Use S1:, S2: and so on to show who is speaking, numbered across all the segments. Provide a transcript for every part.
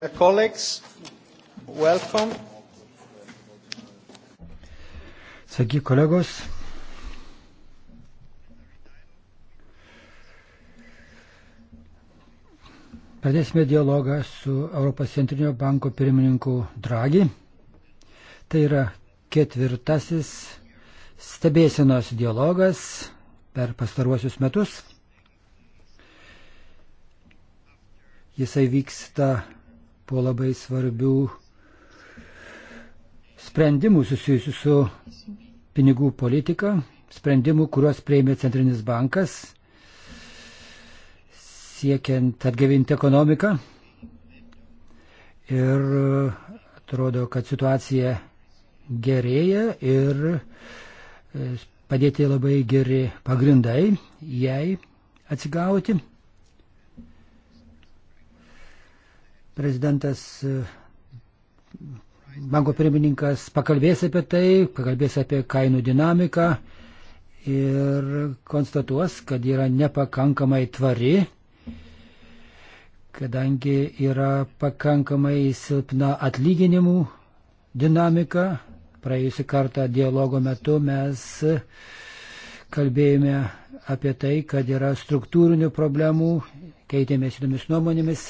S1: Uh, colleagues, welcome.
S2: Sakyk kolegos, pradėsime dialogą su Europos centrinio banko pirmininku Dragi. Tai yra ketvirtasis stebėsinos dialogas per pastaruosius metus. Jisai vyksta po labai svarbių sprendimų susijusių su pinigų politika, sprendimų, kuriuos prieimė Centrinis bankas, siekiant atgavinti ekonomiką. Ir atrodo, kad situacija gerėja ir padėti labai geri pagrindai jai atsigauti. Prezidentas e, banko pirmininkas pakalbės apie tai, pakalbės apie kainų dinamiką ir konstatuos, kad yra nepakankamai tvari, kadangi yra pakankamai silpna atlyginimų dinamika. Praėjusią kartą dialogo metu mes kalbėjome apie tai, kad yra struktūrinių problemų, keitėmės įdomis nuomonėmis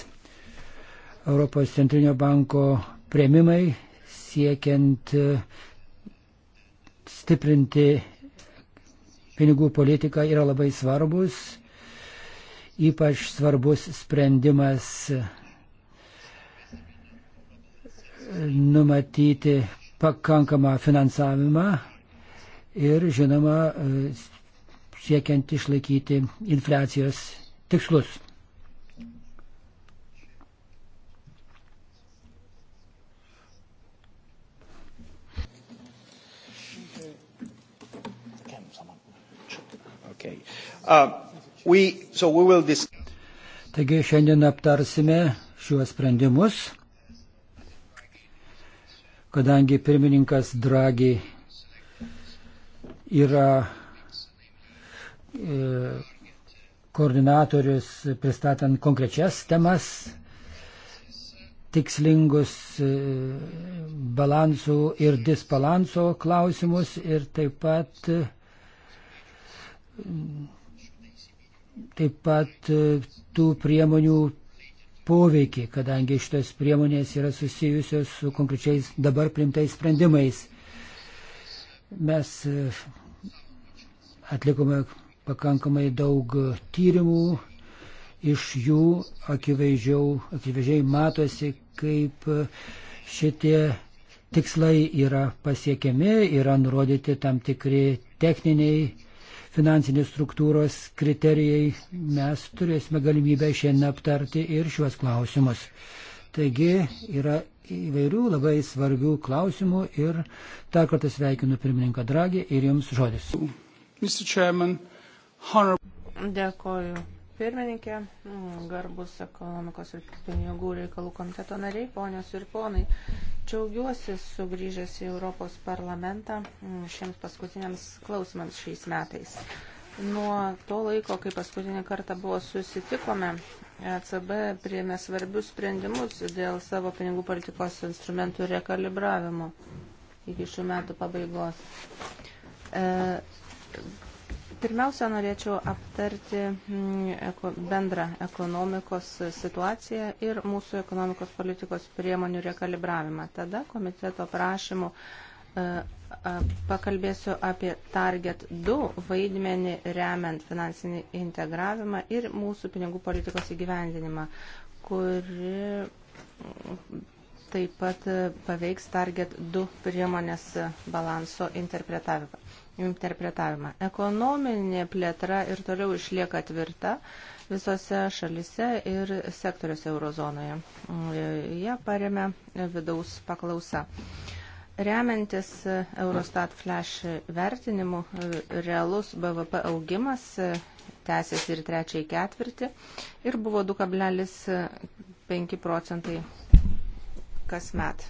S2: Europos centrinio banko prieimimai siekiant e, stiprinti pinigų politiką yra labai svarbus. Ypač svarbus sprendimas e, numatyti pakankamą finansavimą ir, žinoma, e, siekiant išlaikyti infliacijos tikslus.
S1: Uh,
S3: we, so we will...
S2: Taigi šiandien aptarsime šiuos sprendimus, kadangi pirmininkas Dragi yra e, koordinatorius pristatant konkrečias temas, tikslingus e, balansų ir disbalanso klausimus ir taip pat taip pat e, tų priemonių poveikį, kadangi šitas priemonės yra susijusios su konkrečiais dabar primtais sprendimais. Mes e, atlikome pakankamai daug tyrimų, iš jų akivaizdžiai matosi, kaip e, šitie tikslai yra pasiekiami, yra nurodyti tam tikri techniniai finansinės struktūros kriterijai, mes turėsime galimybę šiandien aptarti ir šiuos klausimus. Taigi yra įvairių labai svarbių klausimų ir dar kartą sveikinu pirmininką Dragį ir jums žodis.
S4: Dėkoju. Pirmininkė, garbus ekonomikos ir pinigų reikalų komiteto nariai, ponios ir ponai, Džiaugiuosi sugrįžęs į Europos parlamentą mm, šiems paskutiniams klausimams šiais metais. Nuo to laiko, kai paskutinį kartą buvo susitikome, ECB priėmė svarbius sprendimus dėl savo pinigų politikos instrumentų rekalibravimo iki šių metų pabaigos. E, Pirmiausia, norėčiau aptarti mm, bendrą ekonomikos situaciją ir mūsų ekonomikos politikos priemonių rekalibravimą. Tada komiteto prašymų e, pakalbėsiu apie Target 2 vaidmenį remiant finansinį integravimą ir mūsų pinigų politikos įgyvendinimą, kuri mm, taip pat e, paveiks Target 2 priemonės balanso interpretavimą interpretavimą. Ekonominė plėtra ir toliau išlieka tvirta visose šalise ir sektoriuose eurozonoje. Jie paremia vidaus paklausa. Remiantis Eurostat Flash vertinimu, realus BVP augimas tęsėsi ir trečiai ketvirtį ir buvo 2,5 procentai kasmet.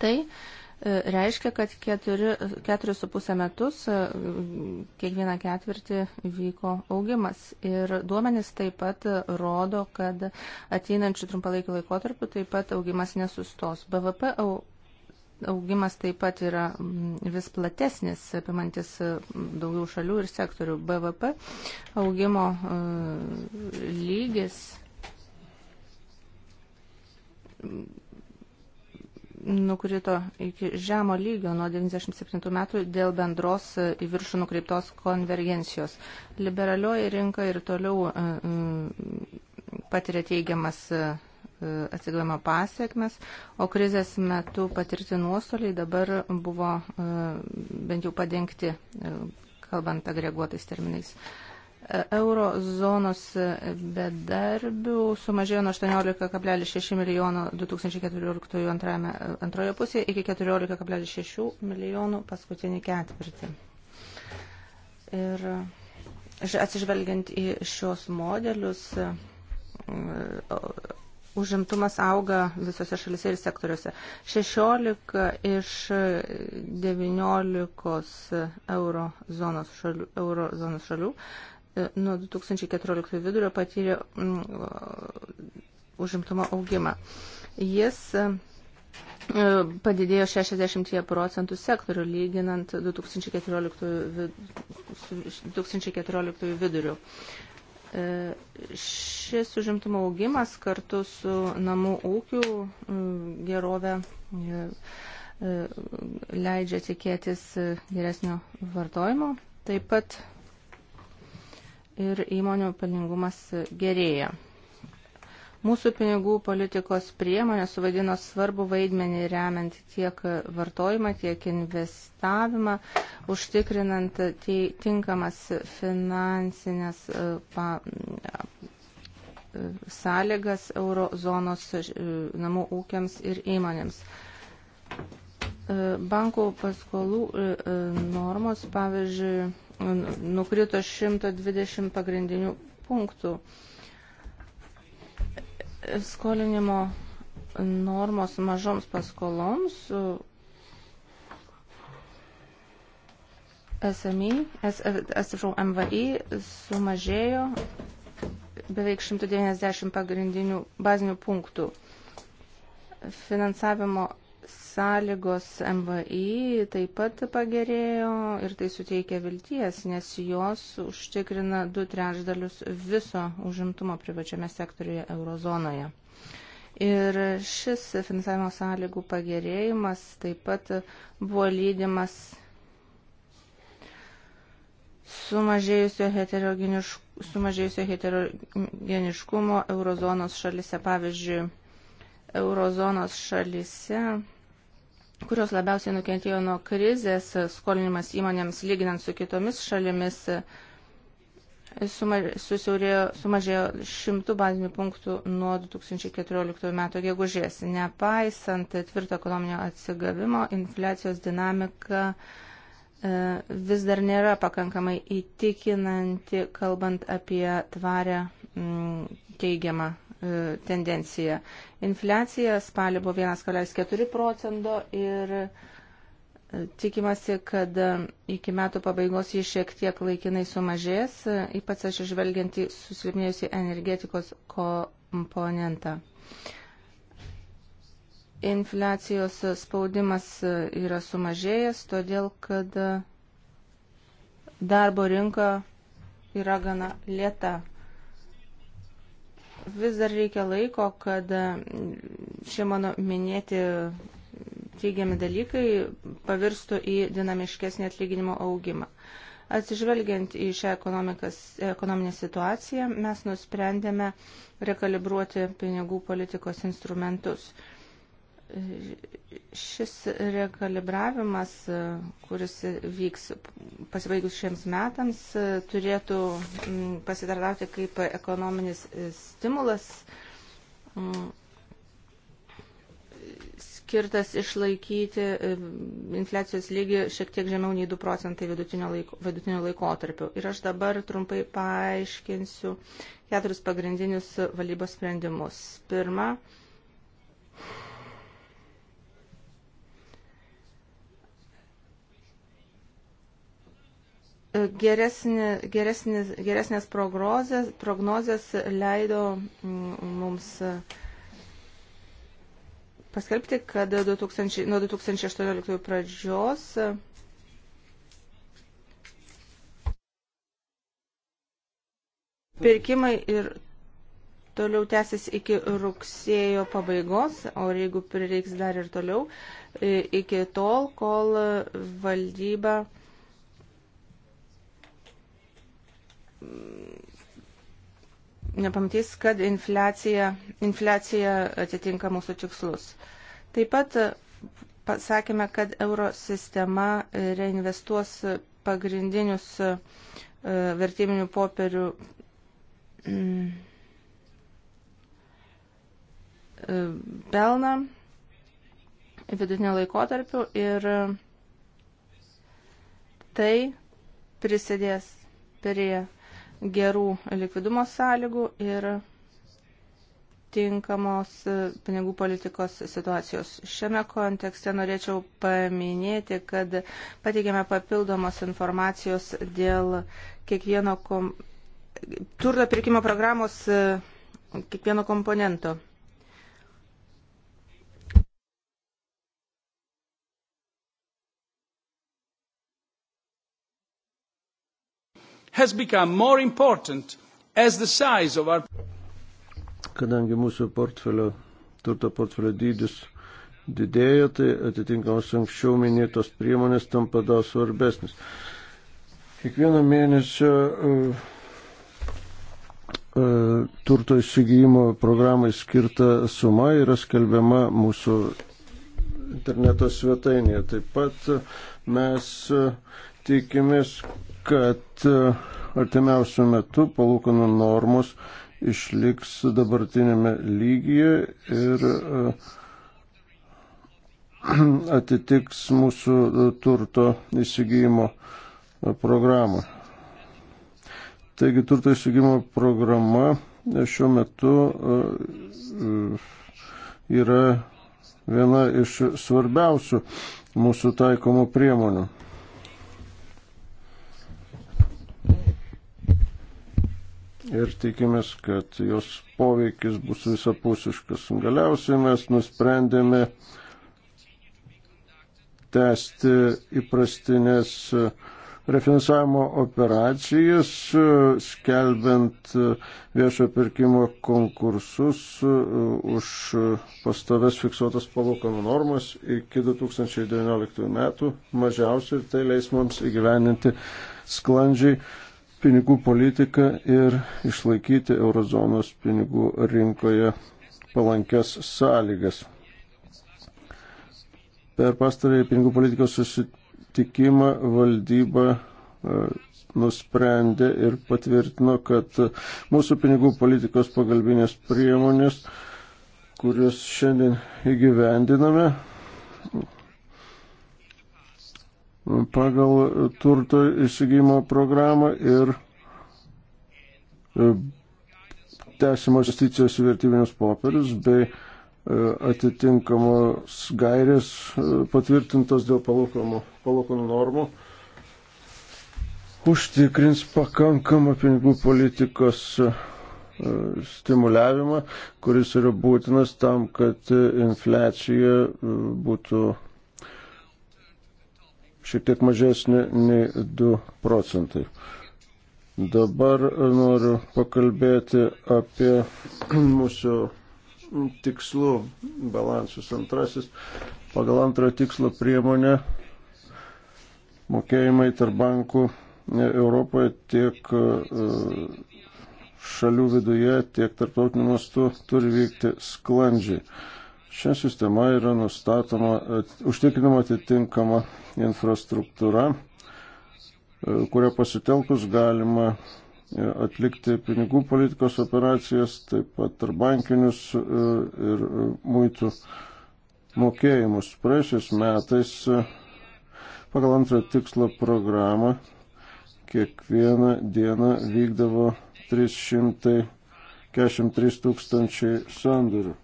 S4: Tai E, reiškia, kad 4,5 metus e, kiekvieną ketvirtį vyko augimas. Ir duomenys taip pat rodo, kad ateinančių trumpalaikių laikotarpių taip pat augimas nesustos. BVP augimas taip pat yra mm, vis platesnis, apimantis e, daugiau šalių ir sektorių. BVP augimo lygis nukrito iki žemo lygio nuo 1997 metų dėl bendros e, į viršų nukreiptos konvergencijos. Liberalioji rinka ir toliau e, patiria teigiamas e, atsigavimo pasiekmes, o krizės metu patirti nuostoliai dabar buvo bent jau padengti, kalbant agreguotais terminais. Euro zonos bedarbių sumažėjo nuo 18,6 milijono 2014 antrame, antroje pusėje iki 14,6 milijonų paskutinį ketvirtį. Ir atsižvelgiant į šios modelius, mm, užimtumas auga visose šalise ir sektoriuose. 16 iš 19 euro zonos šalių, euro zonos šalių E, nuo 2014 vidurio patyrė užimtumo augimą. Jis e, e, padidėjo 60 procentų sektorių lyginant 2014, 2014 viduriu. Šis užimtumo augimas kartu su namų ūkių gerove leidžia tikėtis geresnio vartojimo. Taip pat ir įmonių pelningumas gerėja. Mūsų pinigų politikos priemonės suvaidino svarbu vaidmenį remiant tiek vartojimą, tiek investavimą, užtikrinant tinkamas finansinės e, pa, e, sąlygas eurozonos e, namų ūkiams ir įmonėms. Bankų paskolų normos, pavyzdžiui, nukrito 120 pagrindinių punktų. Skolinimo normos mažoms paskoloms SMI, atsiprašau, MVI sumažėjo beveik 190 pagrindinių bazinių punktų. Finansavimo sąlygos MVI taip pat pagerėjo ir tai suteikia vilties, nes jos užtikrina du trečdalius viso užimtumo privačiame sektoriuje eurozonoje. Ir šis finansavimo sąlygų pagerėjimas taip pat buvo lydimas sumažėjusio, heterogenišk... sumažėjusio heterogeniškumo eurozonos šalise. Pavyzdžiui, eurozonos šalise kurios labiausiai nukentėjo nuo krizės, skolinimas įmonėms lyginant su kitomis šalimis sumažėjo 100 bazinių punktų nuo 2014 metų gegužės. Nepaisant tvirto ekonominio atsigavimo, infliacijos dinamika e, vis dar nėra pakankamai įtikinanti, kalbant apie tvarę teigiamą E, tendencija. Infliacija spalio buvo 1,4 procento ir e, tikimasi, kad e, iki metų pabaigos jis šiek tiek laikinai sumažės, ypač aš išvelgiant į susilpnėjusi energetikos komponentą. Infliacijos spaudimas yra sumažėjęs, todėl kad darbo rinka yra gana lėta. Vis dar reikia laiko, kad e, šie mano minėti teigiami dalykai pavirstų į dinamiškesnį atlyginimo augimą. Atsižvelgiant į šią ekonominę situaciją, mes nusprendėme rekalibruoti pinigų politikos instrumentus šis rekalibravimas, kuris vyks pasibaigus šiems metams, turėtų mm, pasitarnauti kaip ekonominis stimulas mm, skirtas išlaikyti mm, infliacijos lygį šiek tiek žemiau nei 2 procentai vidutinio, laiko, vidutinio laikotarpio. Ir aš dabar trumpai paaiškinsiu keturis pagrindinius valdybos sprendimus. Pirma, geresnė, geresnės, geresnės prognozės, prognozės leido mm, mums e, paskelbti, kad 2000, nuo 2018 pradžios e, pirkimai ir toliau tęsis iki rugsėjo pabaigos, o jeigu prireiks dar ir toliau, e, iki tol, kol valdyba nepamatys, kad infliacija, infliacija atitinka mūsų tikslus. Taip pat e, pasakėme, kad euro sistema reinvestuos pagrindinius e, vertybinių popierių e, pelną vidutinio laikotarpiu ir tai prisidės prie gerų likvidumo sąlygų ir tinkamos e, pinigų politikos situacijos. Šiame kontekste norėčiau paminėti, kad pateikėme papildomos informacijos dėl kiekvieno kom... turto pirkimo programos e, kiekvieno komponento.
S3: has become more important as the size of our
S5: Kadangi mūsų portfelio, turto portfelio dydis didėja, tai atitinkamos anksčiau minėtos priemonės tampa dar svarbesnis. Kiekvieną mėnesį uh, e, uh, e, turto įsigijimo programai skirta suma yra skelbiama mūsų interneto svetainėje. Taip pat mes e, tikimės, kad e, artimiausių metų palūkanų normos išliks dabartinėme lygyje ir e, atitiks mūsų turto įsigijimo programą. Taigi turto įsigijimo programa šiuo metu e, yra viena iš svarbiausių mūsų taikomų priemonių. ir tikimės, kad jos poveikis bus visapusiškas. Galiausiai mes nusprendėme tęsti įprastinės refinansavimo operacijas, skelbiant viešo pirkimo konkursus už pastoves fiksuotas palūkanų normas iki 2019 metų mažiausiai ir tai leis mums įgyveninti sklandžiai pinigų politiką ir išlaikyti eurozonos pinigų rinkoje palankias sąlygas. Per pastarąjį pinigų politikos susitikimą valdyba e, nusprendė ir patvirtino, kad mūsų pinigų politikos pagalbinės priemonės, kurias šiandien įgyvendiname, pagal turto įsigymo programą ir e, tęsimos investicijos į vertybinius popierius bei e, atitinkamos gairės e, patvirtintos dėl palūkanų normų užtikrins pakankamą pinigų politikos stimuliavimą, kuris yra būtinas tam, kad infliacija būtų šiek tiek mažesnė nei 2 procentai. Dabar noriu pakalbėti apie mūsų tikslų balansus. Antrasis, pagal antrojo tikslo priemonę, mokėjimai tarp bankų Europoje tiek e, šalių viduje, tiek tarptautiniu mastu turi vykti sklandžiai. Šią sistemą yra nustatoma, at, užtikrinama atitinkama infrastruktūra, e, kurią pasitelkus galima e, atlikti pinigų politikos operacijas, taip pat ir bankinius e, ir muitų mokėjimus. Praėjusiais metais pagal antrą tikslo programą kiekvieną dieną vykdavo 343 tūkstančiai sandorių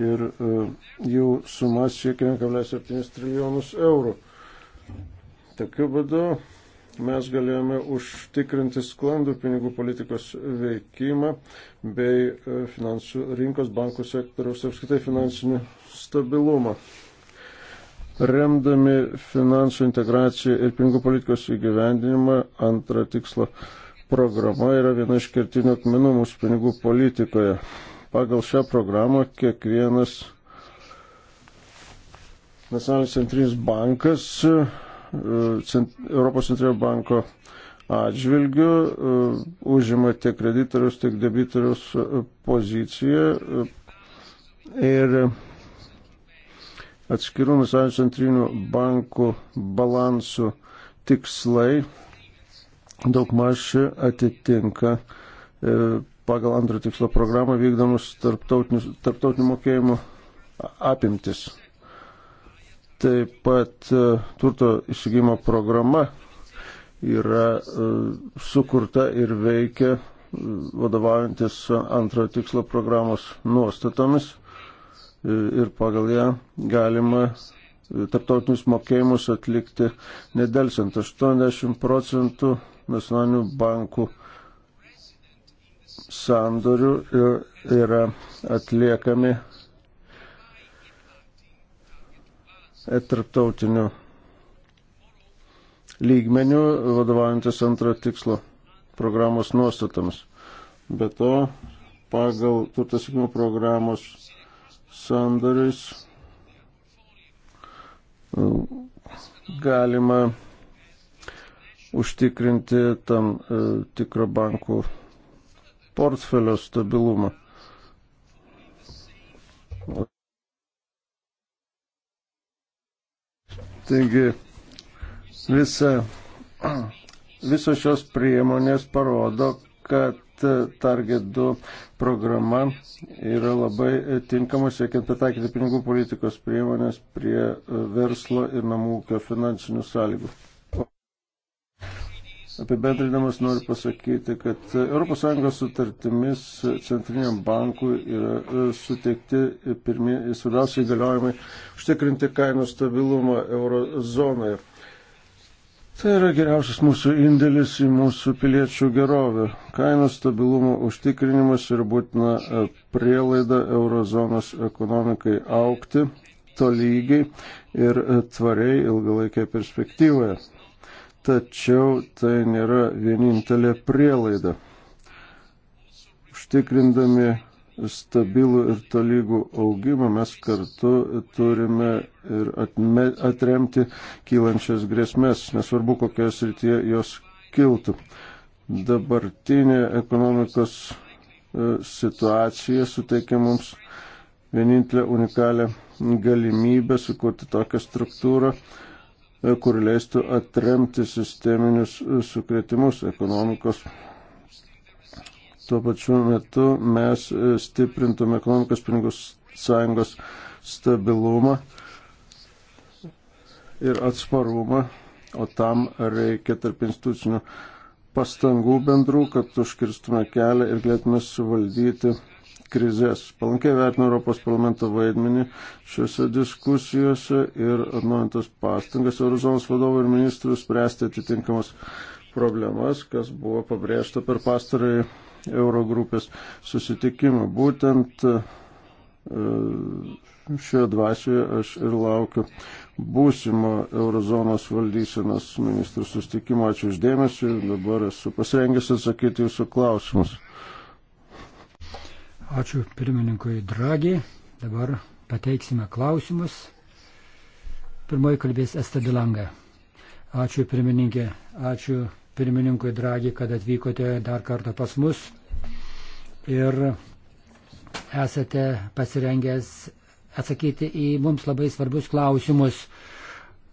S5: ir e, jų suma siekia 1,7 trilijonus eurų. Tokiu būdu mes galėjome užtikrinti sklandų pinigų politikos veikimą bei e, finansų rinkos, bankų sektoriaus apskaitai finansinį stabilumą. Remdami finansų integraciją ir pinigų politikos įgyvendinimą, antrą tikslo programa yra viena iš kertinių akmenų mūsų pinigų politikoje. Pagal šią programą kiekvienas Nacionalinis centrinis bankas e, cent, Europos centrinio banko atžvilgiu e, užima tiek kreditorius, tiek debitorius e, poziciją ir atskirų nacionalinių centrinių bankų balansų tikslai daugmaž atitinka pagal antrą tikslo programą vykdomus tarptautinių mokėjimų apimtis. Taip pat e, turto įsigymo programa yra e, sukurta ir veikia e, vadovaujantis antrojo tikslo programos nuostatomis ir pagal ją galima tarptautinius mokėjimus atlikti nedelsiant 80 procentų nacionalinių bankų sandorių yra atliekami tarptautiniu lygmeniu, vadovaujantis antro tikslo programos nuostatams. Be to, pagal turtas įkimų programos sandorius galima užtikrinti tam e, tikro bankų portfelio stabilumą. Taigi visa, visos šios priemonės parodo, kad Target 2 programa yra labai tinkama siekiant pritaikyti pinigų politikos priemonės prie verslo ir namų ūkio finansinių sąlygų. Apibendrinamas noriu pasakyti, kad ES sutartimis Centriniam bankui yra e, suteikti pirmie, svarbiausiai įgaliojimai užtikrinti kainų stabilumą eurozonoje. Tai yra geriausias mūsų indėlis į mūsų piliečių gerovę. Kainų stabilumo užtikrinimas yra būtina e, prielaida eurozonos ekonomikai aukti tolygiai ir e, tvariai ilgalaikėje perspektyvoje tačiau tai nėra vienintelė prielaida. Užtikrindami stabilų ir tolygų augimą mes kartu turime ir atme, atremti kylančias grėsmės, nesvarbu kokioje srityje jos kiltų. Dabartinė ekonomikos e, situacija suteikia mums vienintelę unikalią galimybę sukurti tokią struktūrą, E, kur leistų atremti sisteminius e, sukretimus ekonomikos. Tuo pačiu metu mes e, stiprintume ekonomikos pinigų sąjungos stabilumą ir atsparumą, o tam reikia tarp institucinių pastangų bendrų, kad užkirstume kelią ir galėtume suvaldyti krizės. Palankiai vertinu Europos parlamento vaidmenį šiuose diskusijose ir atnaujintas pastangas Eurozonos vadovų ir ministrų spręsti atitinkamas problemas, kas buvo pabrėžta per pastarąjį Eurogrupės susitikimą. Būtent e, šioje dvasioje aš ir laukiu būsimo Eurozonos valdysenos ministrų sustikimo. Ačiū uždėmesi, dabar esu pasirengęs atsakyti jūsų klausimus.
S2: Ačiū pirmininkui Dragi. Dabar pateiksime klausimus. Pirmoji kalbės Estadilanga. Ačiū pirmininkė. Ačiū pirmininkui Dragi, kad atvykote dar kartą pas mus. Ir esate pasirengęs atsakyti į mums labai svarbius klausimus.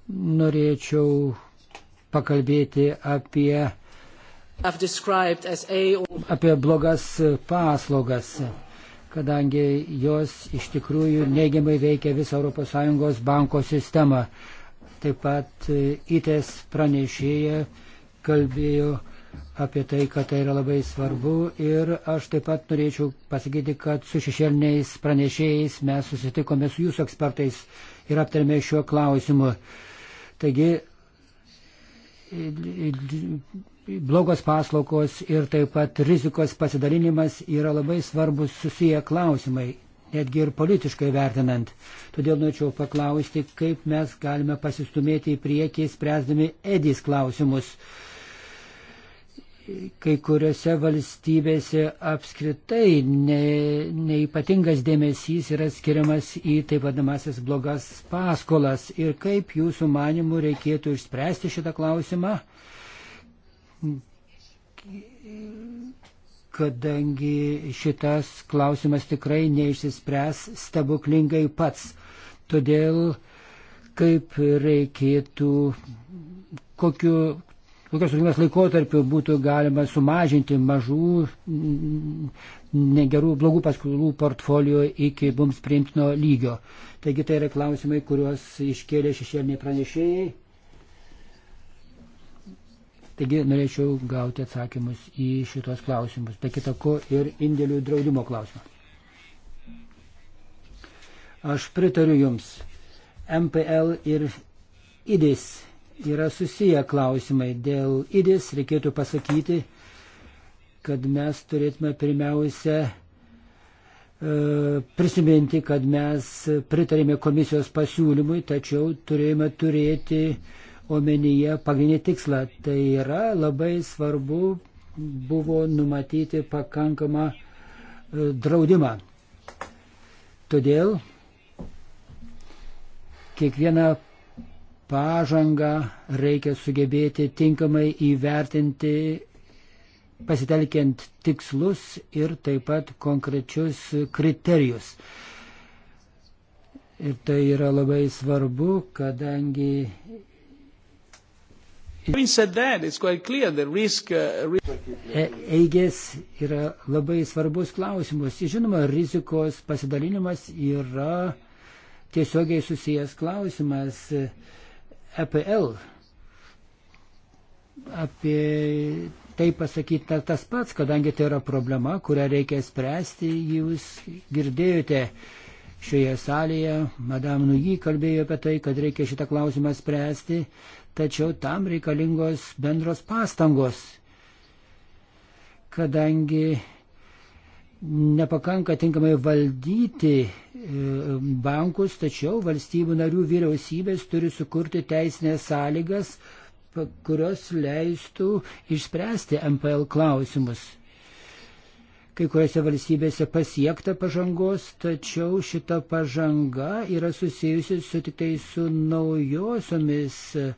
S2: Norėčiau pakalbėti apie, apie blogas paslaugas kadangi jos iš tikrųjų neigiamai veikia visą ES banko sistemą. Taip pat e, ITES pranešėja kalbėjo apie tai, kad tai yra labai svarbu ir aš taip pat norėčiau pasakyti, kad su šešėliniais pranešėjais mes susitikome su jūsų ekspertais ir aptarėme šiuo klausimu. Taigi blogos paslaugos ir taip pat rizikos pasidalinimas yra labai svarbus susiję klausimai, netgi ir politiškai vertinant. Todėl norėčiau paklausti, kaip mes galime pasistumėti į priekį, spręsdami edys klausimus. Kai kuriuose valstybėse apskritai ne, neipatingas dėmesys yra skiriamas į taip vadamasias blogas paskolas. Ir kaip jūsų manimų reikėtų išspręsti šitą klausimą? kadangi šitas klausimas tikrai neišsispręs stebuklingai pats. Todėl kaip reikėtų, kokiu, kokios rungtynės laikotarpiu būtų galima sumažinti mažų, negerų, blogų paskolų portfolio iki mums priimtino lygio. Taigi tai yra klausimai, kuriuos iškėlė šešėliniai pranešėjai. Taigi norėčiau gauti atsakymus į šitos klausimus, be kita ko ir indėlių draudimo klausimą. Aš pritariu Jums. MPL ir IDIS yra susiję klausimai. Dėl IDIS reikėtų pasakyti, kad mes turėtume pirmiausia e, prisiminti, kad mes pritarėme komisijos pasiūlymui, tačiau turėjome turėti omenyje pagrindinį tikslą. Tai yra labai svarbu buvo numatyti pakankamą e, draudimą. Todėl kiekvieną pažangą reikia sugebėti tinkamai įvertinti, pasitelkiant tikslus ir taip pat konkrečius kriterijus. Ir tai yra labai svarbu, kadangi
S3: Uh, e,
S2: eigės yra labai svarbus klausimus. Žinoma, rizikos pasidalinimas yra tiesiogiai susijęs klausimas EPL. E apie tai pasakyta tas pats, kadangi tai yra problema, kurią reikia spręsti, jūs girdėjote šioje salėje, madam Nuji kalbėjo apie tai, kad reikia šitą klausimą spręsti tačiau tam reikalingos bendros pastangos, kadangi nepakanka tinkamai valdyti e, bankus, tačiau valstybių narių vyriausybės turi sukurti teisinės sąlygas, kurios leistų išspręsti MPL klausimus kai kuriuose valstybėse pasiekta pažangos, tačiau šita pažanga yra susijusi su tik tai su naujosiomis e,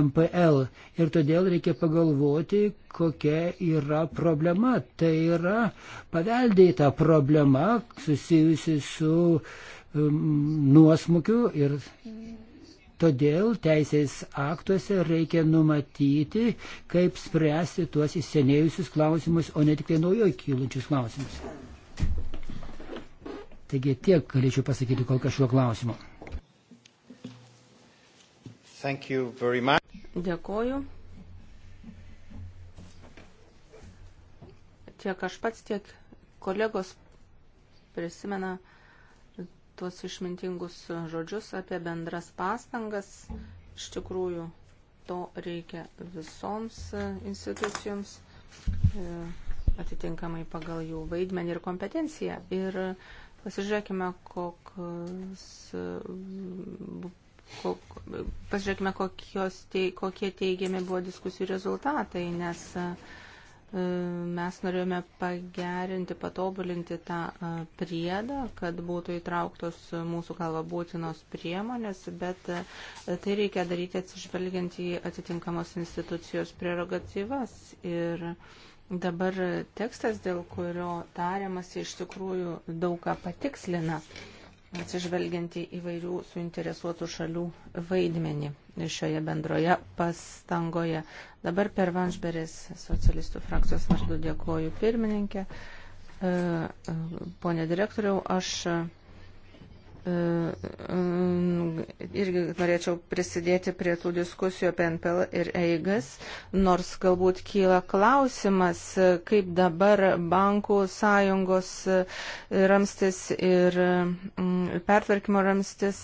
S2: MPL. Ir todėl reikia pagalvoti, kokia yra problema. Tai yra paveldėta problema susijusi su um, nuosmukiu ir Todėl teisės aktuose reikia numatyti, kaip spręsti tuos įsienėjusius klausimus, o ne tik tai naujoji kylančius klausimus. Taigi tiek galėčiau pasakyti kol kas šiuo klausimu.
S4: Dėkoju. Tiek aš pats, tiek kolegos prisimena tuos išmintingus žodžius apie bendras pastangas. Iš tikrųjų, to reikia visoms e, institucijoms e, atitinkamai pagal jų vaidmenį ir kompetenciją. Ir pasižiūrėkime, koks, e, kok, pasižiūrėkime kokios, te, kokie teigiami buvo diskusijų rezultatai, nes uh, E, mes norėjome pagerinti, patobulinti tą e, priedą, kad būtų įtrauktos mūsų galva būtinos priemonės, bet e, tai reikia daryti atsižvelgiant į atitinkamos institucijos prerogatyvas. Ir dabar tekstas, dėl kurio tariamas, iš tikrųjų daug ką patikslina, atsižvelgiant į įvairių suinteresuotų šalių vaidmenį šioje bendroje pastangoje. Dabar per Vanšberis socialistų frakcijos vardu dėkoju pirmininkė. E, e, Pone direktoriau, aš e, irgi norėčiau prisidėti prie tų diskusijų apie NPL ir eigas, nors galbūt kyla klausimas, kaip dabar bankų sąjungos ramstis ir mm, pertvarkymo ramstis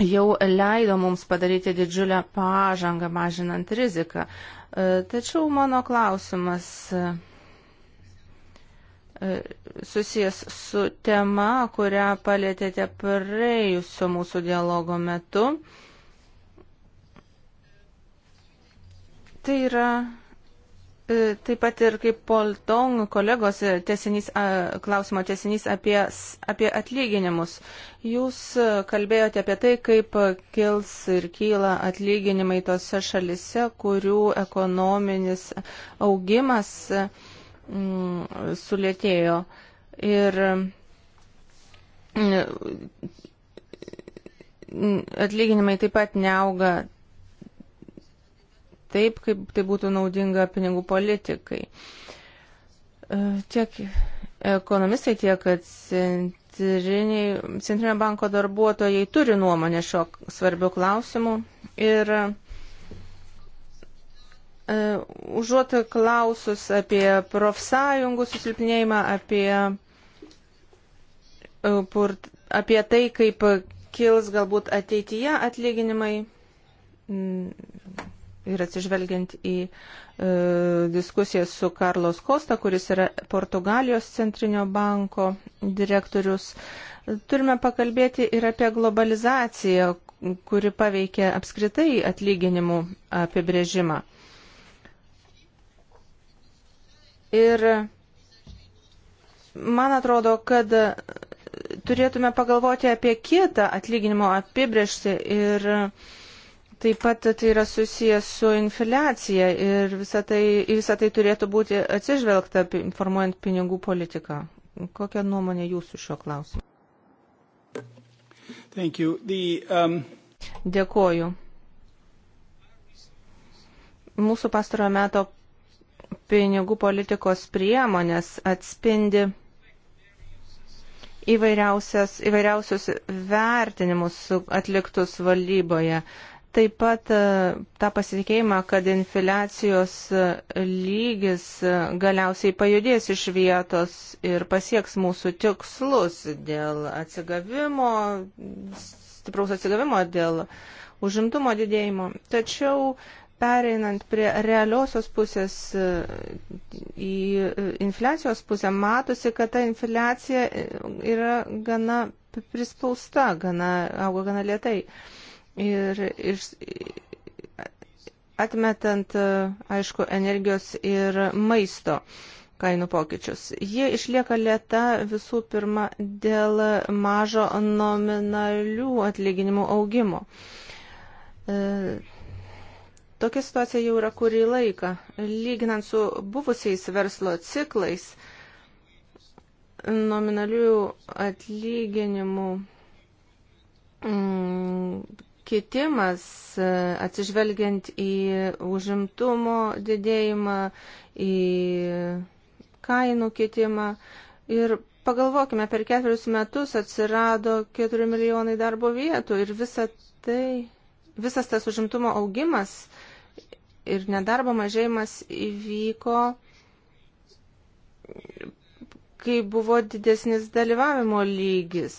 S4: jau leido mums padaryti didžiulę pažangą, mažinant riziką. E, tačiau mano klausimas e, e, susijęs su tema, kurią palėtėte praėjusio mūsų dialogo metu. Tai yra E, taip pat ir kaip Poltong kolegos e, tesinys, klausimo tesinys apie, apie atlyginimus. Jūs e, kalbėjote apie tai, kaip kils ir kyla atlyginimai tose šalise, kurių ekonominis augimas mm, sulėtėjo. Ir mm, atlyginimai taip pat neauga taip, kaip tai būtų naudinga pinigų politikai. E, tiek ekonomistai, tiek centrinio banko darbuotojai turi nuomonę šio svarbių klausimų ir e, užuot klausus apie profsąjungų susilpnėjimą, apie, e, apie tai, kaip kils galbūt ateityje atlyginimai, ir atsižvelgiant į e, diskusijas su Karlos Kosta, kuris yra Portugalijos centrinio banko direktorius, turime pakalbėti ir apie globalizaciją, kuri paveikia apskritai atlyginimų apibrėžimą. Ir man atrodo, kad turėtume pagalvoti apie kitą atlyginimo apibrėžtį ir e, Taip pat tai yra susijęs su infiliacija ir visą tai, visą tai turėtų būti atsižvelgta informuojant pinigų politiką. Kokia nuomonė jūsų šio klausimu?
S3: The, um...
S4: Dėkoju. Mūsų pastarojo meto pinigų politikos priemonės atspindi įvairiausius vertinimus atliktus valdyboje. Uh, Taip pat e, tą pasitikėjimą, kad infiliacijos e, lygis e, galiausiai pajudės iš vietos ir pasieks mūsų tikslus dėl atsigavimo, stipraus atsigavimo, dėl užimtumo didėjimo. Tačiau pereinant prie realiosios pusės į infliacijos pusę, matosi, kad ta infliacija yra gana prispausta, gana, auga gana lietai. Ir iš, atmetant, aišku, energijos ir maisto kainų pokyčius. Jie išlieka lėta visų pirma dėl mažo nominalių atlyginimų augimo. E, tokia situacija jau yra kurį laiką. Lyginant su buvusiais verslo ciklais, nominalių atlyginimų mm, kitimas e, atsižvelgiant į užimtumo didėjimą, į kainų kitimą. Ir pagalvokime, per ketverius metus atsirado 4 milijonai darbo vietų ir visa tai, visas tas užimtumo augimas ir nedarbo mažėjimas įvyko, kai buvo didesnis dalyvavimo lygis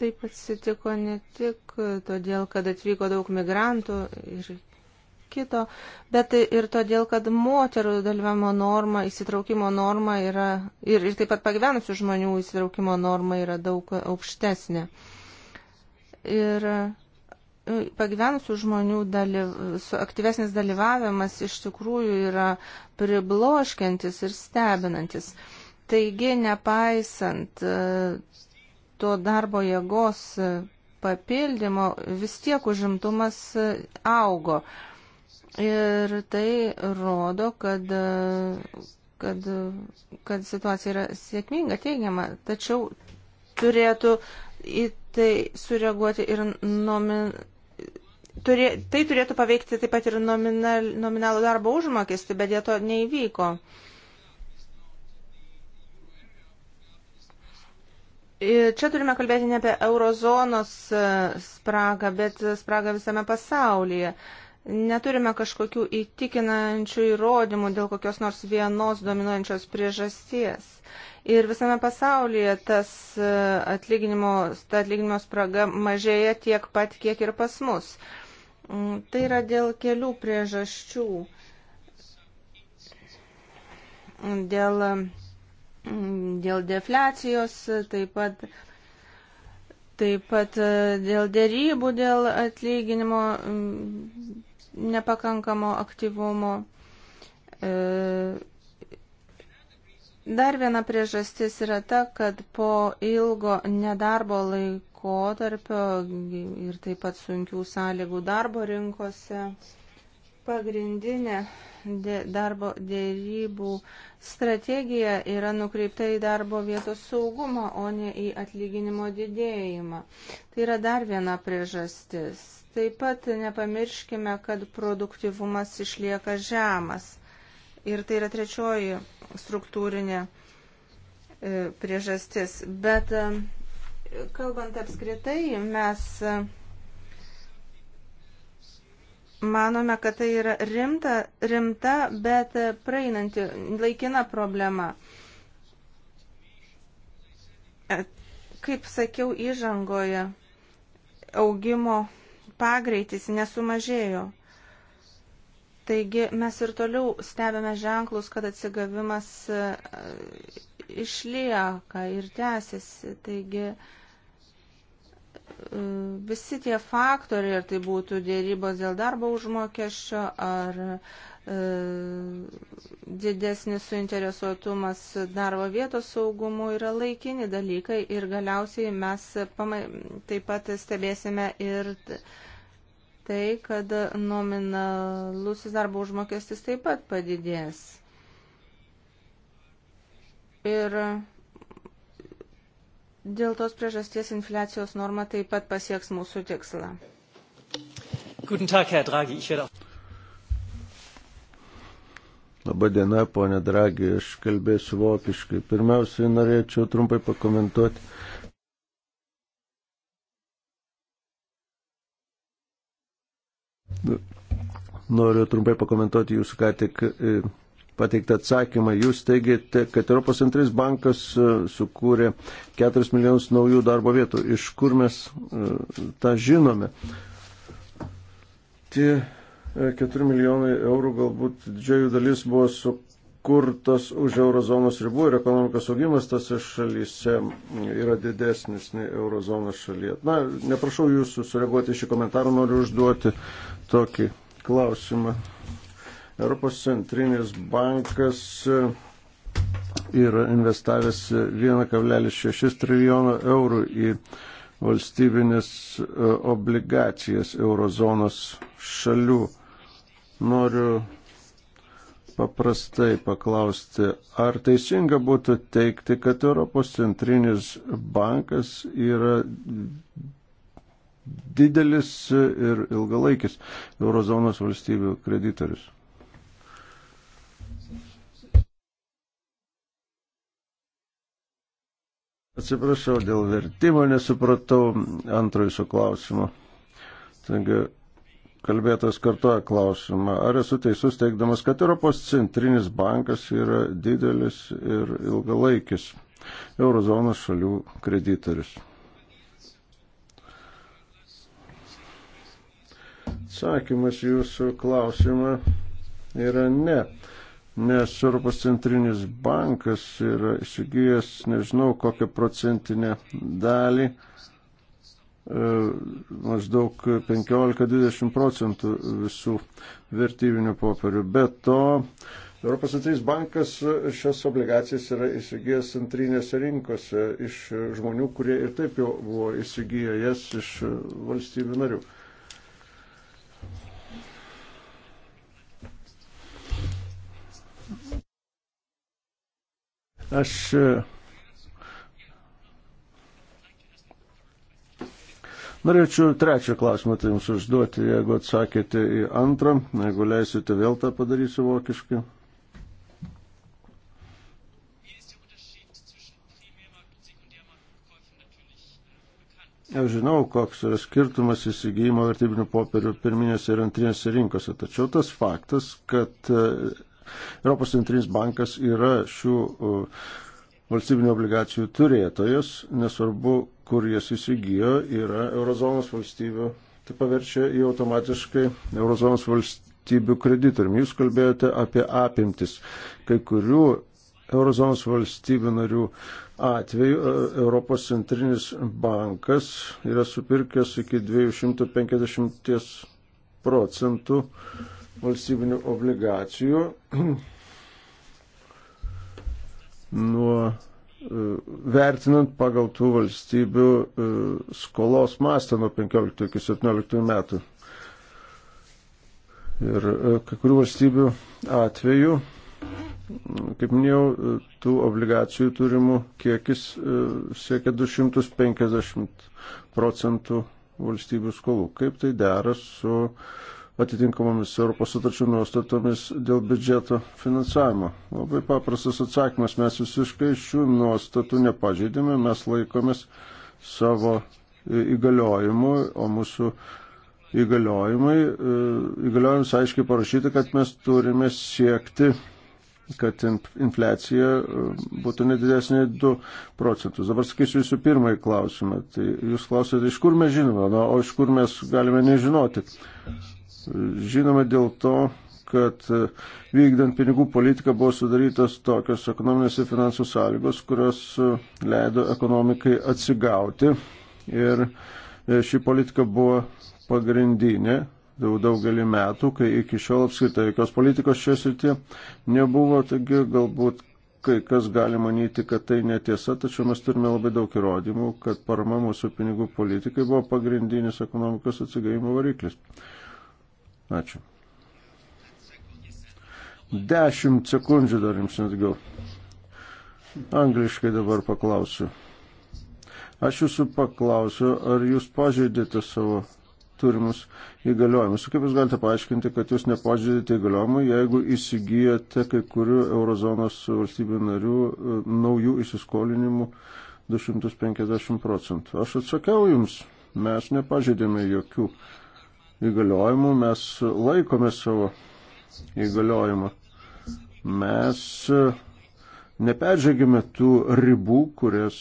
S4: Taip atsitiko ne tik todėl, kad atvyko daug migrantų ir kito, bet ir todėl, kad moterų dalyvavimo norma, įsitraukimo norma yra ir, ir taip pat pagyvenusių žmonių įsitraukimo norma yra daug aukštesnė. Ir e, pagyvenusių žmonių dalyv, aktyvesnis dalyvavimas iš tikrųjų yra pribloškiantis ir stebinantis. Taigi, nepaisant e, to darbo jėgos e, papildymo vis tiek užimtumas e, augo. Ir tai rodo, kad, e, kad, kad situacija yra sėkminga, teigiama, tačiau turėtų į tai sureaguoti ir nomin. Turė, tai turėtų paveikti taip pat ir nominal, nominalų darbo užmokestį, bet jie to neįvyko. Uh, E, čia turime kalbėti ne apie eurozonos e, spragą, bet spragą visame pasaulyje. Neturime kažkokių įtikinančių įrodymų dėl kokios nors vienos dominuojančios priežasties. Ir visame pasaulyje tas e, atlyginimo, ta atlyginimo spraga mažėja tiek pat, kiek ir pas mus. Mm, tai yra dėl kelių priežasčių. Dėl dėl defliacijos, taip pat, taip pat e, dėl dėrybų, dėl atlyginimo mm, nepakankamo aktyvumo. E, dar viena priežastis yra ta, kad po ilgo nedarbo laikotarpio ir taip pat sunkių sąlygų darbo rinkose Pagrindinė darbo dėrybų strategija yra nukreipta į darbo vietos saugumą, o ne į atlyginimo didėjimą. Tai yra dar viena priežastis. Taip pat nepamirškime, kad produktivumas išlieka žemas. Ir tai yra trečioji struktūrinė e, priežastis. Bet e, kalbant apskritai, mes Manome, kad tai yra rimta, rimta bet praeinanti laikina problema. E, kaip sakiau įžangoje, augimo pagreitis nesumažėjo. Taigi mes ir toliau stebime ženklus, kad atsigavimas e, išlieka ir tęsiasi. Taigi, visi tie faktoriai, ar tai būtų dėrybos dėl darbo užmokesčio, ar e, didesnis suinteresuotumas darbo vietos saugumu yra laikini dalykai ir galiausiai mes taip pat stebėsime ir tai, kad nominalusis darbo užmokestis taip pat padidės. Ir Dėl tos priežasties infliacijos norma taip pat pasieks mūsų tikslą.
S3: Guten Tag, Herr Draghi. Ich werde
S5: Labą dieną, ponė Dragi, aš kalbėsiu vokiškai. Pirmiausiai norėčiau trumpai pakomentuoti. Nu, noriu trumpai pakomentuoti jūsų ką tik e, pateiktą atsakymą. Jūs teigiate, kad Europos centrinis bankas e, sukūrė 4 milijonus naujų darbo vietų. Iš kur mes e, tą žinome? Tie 4 e, milijonai eurų galbūt didžiojų dalis buvo sukurtas už eurozonos ribų ir ekonomikos augimas tose šalyse yra didesnis nei eurozonos šalyje. Na, neprašau jūsų sureaguoti šį komentarą, noriu užduoti tokį klausimą. Europos centrinis bankas e, yra investavęs 1,6 trilijono eurų į valstybinės e, obligacijas eurozonos šalių. Noriu paprastai paklausti, ar teisinga būtų teikti, kad Europos centrinis bankas yra didelis ir ilgalaikis eurozonos valstybių kreditorius. Atsiprašau, dėl vertimo nesupratau antro jūsų klausimo. Taigi, kalbėtas kartoja klausimą, ar esu teisus teikdamas, kad Europos centrinis bankas yra didelis ir ilgalaikis eurozonos šalių kreditorius. Atsakymas jūsų klausimą yra ne nes Europos centrinis bankas yra įsigijęs, nežinau, kokią procentinę dalį, e, maždaug 15-20 procentų visų vertybinių popierių. Be to, Europos centrinis bankas šias obligacijas yra įsigijęs centrinėse rinkose iš žmonių, kurie ir taip jau buvo įsigiję jas iš valstybių narių. Aš e, norėčiau trečią klausimą tai jums užduoti, jeigu atsakėte į antrą, jeigu leisite vėl tą padarysiu vokiškai. Aš žinau, koks yra skirtumas įsigijimo vertybinių popierių pirminėse ir antrinėse rinkose, tačiau tas faktas, kad Europos centrinis bankas yra šių valstybinio obligacijų turėtojas, nesvarbu, kur jas įsigijo, yra eurozonos valstybių. Tai paverčia į automatiškai eurozonos valstybių kreditoriumi. Jūs kalbėjote apie apimtis. Kai kurių eurozonos valstybių narių atveju e, Europos centrinis bankas yra supirkęs iki 250 procentų valstybinių obligacijų nuo e, vertinant pagal tų valstybių e, skolos mastą nuo 15 iki 17 metų. Ir e, kai kurių valstybių atveju, kaip minėjau, tų obligacijų turimų kiekis siekia 250 procentų valstybių skolų. Kaip tai dera su uh, atitinkamomis Europos sutarčių nuostatomis dėl biudžeto finansavimo. Labai paprastas atsakymas, mes visiškai šių nuostatų nepažeidėme, mes laikomės savo įgaliojimų, o mūsų įgaliojimai, e, įgaliojimus aiškiai parašyti, kad mes turime siekti kad infliacija e, būtų nedidesnė 2 procentus. Dabar sakysiu jūsų pirmąjį klausimą. Tai jūs klausėte, iš kur mes žinome, na, o iš kur mes galime nežinoti. Žinoma dėl to, kad e, vykdant pinigų politiką buvo sudarytos tokios ekonominės ir finansų sąlygos, kurios e, leido ekonomikai atsigauti. Ir e, ši politika buvo pagrindinė jau daugelį metų, kai iki šiol apskritai jokios politikos šioje srityje nebuvo, taigi galbūt kai kas gali manyti, kad tai netiesa, tačiau mes turime labai daug įrodymų, kad parama mūsų pinigų politikai buvo pagrindinis ekonomikos atsigavimo variklis. Ačiū. Dešimt sekundžių dar jums netgiau. Angliškai dabar paklausiu. Aš jūsų paklausiu, ar jūs pažeidėte savo turimus įgaliojimus. Kaip jūs galite paaiškinti, kad jūs nepažeidėte įgaliojimų, jeigu įsigijate kai kurių eurozonos valstybių narių e, naujų įsiskolinimų 250 procentų? Aš atsakiau jums, mes nepažeidėme jokių įgaliojimų, mes laikome savo įgaliojimą. Mes neperžengėme tų ribų, kurias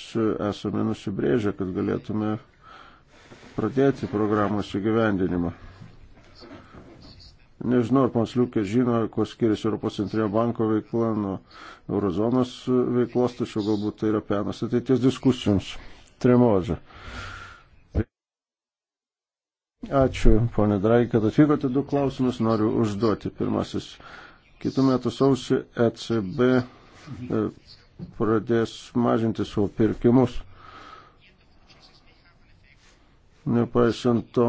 S5: esame nusibrėžę, kad galėtume pradėti programos įgyvendinimą. Nežinau, ar pans Liukė žino, kuo skiriasi Europos centrinio banko veikla nuo eurozonos veiklos, tačiau galbūt tai yra penas ateities diskusijoms. Tremozė. Ačiū, ponė Dragi, kad atvykote. Du klausimus noriu užduoti. Pirmasis. Kitų metų sausį ECB e, pradės mažinti savo pirkimus. Nepaisant to,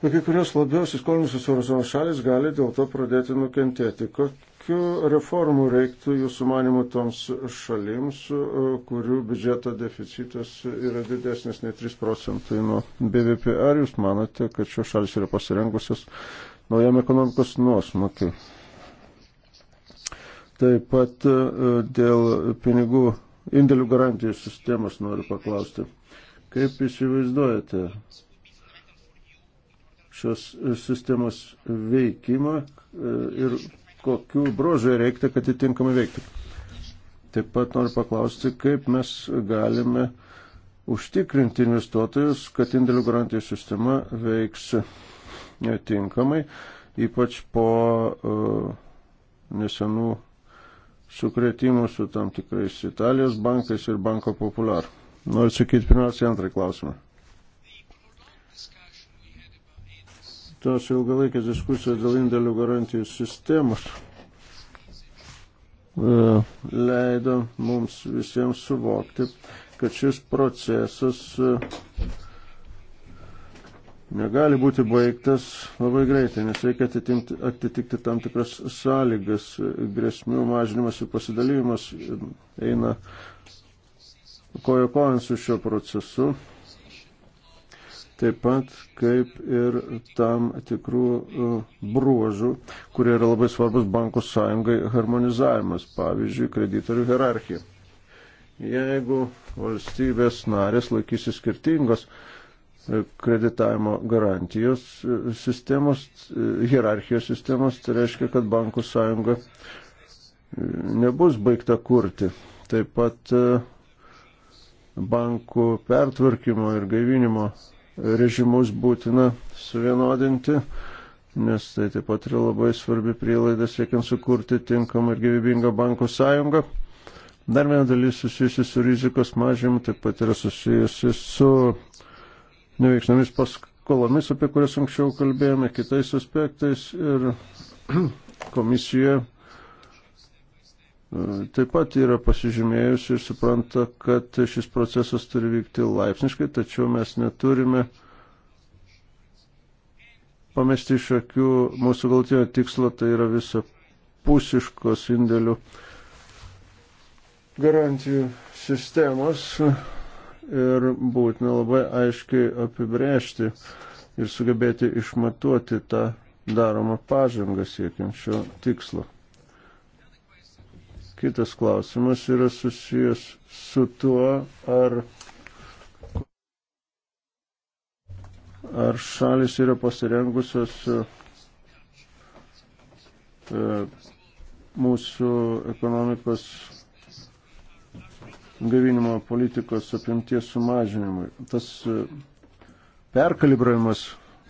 S5: kai kurios labiausiai skolinusios eurozonos šalis gali dėl to pradėti nukentėti. Kokia Kokiu reformų reiktų jūsų manimų toms šalims, e, kurių biudžeto deficitas yra didesnis nei 3 procentai nuo BVP? Ar jūs manote, kad šios šalis yra pasirengusios naujam ekonomikos nuosmukiu? Taip pat e, dėl pinigų indėlių garantijų sistemas noriu paklausti. Kaip įsivaizduojate šios sistemos veikimą e, ir kokių bruožų reikia, kad atitinkamai veiktų. Taip pat noriu paklausti, kaip mes galime užtikrinti investuotojus, kad indėlių garantijų sistema veiks tinkamai, ypač po uh, nesenų sukretimų su tam tikrais Italijos bankais ir Banko Popular. Noriu sakyti pirmiausia antrą klausimą. tos ilgalaikės diskusijos dėl indėlių garantijų sistemos e, leido mums visiems suvokti, kad šis procesas e, negali būti baigtas labai greitai, nes reikia atitimti, atitikti tam tikras sąlygas. Grėsmių mažinimas ir pasidalymas e, eina kojo kojant su šiuo procesu taip pat kaip ir tam tikrų e, bruožų, kurie yra labai svarbus bankų sąjungai harmonizavimas, pavyzdžiui, kreditorių hierarchija. Jeigu valstybės narės laikysi skirtingos e, kreditavimo garantijos e, sistemos, hierarchijos sistemos, tai reiškia, kad bankų sąjunga nebus baigta kurti. Taip pat bankų pertvarkymo ir gaivinimo režimus būtina suvienodinti, nes tai taip pat yra labai svarbi prielaida siekiant sukurti tinkamą ir gyvybingą bankų sąjungą. Dar viena dalis susijusi su rizikos mažymu, taip pat yra susijusi su neveiksnomis paskolomis, apie kurias anksčiau kalbėjome, kitais aspektais ir komisijoje taip pat yra pasižymėjusi ir supranta, kad šis procesas turi vykti laipsniškai, tačiau mes neturime pamesti iš akių mūsų galtinio tikslo, tai yra visa pusiškos indėlių garantijų sistemos ir būtina labai aiškiai apibrėžti ir sugebėti išmatuoti tą daromą pažangą siekiant šio tikslo. Kitas klausimas yra susijęs su tuo, ar, ar šalis yra pasirengusios e, mūsų ekonomikos gavinimo politikos apimties sumažinimui. Tas e, perkalibravimas,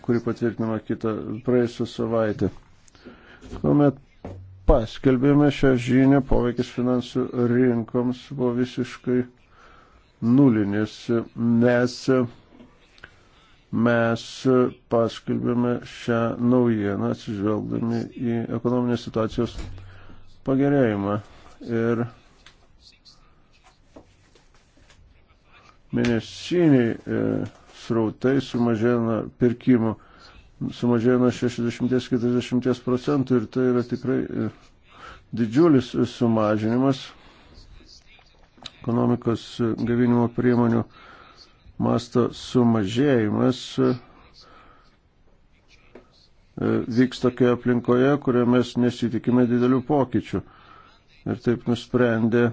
S5: kurį patvirtinama kitą praėjusią savaitę, kuomet paskelbėme šią žinią, poveikis finansų rinkoms buvo visiškai nulinis, nes mes paskelbėme šią naujieną atsižvelgdami į ekonominės situacijos pagerėjimą. Ir mėnesiniai e, srautai sumažėjo pirkimo sumažėjo nuo 60-40 procentų ir tai yra tikrai e, didžiulis sumažinimas ekonomikos e, gavinimo priemonių masto sumažėjimas e, vyks tokioje aplinkoje, kurioje mes nesitikime didelių pokyčių. Ir taip nusprendė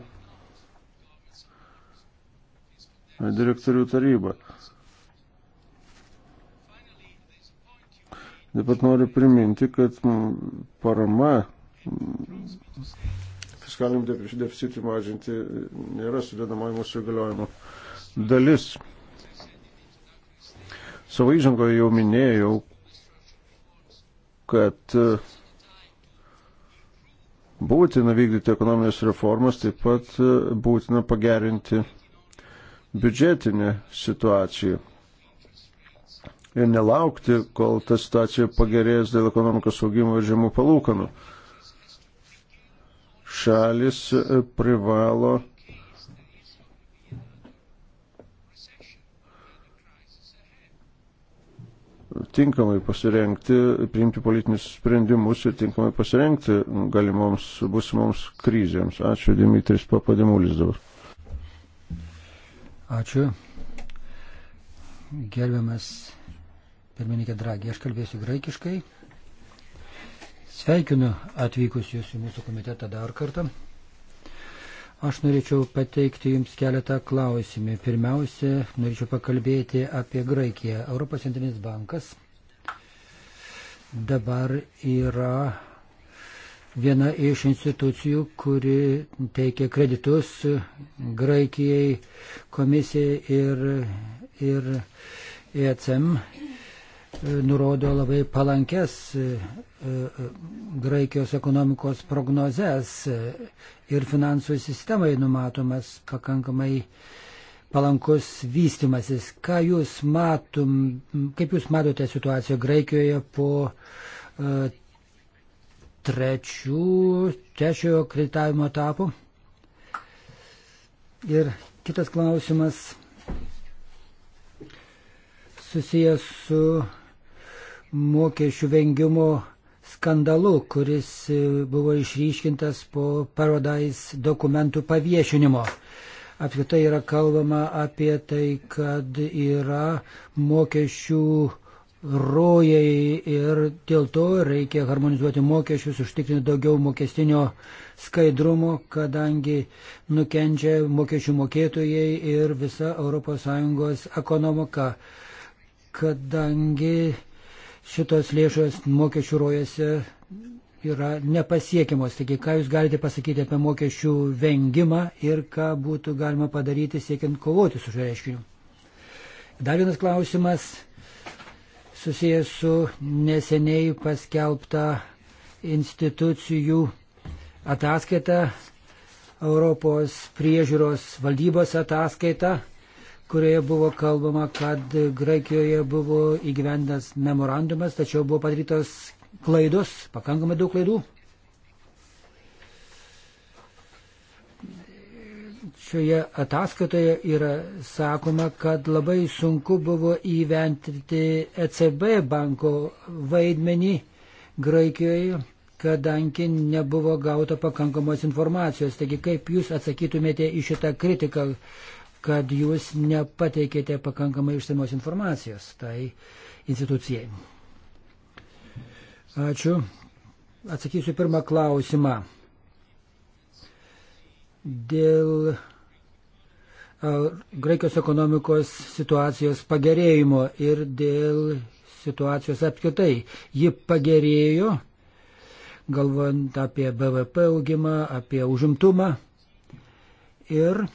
S5: direktorių taryba. Taip pat noriu priminti, kad parama fiskaliniam deficitui mažinti nėra sudėdamoji mūsų įgaliojimo dalis. Savo įžangoje jau minėjau, kad e, būtina vykdyti ekonominės reformas, taip pat e, būtina pagerinti biudžetinę situaciją ir nelaukti, kol ta situacija pagerės dėl ekonomikos augimo ir žemų palūkanų. Šalis e, privalo tinkamai pasirengti, priimti politinius sprendimus ir tinkamai pasirengti galimoms busimoms krizėms. Ačiū Dimitris Papadimulis dabar.
S2: Ačiū. Gerbiamas pirmininkė Dragė, aš kalbėsiu graikiškai. Sveikinu atvykusius į mūsų komitetą dar kartą. Aš norėčiau pateikti Jums keletą klausimų. Pirmiausia, norėčiau pakalbėti apie Graikiją. Europos centrinis bankas dabar yra viena iš institucijų, kuri teikia kreditus Graikijai, komisijai ir, ir ECM nurodo labai palankes e, e, Graikijos ekonomikos prognozes e, ir finansų sistemai numatomas pakankamai palankus vystimasis. Ką jūs matum, kaip jūs matote situaciją Graikijoje po trečių, trečiojo kreditavimo etapų? Ir kitas klausimas susijęs su mokesčių vengimo skandalu, kuris e, buvo išryškintas po parodais dokumentų paviešinimo. Apskritai yra kalbama apie tai, kad yra mokesčių rojai ir dėl to reikia harmonizuoti mokesčius, užtikrinti daugiau mokestinio skaidrumo, kadangi nukenčia mokesčių mokėtojai ir visa ES ekonomika, kadangi šitos lėšos mokesčių rojose yra nepasiekiamos. Taigi, ką Jūs galite pasakyti apie mokesčių vengimą ir ką būtų galima padaryti siekiant kovoti su šiuo reiškiniu? Dar vienas klausimas susijęs su neseniai paskelbta institucijų ataskaita, Europos priežiūros valdybos ataskaita kurioje buvo kalbama, kad Graikijoje buvo įgyvendas memorandumas, tačiau buvo padarytos klaidos, pakankamai daug klaidų. Šioje ataskaitoje yra sakoma, kad labai sunku buvo įventinti ECB banko vaidmenį Graikijoje kadangi nebuvo gauta pakankamos informacijos. Taigi kaip jūs atsakytumėte į šitą kritiką, kad jūs nepateikėte pakankamai išsamios informacijos tai institucijai. Ačiū. Atsakysiu pirmą klausimą. Dėl Graikijos ekonomikos situacijos pagerėjimo ir dėl situacijos apskritai. Ji pagerėjo, galvant apie BVP augimą, apie užimtumą. Ir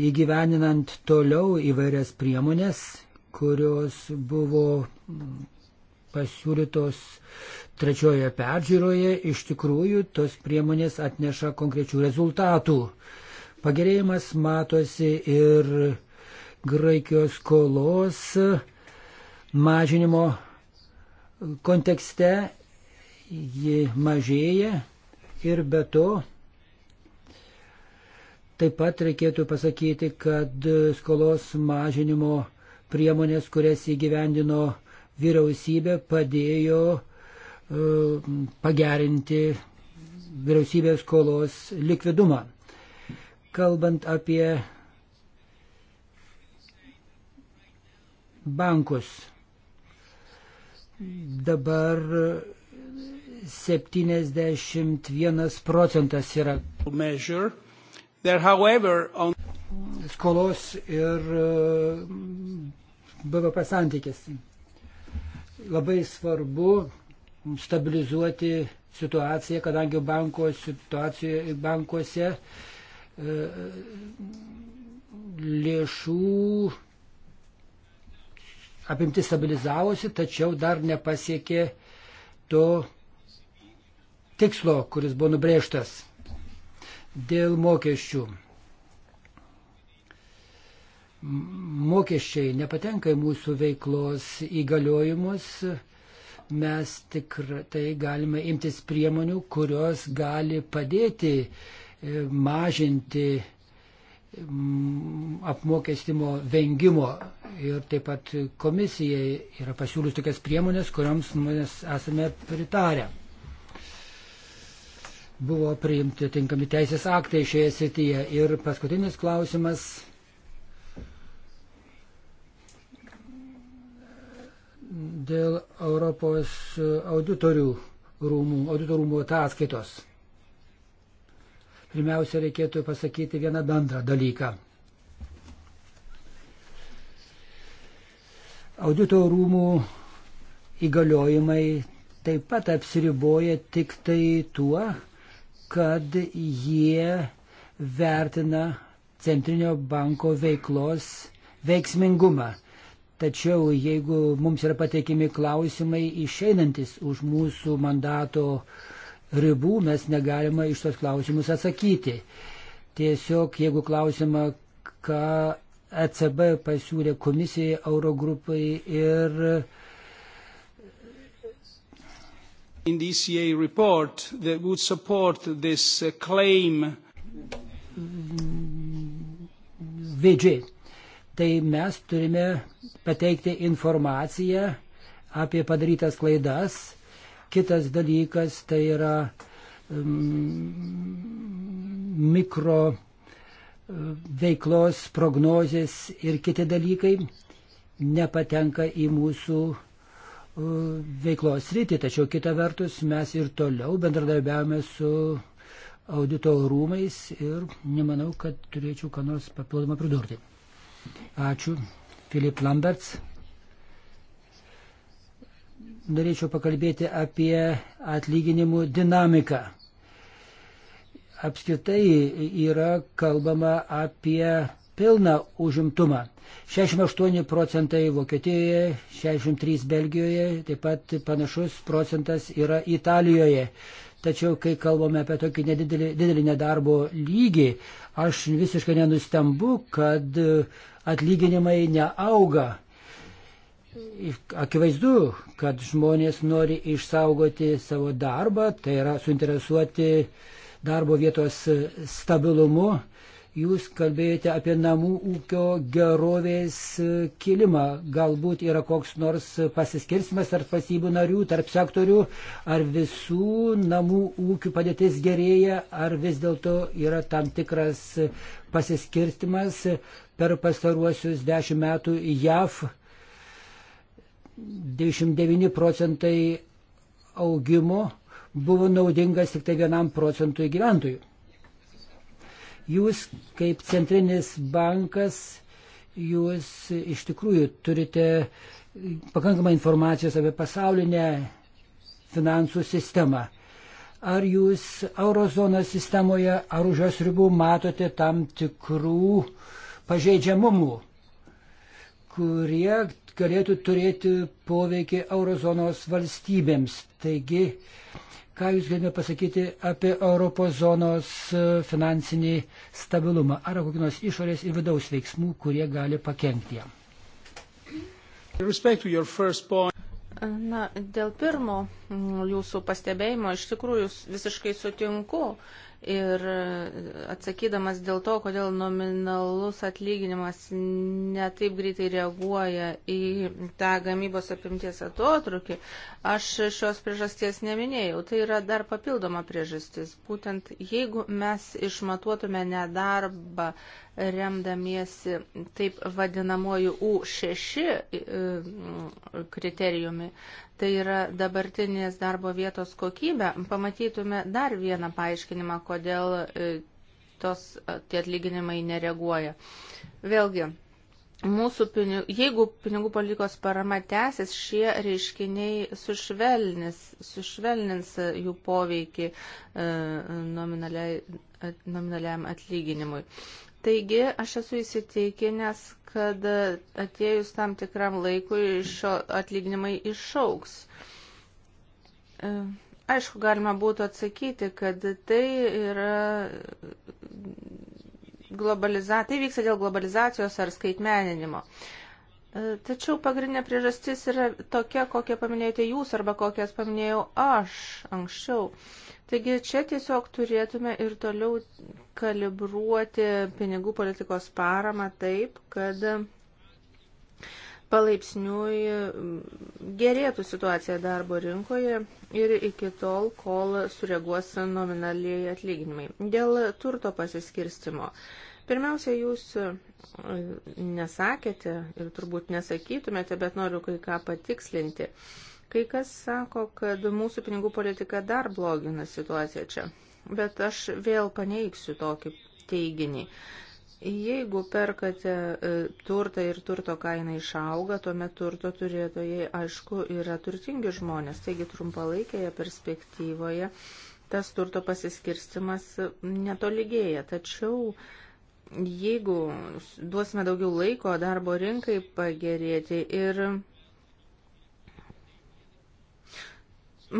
S2: įgyveninant toliau įvairias priemonės, kurios buvo pasiūlytos trečioje peržiūroje, iš tikrųjų tos priemonės atneša konkrečių rezultatų. Pagerėjimas matosi ir Graikijos skolos mažinimo kontekste, ji mažėja ir be to Taip pat reikėtų pasakyti, kad skolos mažinimo priemonės, kurias įgyvendino vyriausybė, padėjo e, pagerinti vyriausybės skolos likvidumą. Kalbant apie bankus, dabar 71 procentas yra. Measure There, however, on... Skolos ir e, BVP santykis. Labai svarbu stabilizuoti situaciją, kadangi banko situacijoje, bankuose e, lėšų apimti stabilizavosi, tačiau dar nepasiekė to tikslo, kuris buvo nubrėžtas. Dėl mokesčių. Mokesčiai nepatenka į mūsų veiklos įgaliojimus. Mes tikrai tai galime imtis priemonių, kurios gali padėti e, mažinti apmokestimo vengimo. Ir taip pat komisija yra pasiūlus tokias priemonės, kuriams mes esame pritarę buvo priimti tinkami teisės aktai šioje srityje. Ir paskutinis klausimas. Dėl Europos auditorių rūmų, auditorumų ataskaitos. Pirmiausia, reikėtų pasakyti vieną bendrą dalyką. Audito rūmų įgaliojimai taip pat apsiriboja tik tai tuo, kad jie vertina centrinio banko veiklos veiksmingumą. Tačiau jeigu mums yra pateikimi klausimai išeinantis už mūsų mandato ribų, mes negalime iš tos klausimus atsakyti. Tiesiog jeigu klausimą, ką ECB pasiūlė komisijai, Eurogrupai ir uh,
S3: in the ECA report that would support this uh, claim.
S2: Vidžiai. Tai mes turime pateikti informaciją apie padarytas klaidas. Kitas dalykas tai yra um, mikro uh, veiklos prognozės ir kiti dalykai nepatenka į mūsų veiklos rytį, tačiau kita vertus mes ir toliau bendradarbiavame su audito rūmais ir nemanau, kad turėčiau ką nors papildomą pridurti. Ačiū. Filip Lamberts. Norėčiau pakalbėti apie atlyginimų dinamiką. Apskritai yra kalbama apie pilną užimtumą. 68 procentai Vokietijoje, 63 Belgijoje, taip pat panašus procentas yra Italijoje. Tačiau, kai kalbame apie tokį nedidelį, didelį nedarbo lygį, aš visiškai nenustembu, kad atlyginimai neauga. Akivaizdu, kad žmonės nori išsaugoti savo darbą, tai yra suinteresuoti darbo vietos stabilumu, Jūs kalbėjote apie namų ūkio gerovės e, kilimą. Galbūt yra koks nors pasiskirstimas tarp pasybių narių, tarp sektorių, ar visų namų ūkių padėtis gerėja, ar vis dėlto yra tam tikras pasiskirstimas per pastaruosius dešimt metų JAV. 99 procentai augimo buvo naudingas tik tai vienam procentui gyventojų. Jūs kaip centrinis bankas, jūs iš tikrųjų turite pakankamai informacijos apie pasaulinę finansų sistemą. Ar jūs eurozonos sistemoje ar už jos ribų matote tam tikrų pažeidžiamumų, kurie galėtų turėti poveikį eurozonos valstybėms? Taigi, ką jūs galime pasakyti apie Europos zonos e, finansinį stabilumą? Ar kokį nors išorės ir vidaus veiksmų, kurie gali pakengti jam?
S3: E,
S4: na, dėl pirmo jūsų pastebėjimo, iš tikrųjų visiškai sutinku. Uh, Ir atsakydamas dėl to, kodėl nominalus atlyginimas netaip greitai reaguoja į tą gamybos apimties atotrukį, aš šios priežasties neminėjau. Tai yra dar papildoma priežastis. Būtent jeigu mes išmatuotume nedarbą remdamiesi taip vadinamoju U6 e, kriterijumi, tai yra dabartinės darbo vietos kokybė, pamatytume dar vieną paaiškinimą, kodėl e, tos, e, tie atlyginimai nereaguoja. Vėlgi, mūsų pinigų, jeigu pinigų politikos parama tęsis, šie reiškiniai sušvelnis, sušvelnins jų poveikį e, nominaliam atlyginimui. Taigi, aš esu įsitikinęs, kad atėjus tam tikram laikui šio atlyginimai išauks. E, aišku, galima būtų atsakyti, kad tai yra globalizacija, tai vyksta dėl globalizacijos ar skaitmeninimo. Tačiau pagrindinė priežastis yra tokia, kokią paminėjote jūs arba kokias paminėjau aš anksčiau. Taigi čia tiesiog turėtume ir toliau kalibruoti pinigų politikos paramą taip, kad palaipsniui gerėtų situacija darbo rinkoje ir iki tol, kol sureaguos nominaliai atlyginimai. Dėl turto pasiskirstimo. Uh, Pirmiausia, jūs e, nesakėte ir turbūt nesakytumėte, bet noriu kai ką patikslinti. Kai kas sako, kad mūsų pinigų politika dar blogina situaciją čia. Bet aš vėl paneiksiu tokį teiginį. Jeigu perkate e, turtą ir turto kaina išauga, tuomet turto turėtojai, aišku, yra turtingi žmonės. Taigi trumpalaikėje perspektyvoje tas turto pasiskirstimas e, netolygėja. Tačiau uh, jeigu duosime daugiau laiko darbo rinkai pagerėti ir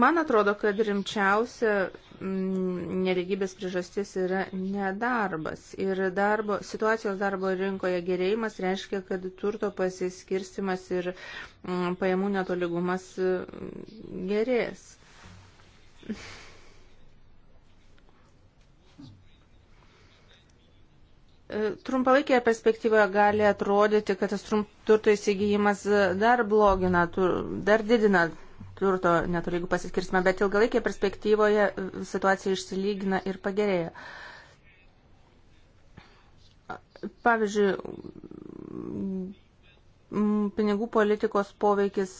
S4: Man atrodo, kad rimčiausia mm, neligybės priežastis yra nedarbas. Ir darbo, situacijos darbo rinkoje gerėjimas reiškia, kad turto pasiskirstimas ir mm, pajamų netolygumas mm, gerės. E, trumpalaikėje perspektyvoje gali atrodyti, kad tas turto įsigijimas e, dar blogina, dar didina turto netolygų pasiskirsmą, bet ilgalaikėje perspektyvoje e, situacija išsilygina ir pagerėja. Pavyzdžiui, pinigų politikos poveikis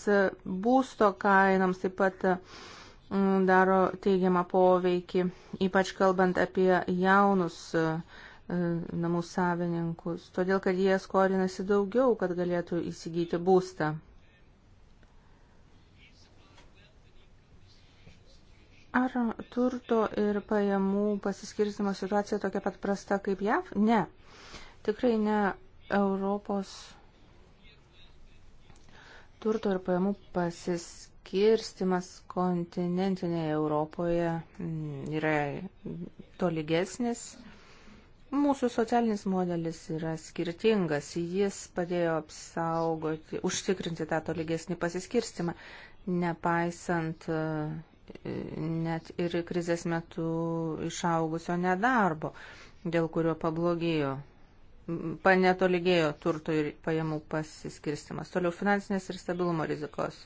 S4: būsto kainams taip pat daro teigiamą poveikį, ypač kalbant apie jaunus E, namų savininkus, todėl kad jie skolinasi daugiau, kad galėtų įsigyti būstą. Ar turto ir pajamų pasiskirstimo situacija tokia pat prasta kaip JAV? Ne. Tikrai ne Europos turto ir pajamų pasiskirstimas kontinentinėje Europoje mm, yra tolygesnis. lygesnis Mūsų socialinis modelis yra skirtingas, jis padėjo apsaugoti, užtikrinti tą tolygesnį pasiskirstimą, nepaisant e, net ir krizės metu išaugusio nedarbo, dėl kurio pablogėjo, panetolygėjo turto ir pajamų pasiskirstimas. Toliau finansinės ir stabilumo rizikos.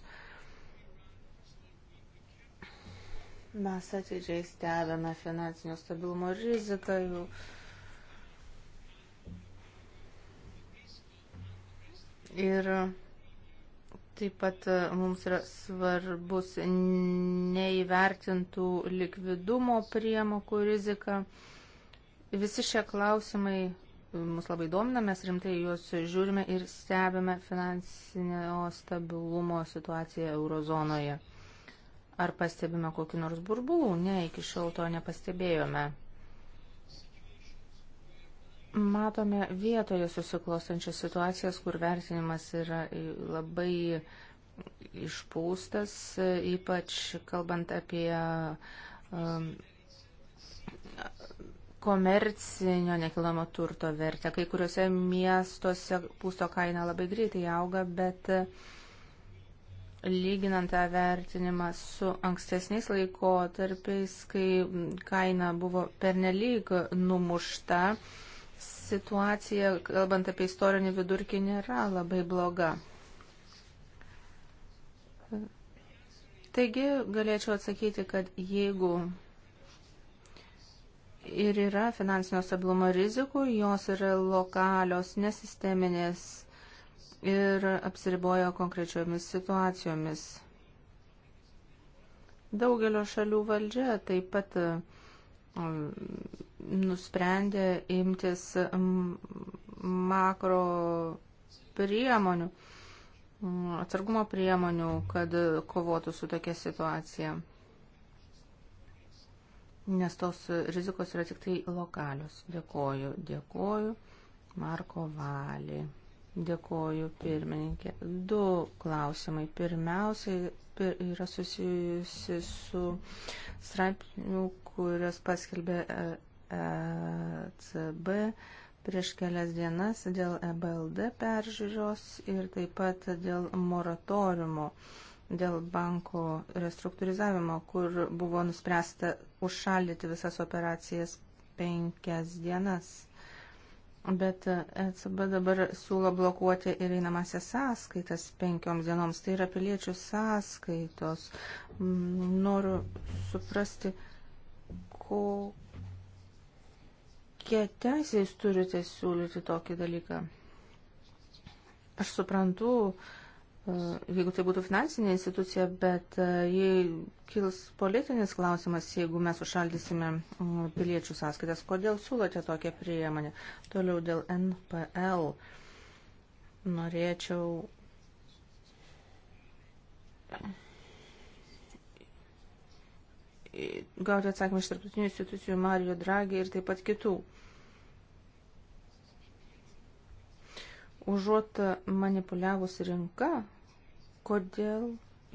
S4: Mes atidžiai stebėme finansinio stabilumo riziką, jų Ir e, taip pat e, mums yra svarbus neįvertintų likvidumo priemokų rizika. Visi šie klausimai e, mus labai domina, mes rimtai juos žiūrime ir stebime finansinio stabilumo situaciją eurozonoje. Ar pastebime kokį nors burbulų? Ne, iki šiol to nepastebėjome matome vietoje susiklostančias situacijas, kur vertinimas yra labai išpūstas, ypač kalbant apie um, komercinio nekilnojamo turto vertę. Kai kuriuose miestuose būsto kaina labai greitai auga, bet lyginant tą vertinimą su ankstesniais laikotarpiais, kai kaina buvo pernelyg numušta, uh, situacija, kalbant apie istorinį vidurkį, nėra labai bloga. Taigi galėčiau atsakyti, kad jeigu ir yra finansinio stabilumo rizikų, jos yra lokalios, nesisteminės ir apsiriboja konkrečiomis situacijomis. Daugelio šalių valdžia taip pat nusprendė imtis makro priemonių, atsargumo priemonių, kad kovotų su tokia situacija. Nes tos rizikos yra tik tai lokalios. Dėkoju, dėkoju, Marko Valį. Dėkoju, pirmininkė. Du klausimai. Pirmiausiai pir, yra susijusi su straipsniu, kurias paskelbė e, ECB prieš kelias dienas dėl EBLD peržiūros ir taip pat dėl moratoriumo, dėl banko restruktūrizavimo, kur buvo nuspręsta užšaldyti visas operacijas penkias dienas. Bet ECB dabar siūlo blokuoti ir einamasias sąskaitas penkioms dienoms. Tai yra piliečių sąskaitos. Mm, noriu suprasti, ko kokią teisę jūs turite siūlyti tokį dalyką? Aš suprantu, e, jeigu tai būtų finansinė institucija, bet e, jei kils politinis klausimas, jeigu mes užšaldysime piliečių sąskaitas, kodėl siūlote tokią priemonę? Toliau dėl NPL. Norėčiau gauti atsakymą iš tarptautinių institucijų Mario Draghi ir taip pat kitų. Užuot manipuliavus rinka, kodėl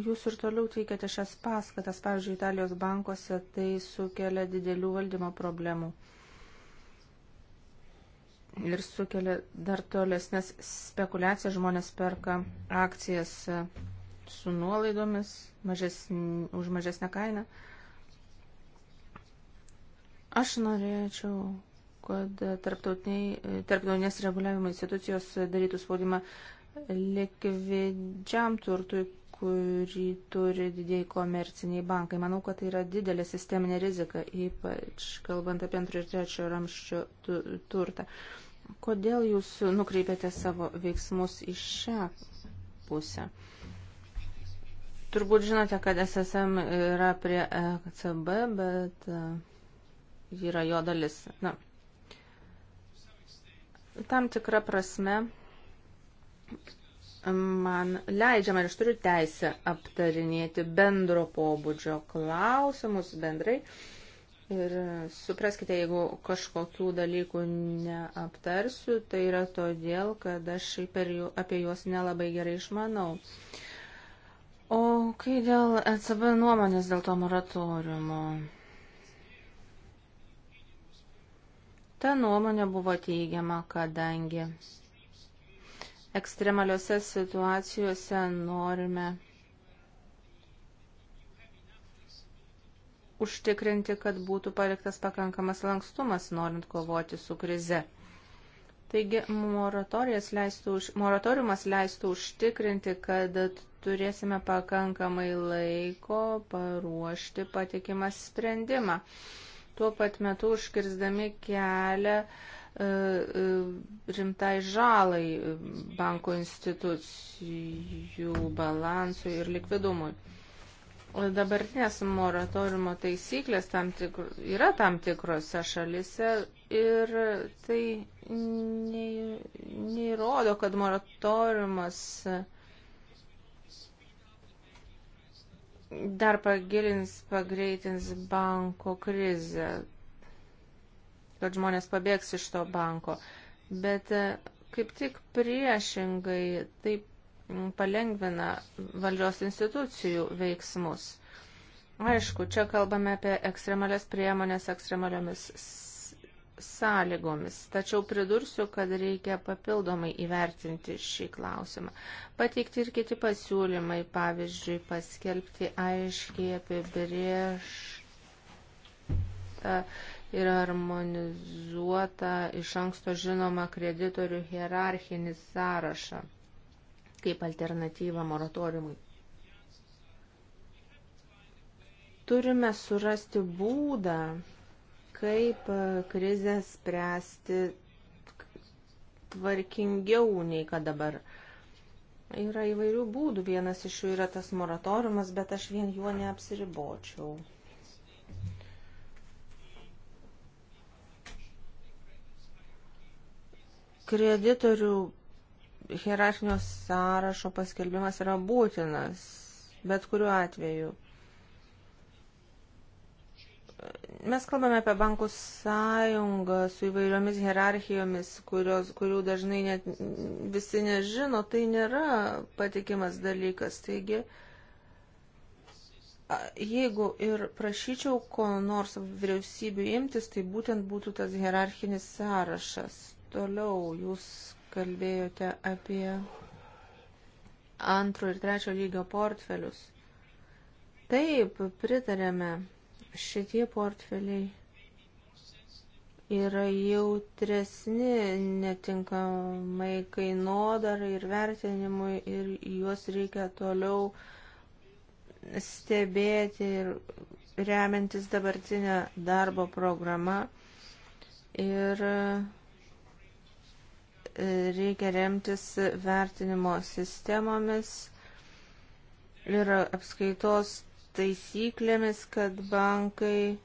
S4: jūs ir toliau teikiate šias paskatas, pavyzdžiui, Italijos bankuose tai sukelia didelių valdymo problemų ir sukelia dar tolesnės spekulacijas, žmonės perka akcijas su nuolaidomis mažesn, už mažesnę kainą. Aš norėčiau, kad tarptautinės reguliavimo institucijos darytų spaudimą likvidžiam turtui, kurį turi didėjai komerciniai bankai. Manau, kad tai yra didelė sisteminė rizika, ypač kalbant apie antrą ir trečią ramščio turtą. Kodėl jūs nukreipėte savo veiksmus į šią pusę? Turbūt žinote, kad SSM yra prie ECB, bet ji yra jo dalis. Na, tam tikrą prasme man leidžiama ir aš turiu teisę aptarinėti bendro pobūdžio klausimus bendrai. Ir supraskite, jeigu kažkokių dalykų neaptarsiu, tai yra todėl, kad aš jų, apie juos nelabai gerai išmanau. O kai dėl ECB nuomonės dėl to moratoriumo? Ta nuomonė buvo teigiama, kadangi ekstremaliuose situacijose norime užtikrinti, kad būtų paliktas pakankamas lankstumas, norint kovoti su krize. Taigi leistų, moratoriumas leistų užtikrinti, kad turėsime pakankamai laiko paruošti patikimą sprendimą tuo pat metu užkirsdami kelią e, e, rimtai žalai e, banko institucijų balansui ir likvidumui. O dabartinės moratoriumo taisyklės tam tikr, yra tam tikrose šalise ir tai neįrodo, kad moratoriumas uh, dar pagilins, pagreitins banko krizę, kad žmonės pabėgs iš to banko. Bet e, kaip tik priešingai tai palengvina valdžios institucijų veiksmus. Aišku, čia kalbame apie ekstremalias priemonės ekstremaliomis sąlygomis. Tačiau pridursiu, kad reikia papildomai įvertinti šį klausimą. Pateikti ir kiti pasiūlymai, pavyzdžiui, paskelbti aiškiai apibriežtą ir harmonizuotą iš anksto žinomą kreditorių hierarchinį sąrašą kaip alternatyvą moratoriumui. Turime surasti būdą, kaip e, krizę spręsti tvarkingiau nei kad dabar. Yra įvairių būdų, vienas iš jų yra tas moratoriumas, bet aš vien juo neapsiribočiau. Kreditorių hierarchinio sąrašo paskelbimas yra būtinas, bet kuriuo atveju Mes kalbame apie bankų sąjungą su įvairiomis hierarchijomis, kurios, kurių dažnai net visi nežino, tai nėra patikimas dalykas. Taigi, jeigu ir prašyčiau ko nors vyriausybių imtis, tai būtent būtų tas hierarchinis sąrašas. Toliau jūs kalbėjote apie antro ir trečio lygio portfelius. Taip, pritarėme šitie portfeliai yra jautresni netinkamai kainodarai ir vertinimui ir juos reikia toliau stebėti ir remiantis dabartinę darbo programą ir e, reikia remtis vertinimo sistemomis ir apskaitos taisyklėmis, kad bankai e,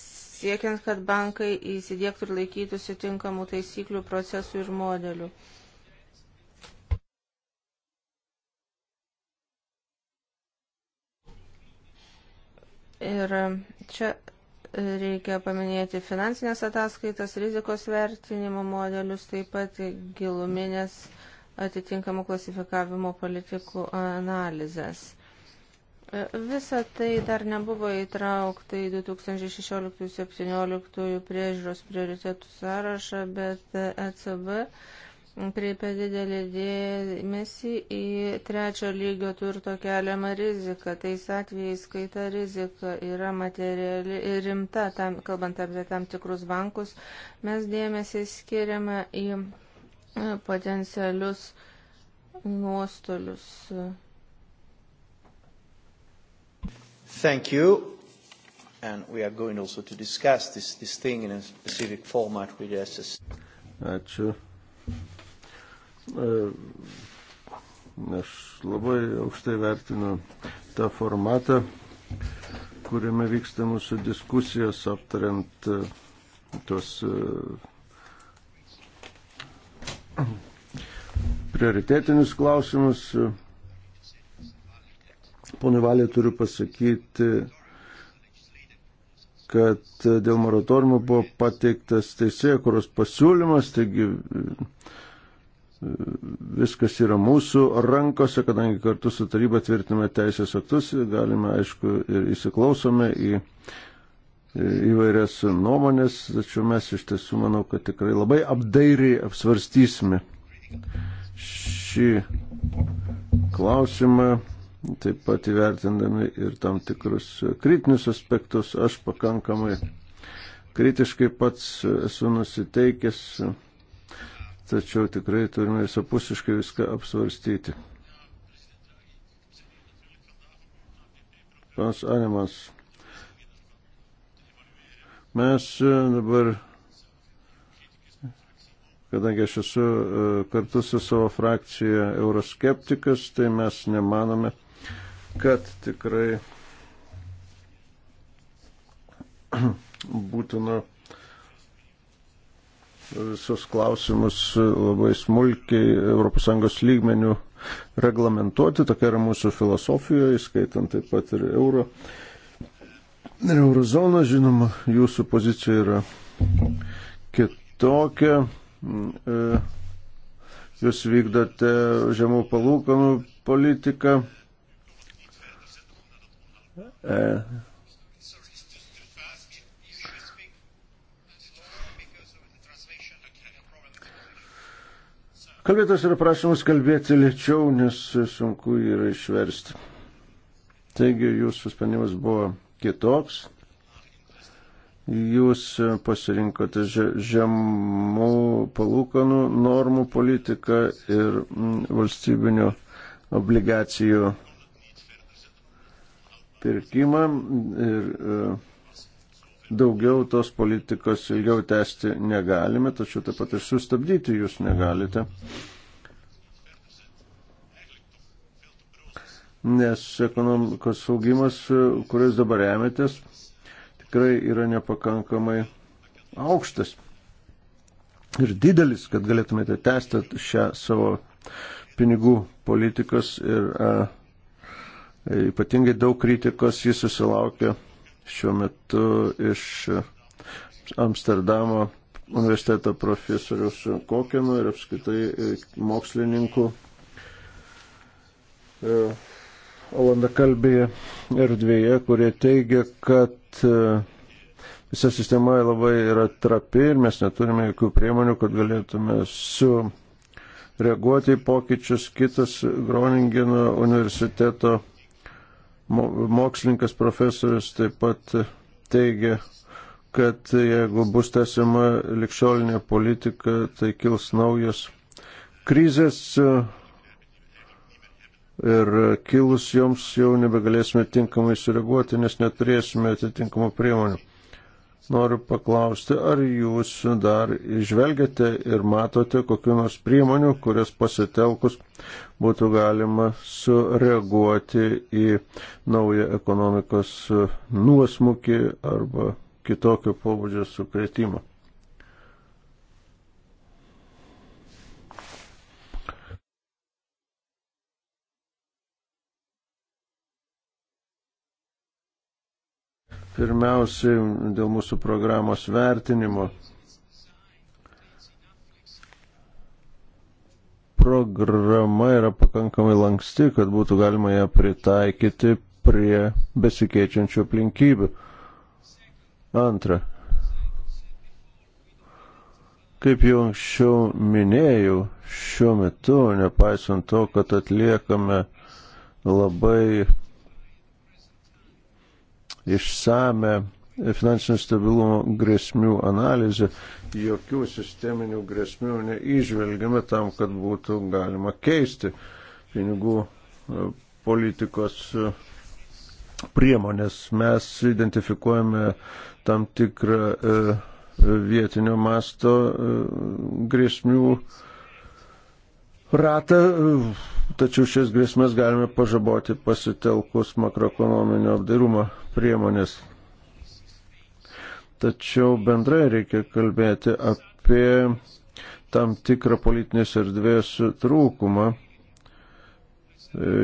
S4: siekiant, kad bankai įsidėktų ir laikytųsi tinkamų taisyklių, procesų ir modelių. Ir čia reikia paminėti finansinės ataskaitas, rizikos vertinimo modelius, taip pat giluminės atitinkamų klasifikavimo politikų analizės. E, visa tai dar nebuvo įtraukta į 2016-2017 priežiūros prioritetų sąrašą, bet ECB kreipia didelį dėmesį į trečio lygio turto keliamą riziką. Tais atvejais, kai ta rizika yra materiali ir rimta, tam, kalbant apie tam tikrus bankus, mes dėmesį skiriame į potencialius nuostolius.
S1: Thank you. And we are going also to discuss this, this thing in a specific format with the SS.
S5: Ačiū. E, aš labai aukštai vertinu tą formatą, kuriame vyksta mūsų diskusijos aptariant e, tuos uh, prioritetinius klausimus. Pone Valė turiu pasakyti, kad dėl moratoriumo buvo pateiktas teisėjų, kurios pasiūlymas, taigi viskas yra mūsų rankose, kadangi kartu su taryba tvirtiname teisės aktus, galime, aišku, ir įsiklausome į įvairias nuomonės, tačiau mes iš tiesų manau, kad tikrai labai apdairiai apsvarstysime šį klausimą, taip pat įvertindami ir tam tikrus kritinius aspektus. Aš pakankamai kritiškai pats esu nusiteikęs, tačiau tikrai turime visapusiškai viską apsvarstyti. Pas Animas. Mes e, dabar, kadangi aš esu e, kartu su savo frakcija euroskeptikas, tai mes nemanome, kad tikrai būtina visus klausimus labai smulkiai ES lygmenių reglamentuoti. Tokia yra mūsų filosofija, įskaitant taip pat ir euro Ir eurozona, žinoma, jūsų pozicija yra kitokia. Mm, e, jūs vykdote žemų palūkanų politiką. E. Kalbėtas yra prašymas kalbėti lėčiau, nes sunku yra išversti. Taigi jūsų sprendimas buvo kitoks. Jūs pasirinkote žemų palūkanų normų politiką ir mm, valstybinių obligacijų pirkimą ir e, daugiau tos politikos ilgiau tęsti negalime, tačiau taip pat ir sustabdyti jūs negalite. Mm. nes ekonomikos augimas, e, kuris dabar remetės, tikrai yra nepakankamai aukštas ir didelis, kad galėtumėte tęsti šią savo pinigų politikos ir a, e, ypatingai daug kritikos jis susilaukė šiuo metu iš Amsterdamo universiteto profesorius Kokeno ir apskaitai e, mokslininkų. E, olandakalbėje erdvėje, kurie teigia, kad e, visa sistema labai yra trapi ir mes neturime jokių priemonių, kad galėtume su reaguoti į pokyčius. Kitas Groningeno universiteto mokslininkas profesorius taip pat teigia, kad jeigu bus tęsiama likščiolinė politika, tai kils naujos krizės ir kilus joms jau nebegalėsime tinkamai sureaguoti, nes neturėsime atitinkamų priemonių. Noriu paklausti, ar jūs dar išvelgiate ir matote kokiu nors priemonių, kurias pasitelkus būtų galima sureaguoti į naują ekonomikos nuosmukį arba kitokio pobūdžio sukretimą. Pirmiausiai dėl mūsų programos vertinimo. Programa yra pakankamai lanksti, kad būtų galima ją pritaikyti prie besikeičiančių aplinkybių. Antra. Kaip jau anksčiau minėjau, šiuo metu, nepaisant to, kad atliekame labai išsame finansinio stabilumo grėsmių analizę, jokių sisteminių grėsmių neižvelgiame tam, kad būtų galima keisti pinigų e, politikos e, priemonės. Mes identifikuojame tam tikrą e, vietinio masto grėsmių ratą, tačiau šias grėsmės galime pažaboti pasitelkus makroekonominio apdairumo priemonės. Tačiau bendrai reikia kalbėti apie tam tikrą politinės erdvės trūkumą,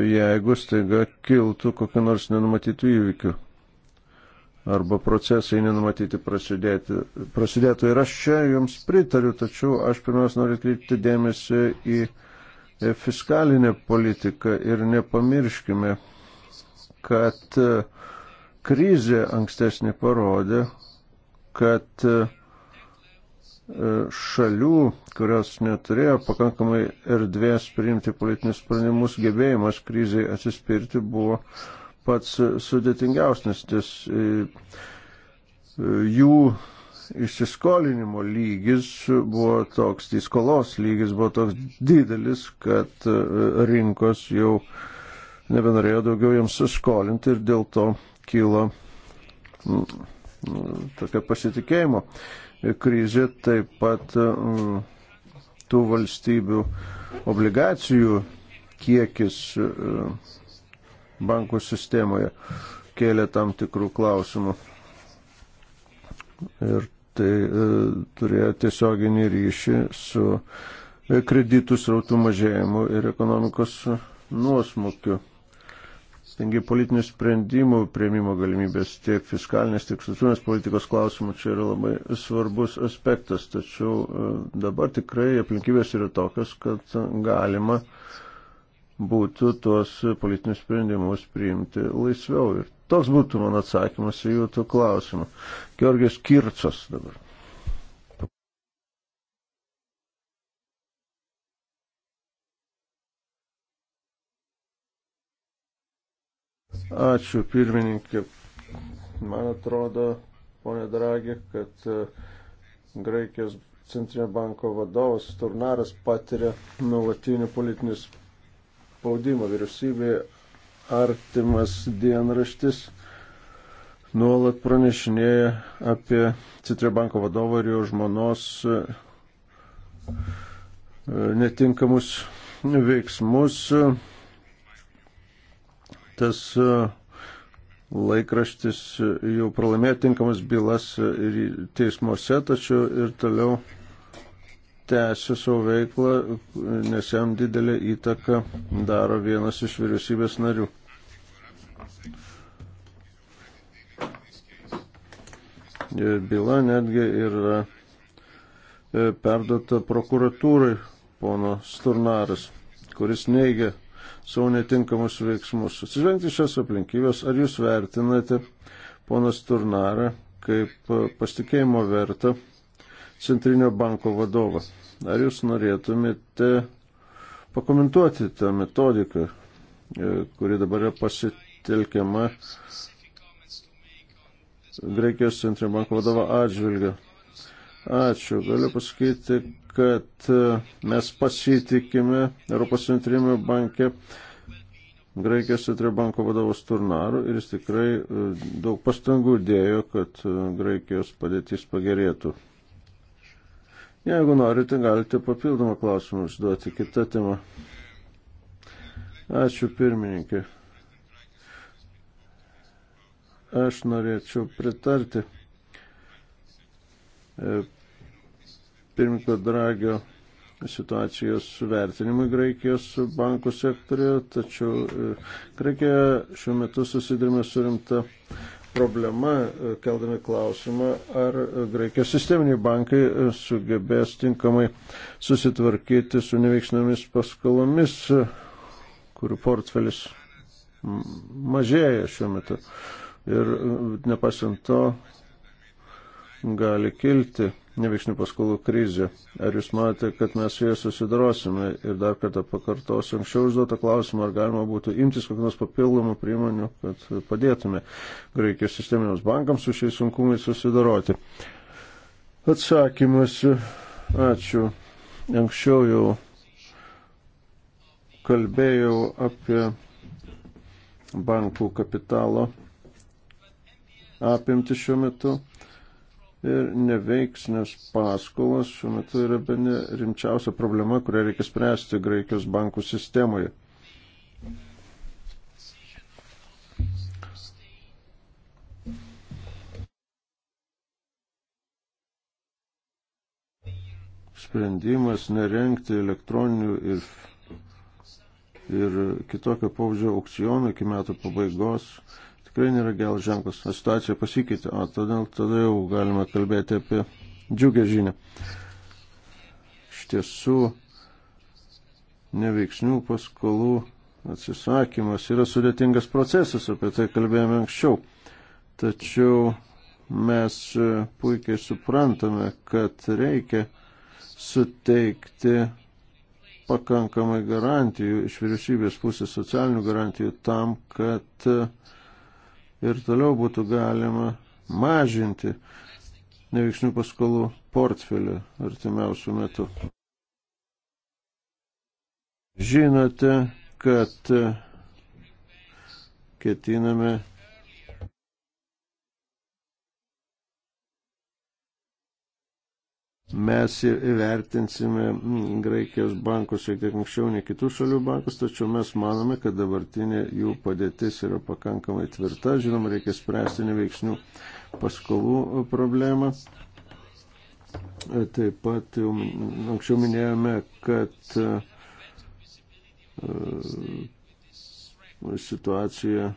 S5: jeigu staiga kiltų kokiu nors nenumatytų įvykių arba procesai nenumatyti prasidėti, prasidėtų. Ir aš čia jums pritariu, tačiau aš pirmiausia noriu kreipti dėmesį į fiskalinė politika ir nepamirškime, kad e, krizė ankstesnė parodė, kad e, šalių, kurios neturėjo pakankamai erdvės priimti politinius sprendimus, gebėjimas kriziai atsispirti buvo pats sudėtingiausias, nes e, jų įsiskolinimo lygis buvo toks, tai skolos lygis buvo toks didelis, kad e, rinkos jau nebenorėjo daugiau jiems skolinti ir dėl to kyla tokia pasitikėjimo krizė, taip pat e, tų valstybių obligacijų kiekis e, bankų sistemoje kėlė tam tikrų klausimų. Ir tai e, turėjo tiesioginį ryšį su e, kreditų srautų mažėjimu ir ekonomikos nuosmukiu. Taigi politinių sprendimų prieimimo galimybės tiek fiskalinės, tiek socialinės politikos klausimų čia yra labai svarbus aspektas, tačiau e, dabar tikrai aplinkybės yra tokios, kad galima būtų tuos politinius sprendimus priimti laisviau ir Toks būtų mano atsakymas į jūsų klausimą. Georgijos Kircos dabar. Ačiū, pirmininkė. Man atrodo, ponė Dragi, kad e, Graikijos centrinio banko vadovas Turnaras patiria nuolatinį politinį spaudimą vyriausybėje artimas dienraštis nuolat pranešinėja apie Citrio banko vadovo ir jo žmonos e, netinkamus veiksmus. Tas e, laikraštis jau pralaimėjo tinkamas bylas ir teismuose, tačiau ir toliau tęsia savo veiklą, nes jam didelę įtaką daro vienas iš vyriausybės narių. E, byla netgi yra e, perdota prokuratūrai pono Sturnaras, kuris neigia savo netinkamus veiksmus. Atsižvengti šias aplinkybės, ar jūs vertinate poną Sturnarą kaip e, pasitikėjimo vertą Centrinio banko vadovą? Ar jūs norėtumėte pakomentuoti tą metodiką, kuri dabar yra pasitikėjimo? pasitelkiama Graikijos centrinio banko vadovo atžvilgiu. Ačiū. Galiu pasakyti, kad e, mes pasitikime Europos centrinio banke Graikijos centrinio banko vadovas Turnaru ir jis tikrai e, daug pastangų dėjo, kad e, Graikijos padėtis pagerėtų. Jeigu norite, galite papildomą klausimą užduoti kitą temą. Ačiū pirmininkė aš norėčiau pritarti e, pirmininko Dragio situacijos vertinimui Graikijos bankų sektorijoje, tačiau e, Graikija šiuo metu susidurime su rimta problema, e, keldami klausimą, ar Graikijos sisteminiai bankai sugebės tinkamai susitvarkyti su neveiksniomis paskolomis, kurių portfelis mažėja šiuo metu ir nepasiant to gali kilti neveiksnių paskolų krizė. Ar jūs matote, kad mes su jie susidarosime? Ir dar kartą pakartosiu anksčiau užduotą klausimą, ar galima būtų imtis kokios papildomų priemonių, kad padėtume Graikijos sisteminiams bankams su šiais sunkumais susidaroti. Atsakymas. Ačiū. Anksčiau jau kalbėjau apie bankų kapitalo apimti šiuo metu ir neveiks, nes paskolos šiuo metu yra bene rimčiausia problema, kurią reikia spręsti Graikijos bankų sistemoje. Sprendimas nerenkti elektroninių ir, ir kitokio pavyzdžio aukcionų iki metų pabaigos tikrai nėra geras ženklas, o situacija pasikeitė, o todėl tada jau galima kalbėti apie džiugę žinę. Iš tiesų, neveiksnių paskolų atsisakymas yra sudėtingas procesas, apie tai kalbėjome anksčiau. Tačiau mes puikiai suprantame, kad reikia suteikti pakankamai garantijų iš vyriausybės pusės socialinių garantijų tam, kad ir toliau būtų galima mažinti neveiksnių paskolų portfelį artimiausių metų. Žinote, kad ketiname mes įvertinsime Graikijos bankus šiek tiek anksčiau nei kitų šalių bankus, tačiau mes manome, kad dabartinė jų padėtis yra pakankamai tvirta. Žinoma, reikia spręsti neveiksnių paskolų problemą. Taip pat jau anksčiau minėjome, kad e, situacija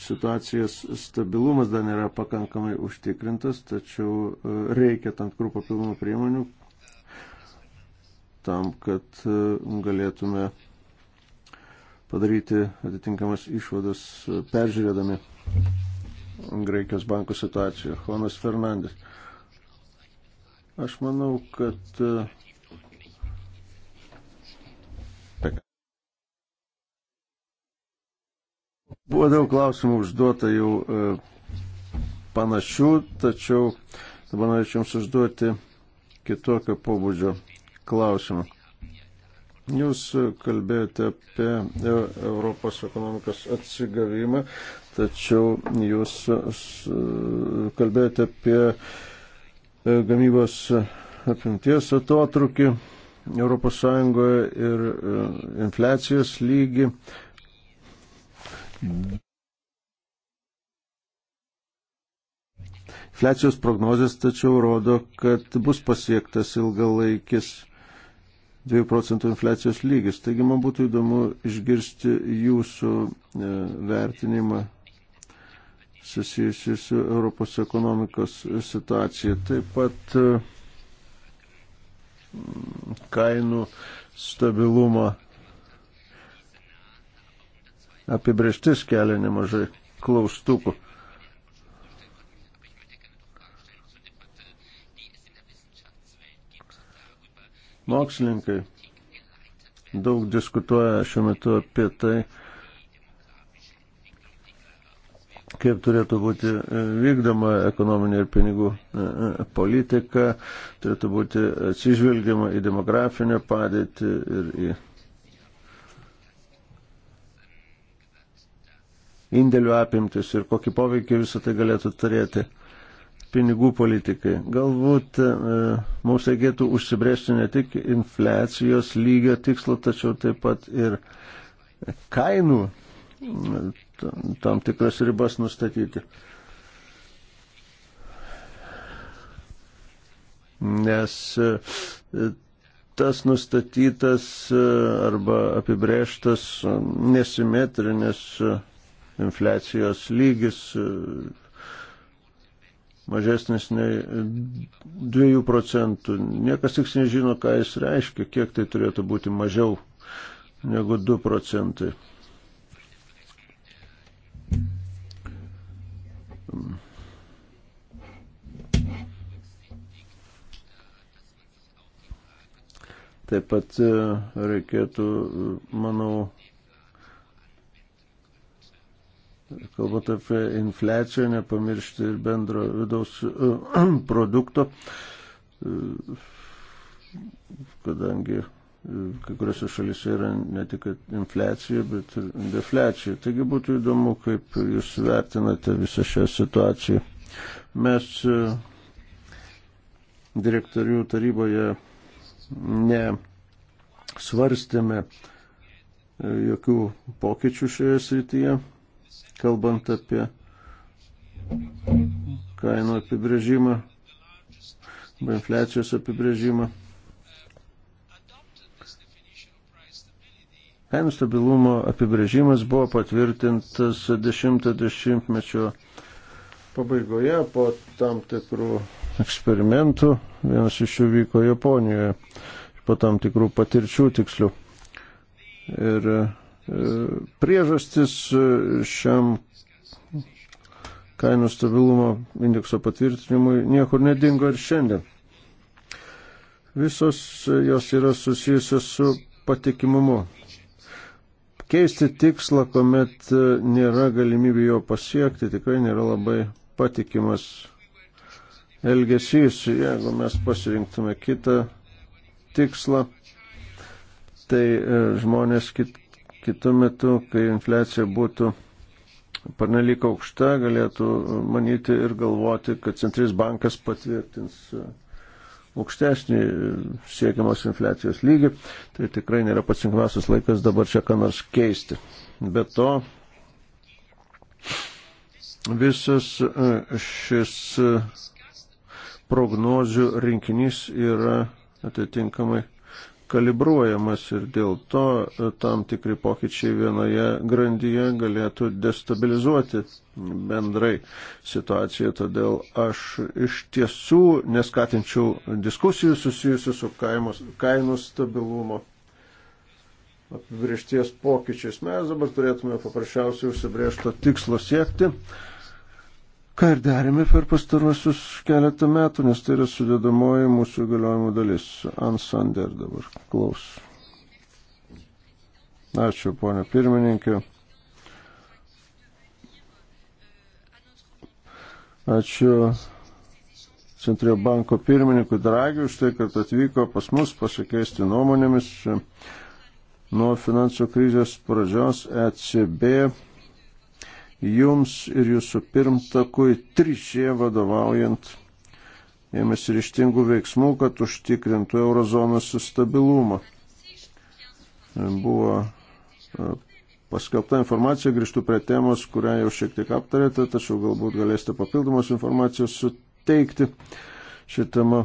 S5: situacijos stabilumas dar nėra pakankamai užtikrintas, tačiau e, reikia tam tikrų papildomų priemonių tam, kad e, galėtume padaryti atitinkamas išvadas e, peržiūrėdami Graikijos bankų situaciją. Juanas Fernandes. Aš manau, kad Buvo daug klausimų užduota jau e, panašių, tačiau dabar norėčiau jums užduoti kitokio pobūdžio klausimą. Jūs kalbėjote apie e, Europos ekonomikos atsigavimą, tačiau jūs e, kalbėjote apie gamybos apimties atotrukį Europos Sąjungoje ir infliacijos lygį. Infliacijos prognozijas tačiau rodo, kad bus pasiektas ilgalaikis 2 procentų infliacijos lygis. Taigi man būtų įdomu išgirsti jūsų e, vertinimą susijusi su Europos ekonomikos situacija. Taip pat e, kainų stabilumą apibrieštis kelia nemažai klaustukų. Mokslininkai daug diskutuoja šiuo metu apie tai, kaip turėtų būti e, vykdoma ekonominė ir pinigų e, e, politika, turėtų būti atsižvelgiama į demografinę padėtį ir į indėlių apimtis ir kokį poveikį visą tai galėtų turėti pinigų politikai. Galbūt e, mums reikėtų užsibrėžti ne tik infliacijos lygio tikslo, tačiau taip pat ir kainų e, tam tikras ribas nustatyti. Nes e, tas nustatytas e, arba apibrėžtas nesimetrinės nes infliacijos lygis e, mažesnis nei 2 procentų. Niekas tiks nežino, ką jis reiškia, kiek tai turėtų būti mažiau negu 2 procentai. Taip pat e, reikėtų, e, manau, kalbant apie infliaciją, nepamiršti ir bendro vidaus produkto, kadangi e, kai kuriuose šalise yra ne tik infliacija, bet ir defliacija. Taigi būtų įdomu, kaip jūs vertinate visą šią situaciją. Mes e, direktorių taryboje nesvarstėme e, jokių pokyčių šioje srityje kalbant apie kainų apibrėžimą, infliacijos apibrėžimą. Kainų stabilumo apibrėžimas buvo patvirtintas 10-mečio pabaigoje po tam tikrų eksperimentų. Vienas iš jų vyko Japonijoje, po tam tikrų patirčių tikslių. Ir priežastis e, šiam kainų stabilumo indekso patvirtinimui niekur nedingo ir šiandien. Visos jos yra susijusios su patikimumu. Keisti tikslą, kuomet e, nėra galimybė jo pasiekti, tikrai nėra labai patikimas elgesys. Jeigu mes pasirinktume kitą tikslą, tai e, žmonės kit, Kitu metu, kai infliacija būtų pernelyg aukšta, galėtų manyti ir galvoti, kad centrinis bankas patvirtins aukštesnį siekiamos infliacijos lygį. Tai tikrai nėra pats tinkamiausias laikas dabar čia ką nors keisti. Be to, visas e, šis e, prognozių rinkinys yra atitinkamai kalibruojamas ir dėl to e, tam tikri pokyčiai vienoje grandyje galėtų destabilizuoti bendrai situaciją. Todėl aš iš tiesų neskatinčiau diskusijų susijusių su kaimus, kainų stabilumo apibriešties pokyčiais. Mes dabar turėtume paprasčiausiai užsibriežto tikslo siekti ką ir darėme per pastaruosius keletą metų, nes tai yra sudėdamoji mūsų įgaliojimų dalis. Ansander dabar klaus. Ačiū, ponė pirmininkė. Ačiū Centrinio banko pirmininkui Dragiu už tai, kad atvyko pas mus pasikeisti nuomonėmis. Nuo finansų krizės pradžios ECB jums ir jūsų pirmtakui trišė vadovaujant ėmėsi ryštingų veiksmų, kad užtikrintų eurozonos stabilumą. Buvo e, paskelbta informacija, grįžtų prie temos, kurią jau šiek tiek aptarėte, tačiau galbūt galėsite papildomos informacijos suteikti. Ši tema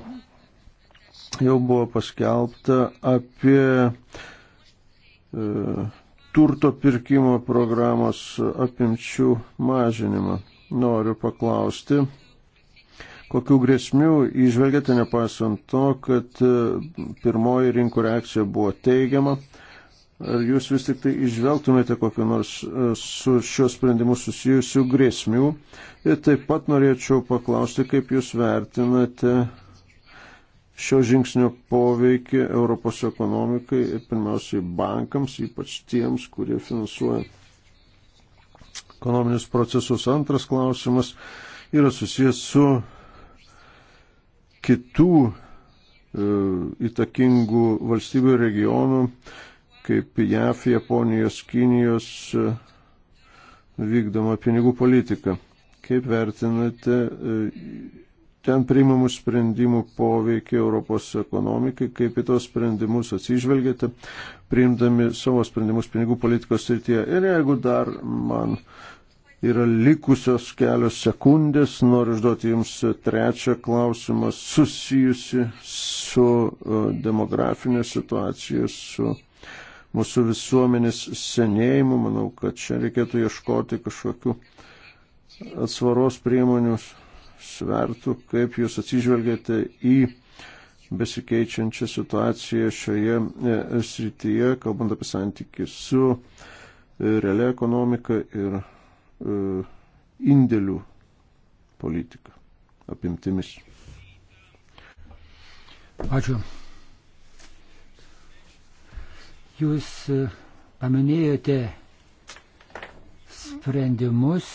S5: jau buvo paskelbta apie e, turto pirkimo programos apimčių mažinimą. Noriu paklausti, kokių grėsmių išvelgėte, nepaisant to, kad e, pirmoji rinkų reakcija buvo teigiama. Ar jūs vis tik tai išvelgtumėte kokiu nors e, su šiuo sprendimu susijusių grėsmių? Ir taip pat norėčiau paklausti, kaip jūs vertinate šio žingsnio poveikį Europos ekonomikai ir pirmiausiai bankams, ypač tiems, kurie finansuoja ekonominius procesus. Antras klausimas yra susijęs su kitų e, įtakingų valstybių regionų, kaip JAF, Japonijos, Kinijos e, vykdoma pinigų politika. Kaip vertinate e, ten priimamų sprendimų poveikį Europos ekonomikai, kaip į tos sprendimus atsižvelgėte, priimdami savo sprendimus pinigų politikos srityje. Ir jeigu dar man yra likusios kelios sekundės, noriu užduoti Jums trečią klausimą susijusi su e, demografinė situacija, su mūsų visuomenės senėjimu. Manau, kad čia reikėtų ieškoti kažkokių atsvaros priemonius svertų, kaip jūs atsižvelgėte į besikeičiančią situaciją šioje e, srityje, kalbant apie santykių su e, realia ekonomika ir e, indėlių politika apimtimis.
S2: Ačiū. Jūs paminėjote sprendimus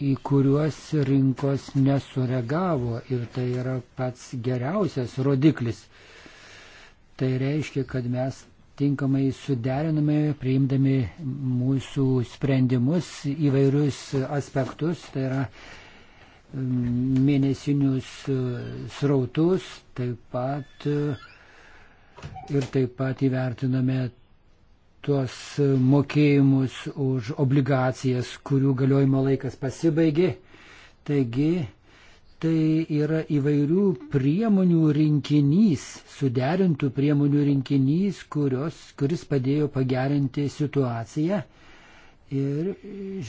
S2: į kuriuos rinkos nesureagavo ir tai yra pats geriausias rodiklis. Tai reiškia, kad mes tinkamai suderiname, priimdami mūsų sprendimus įvairius aspektus, tai yra mm, mėnesinius srautus, taip pat ir taip pat įvertiname tuos mokėjimus už obligacijas, kurių galiojimo laikas pasibaigė. Taigi tai yra įvairių priemonių rinkinys, suderintų priemonių rinkinys, kurios, kuris padėjo pagerinti situaciją ir,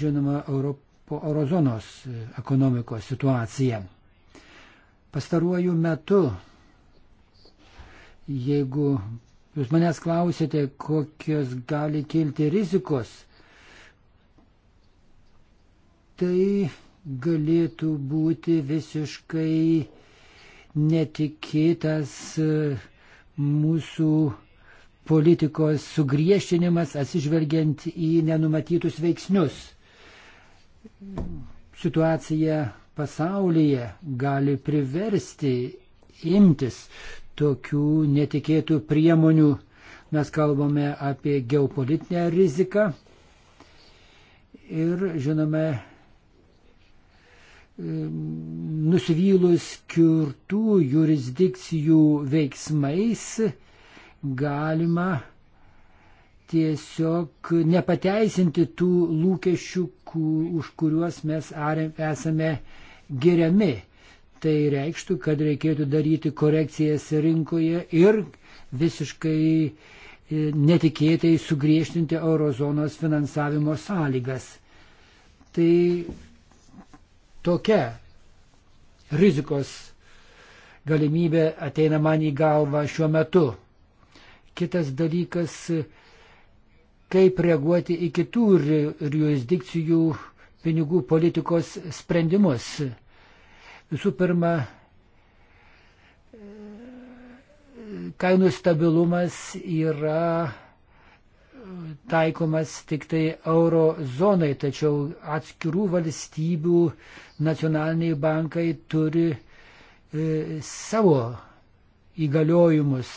S2: žinoma, Europo, eurozonos ekonomikos situaciją. Pastaruoju metu, jeigu Jūs manęs klausėte, kokios gali kilti rizikos. Tai galėtų būti visiškai netikėtas e, mūsų politikos sugriešinimas atsižvelgiant į nenumatytus veiksnius. Situacija pasaulyje gali priversti imtis tokių netikėtų priemonių. Mes kalbame apie geopolitinę riziką ir, žinome, nusivylus skirtų jurisdikcijų veiksmais galima tiesiog nepateisinti tų lūkesčių, kur, už kuriuos mes esame geriami. Tai reikštų, kad reikėtų daryti korekcijas rinkoje ir visiškai e, netikėtai sugriežtinti eurozonos finansavimo sąlygas. Tai tokia rizikos galimybė ateina man į galvą šiuo metu. Kitas dalykas, kaip reaguoti į kitų jurisdikcijų pinigų politikos sprendimus. Visų pirma, kainų stabilumas yra taikomas tik tai euro zonai, tačiau atskirų valstybių nacionaliniai bankai turi e, savo įgaliojimus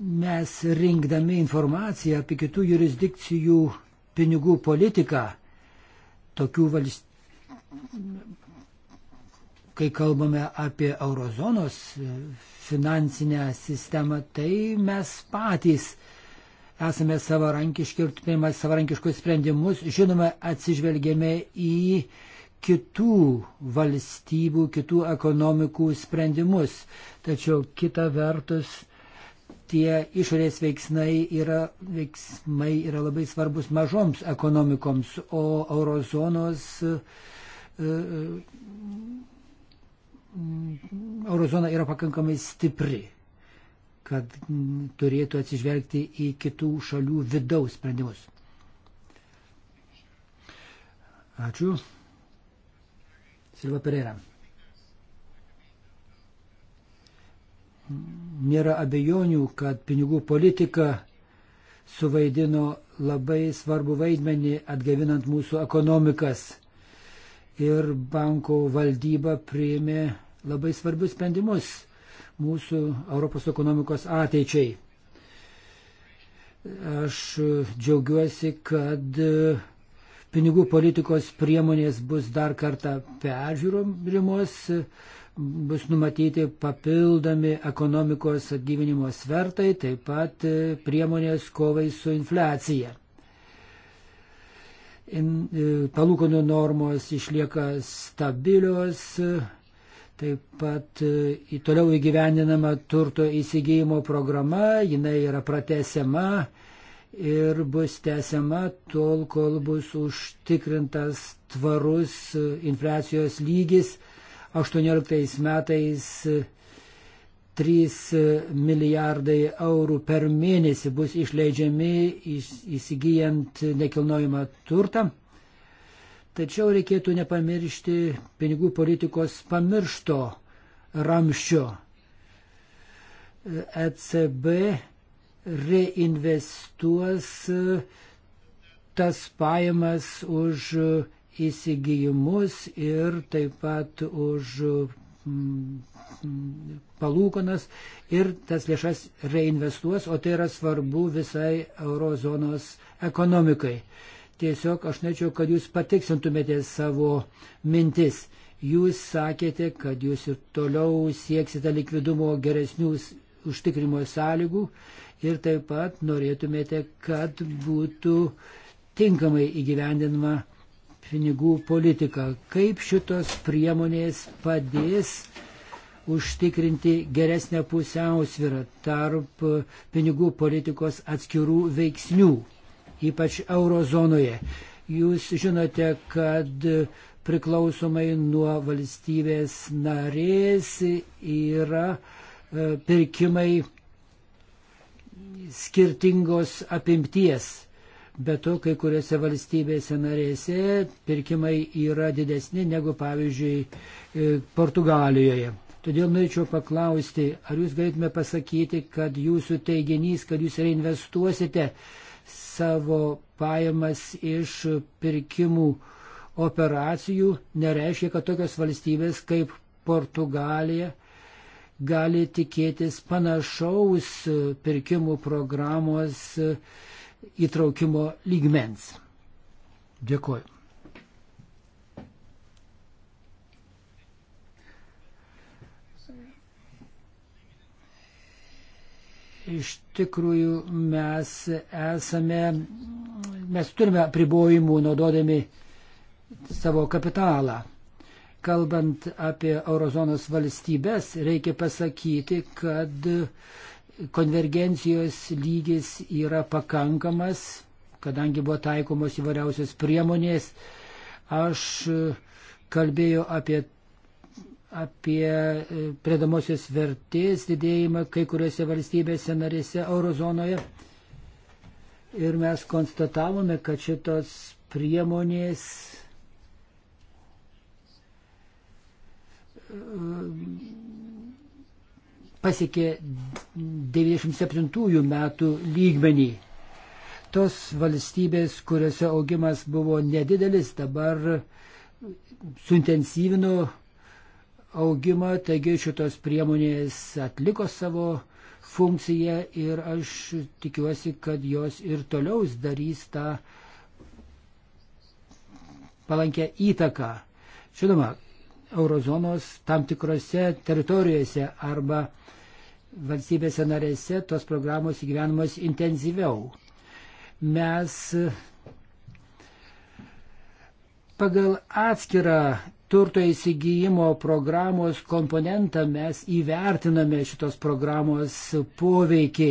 S2: Mes rinkdami informaciją apie kitų jurisdikcijų pinigų politiką, tokių
S1: valstybių,
S2: kai kalbame apie eurozonos e, finansinę sistemą, tai mes patys esame savarankiški ir turime savarankiškus sprendimus, žinoma, atsižvelgėme į kitų valstybių, kitų ekonomikų sprendimus. Tačiau kita vertus tie išorės veiksmai yra, veiksmai yra labai svarbus mažoms ekonomikoms, o eurozonos. E, e, eurozona yra pakankamai stipri, kad turėtų atsižvelgti į kitų šalių vidaus sprendimus. Ačiū. Silva Pereira. nėra abejonių, kad pinigų politika suvaidino labai svarbu vaidmenį atgavinant mūsų ekonomikas. Ir banko valdyba priėmė labai svarbius sprendimus mūsų Europos ekonomikos ateičiai. Aš džiaugiuosi, kad pinigų politikos priemonės bus dar kartą peržiūrimos bus numatyti papildomi ekonomikos atgyvinimo svertai, taip pat e, priemonės kovai su infliacija. E, palūkanų normos išlieka stabilios, e, taip pat į toliau įgyveninama turto įsigijimo programa, jinai yra pratesiama ir bus tęsiama tol, kol bus užtikrintas tvarus infliacijos lygis 18 metais 3 e, e, milijardai eurų per mėnesį bus išleidžiami įsigijant nekilnojimą turtą. Tačiau reikėtų nepamiršti pinigų politikos pamiršto ramščio. ECB reinvestuos e, tas pajamas už įsigijimus ir taip pat už mm, palūkonas ir tas lėšas reinvestuos, o tai yra svarbu visai eurozonos ekonomikai. Tiesiog aš norėčiau, kad jūs patiksintumėte savo mintis. Jūs sakėte, kad jūs ir toliau sieksite likvidumo geresnių užtikrimo sąlygų ir taip pat norėtumėte, kad būtų tinkamai įgyvendinama pinigų politiką. Kaip šitos priemonės padės užtikrinti geresnę pusiausvyrą tarp pinigų politikos atskirų veiksnių, ypač eurozonoje. Jūs žinote, kad priklausomai nuo valstybės narės yra e, pirkimai skirtingos apimties. Bet to, kai kuriuose valstybėse narėse pirkimai yra didesni negu, pavyzdžiui, e, Portugalijoje. Todėl norėčiau paklausti, ar jūs galėtume pasakyti, kad jūsų teiginys, kad jūs reinvestuosite savo pajamas iš pirkimų operacijų, nereiškia, kad tokios valstybės kaip Portugalija gali tikėtis panašaus pirkimų programos įtraukimo lygmens. Dėkuoju. Iš tikrųjų mes esame, mes turime pribojimų naudodami savo kapitalą. Kalbant apie eurozonos valstybės, reikia pasakyti, kad konvergencijos lygis yra pakankamas, kadangi buvo taikomos įvairiausios priemonės. Aš e, kalbėjau apie, apie e, pridamosios vertės didėjimą kai kuriuose valstybėse narėse eurozonoje. Ir mes konstatavome, kad šitos priemonės e, pasiekė 97 metų lygmenį. Tos valstybės, kuriuose augimas buvo nedidelis, dabar suintensyvino augimą, taigi šitos priemonės atliko savo funkciją ir aš tikiuosi, kad jos ir toliau darys tą palankę įtaką. Žinoma, eurozonos tam tikrose teritorijose arba valstybėse narėse tos programos įgyvenamos intensyviau. Mes pagal atskirą turto įsigijimo programos komponentą mes įvertiname šitos programos poveikį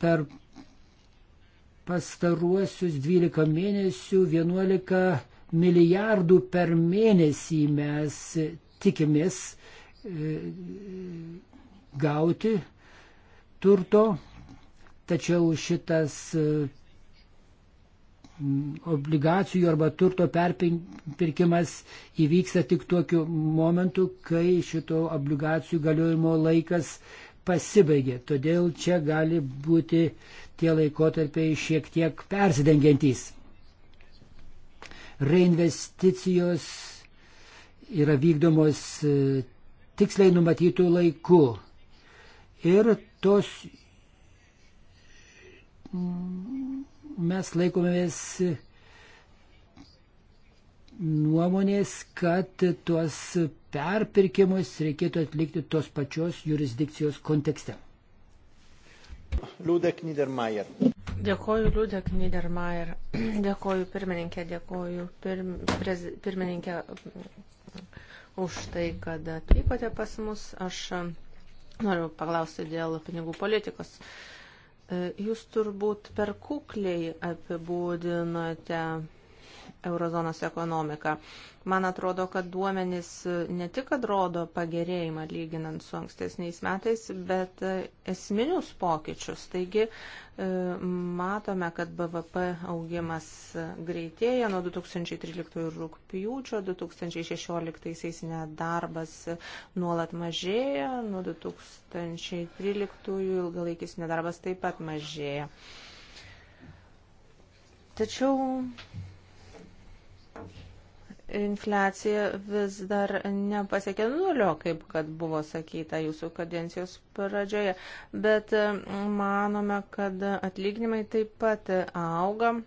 S2: per pastaruosius 12 mėnesių 11 milijardų per mėnesį mes tikimės gauti turto, tačiau šitas e, obligacijų arba turto perpirkimas įvyksta tik tokiu momentu, kai šito obligacijų galiojimo laikas pasibaigė. Todėl čia gali būti tie laikotarpiai šiek tiek persidengiantys. Reinvesticijos yra vykdomos e, tiksliai numatytų laikų. Ir tos mes laikomės nuomonės, kad tuos perpirkimus reikėtų atlikti tos pačios jurisdikcijos kontekste. Liūdek Niedermayer.
S4: Dėkoju Liūdek Niedermayer. Dėkoju pirmininkė, dėkoju pirm, prez, pirmininkė už tai, kad atvykote pas mus. Aš e, noriu paklausti dėl pinigų politikos. E, jūs turbūt per kukliai apibūdinote eurozonos ekonomiką. Man atrodo, kad duomenys ne tik rodo pagerėjimą lyginant su ankstesniais metais, bet e, esminius pokyčius. Taigi e, matome, kad BVP augimas e, greitėja nuo 2013 rūpjūčio, 2016 nedarbas nuolat mažėja, nuo 2013 ilgalaikis nedarbas taip pat mažėja. Tačiau infliacija vis dar nepasiekė nulio, kaip kad buvo sakyta jūsų kadencijos pradžioje, bet mm, manome, kad atlyginimai taip pat auga e,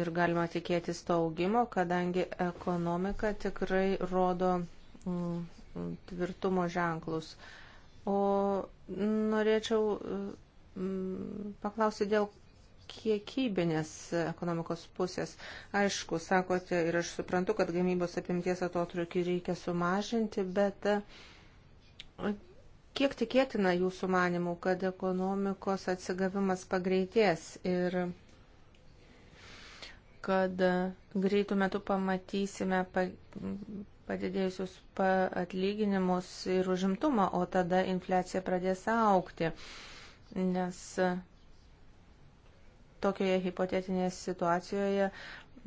S4: ir galima tikėtis to augimo, kadangi ekonomika tikrai rodo mm, tvirtumo ženklus. O norėčiau mm, paklausyti dėl kiekybinės ekonomikos pusės. Aišku, sakote, ir aš suprantu, kad gamybos apimties atotrukį reikia sumažinti, bet e, kiek tikėtina jūsų manimų, kad ekonomikos atsigavimas pagreitės ir kad greitų metų pamatysime padidėjusius atlyginimus ir užimtumą, o tada infliacija pradės aukti, nes tokioje hipotetinėje situacijoje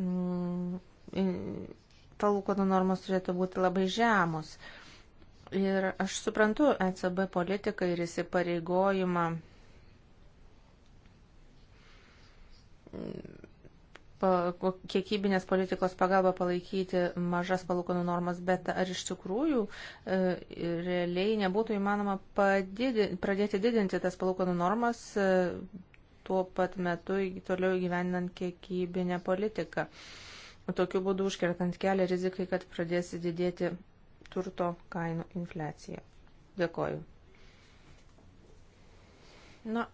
S4: mm, palūkanų normos turėtų būti labai žemos. Ir aš suprantu ECB politiką ir įsipareigojimą mm, kiekybinės politikos pagalba palaikyti mažas palūkanų normas, bet ar iš tikrųjų e, realiai nebūtų įmanoma padidi, pradėti didinti tas palūkanų normas, e, tuo pat metu toliau įgyvendinant kiekybinę politiką. Tokiu būdu užkertant kelią rizikai, kad pradės didėti turto kainų infliacija. Dėkoju. Na,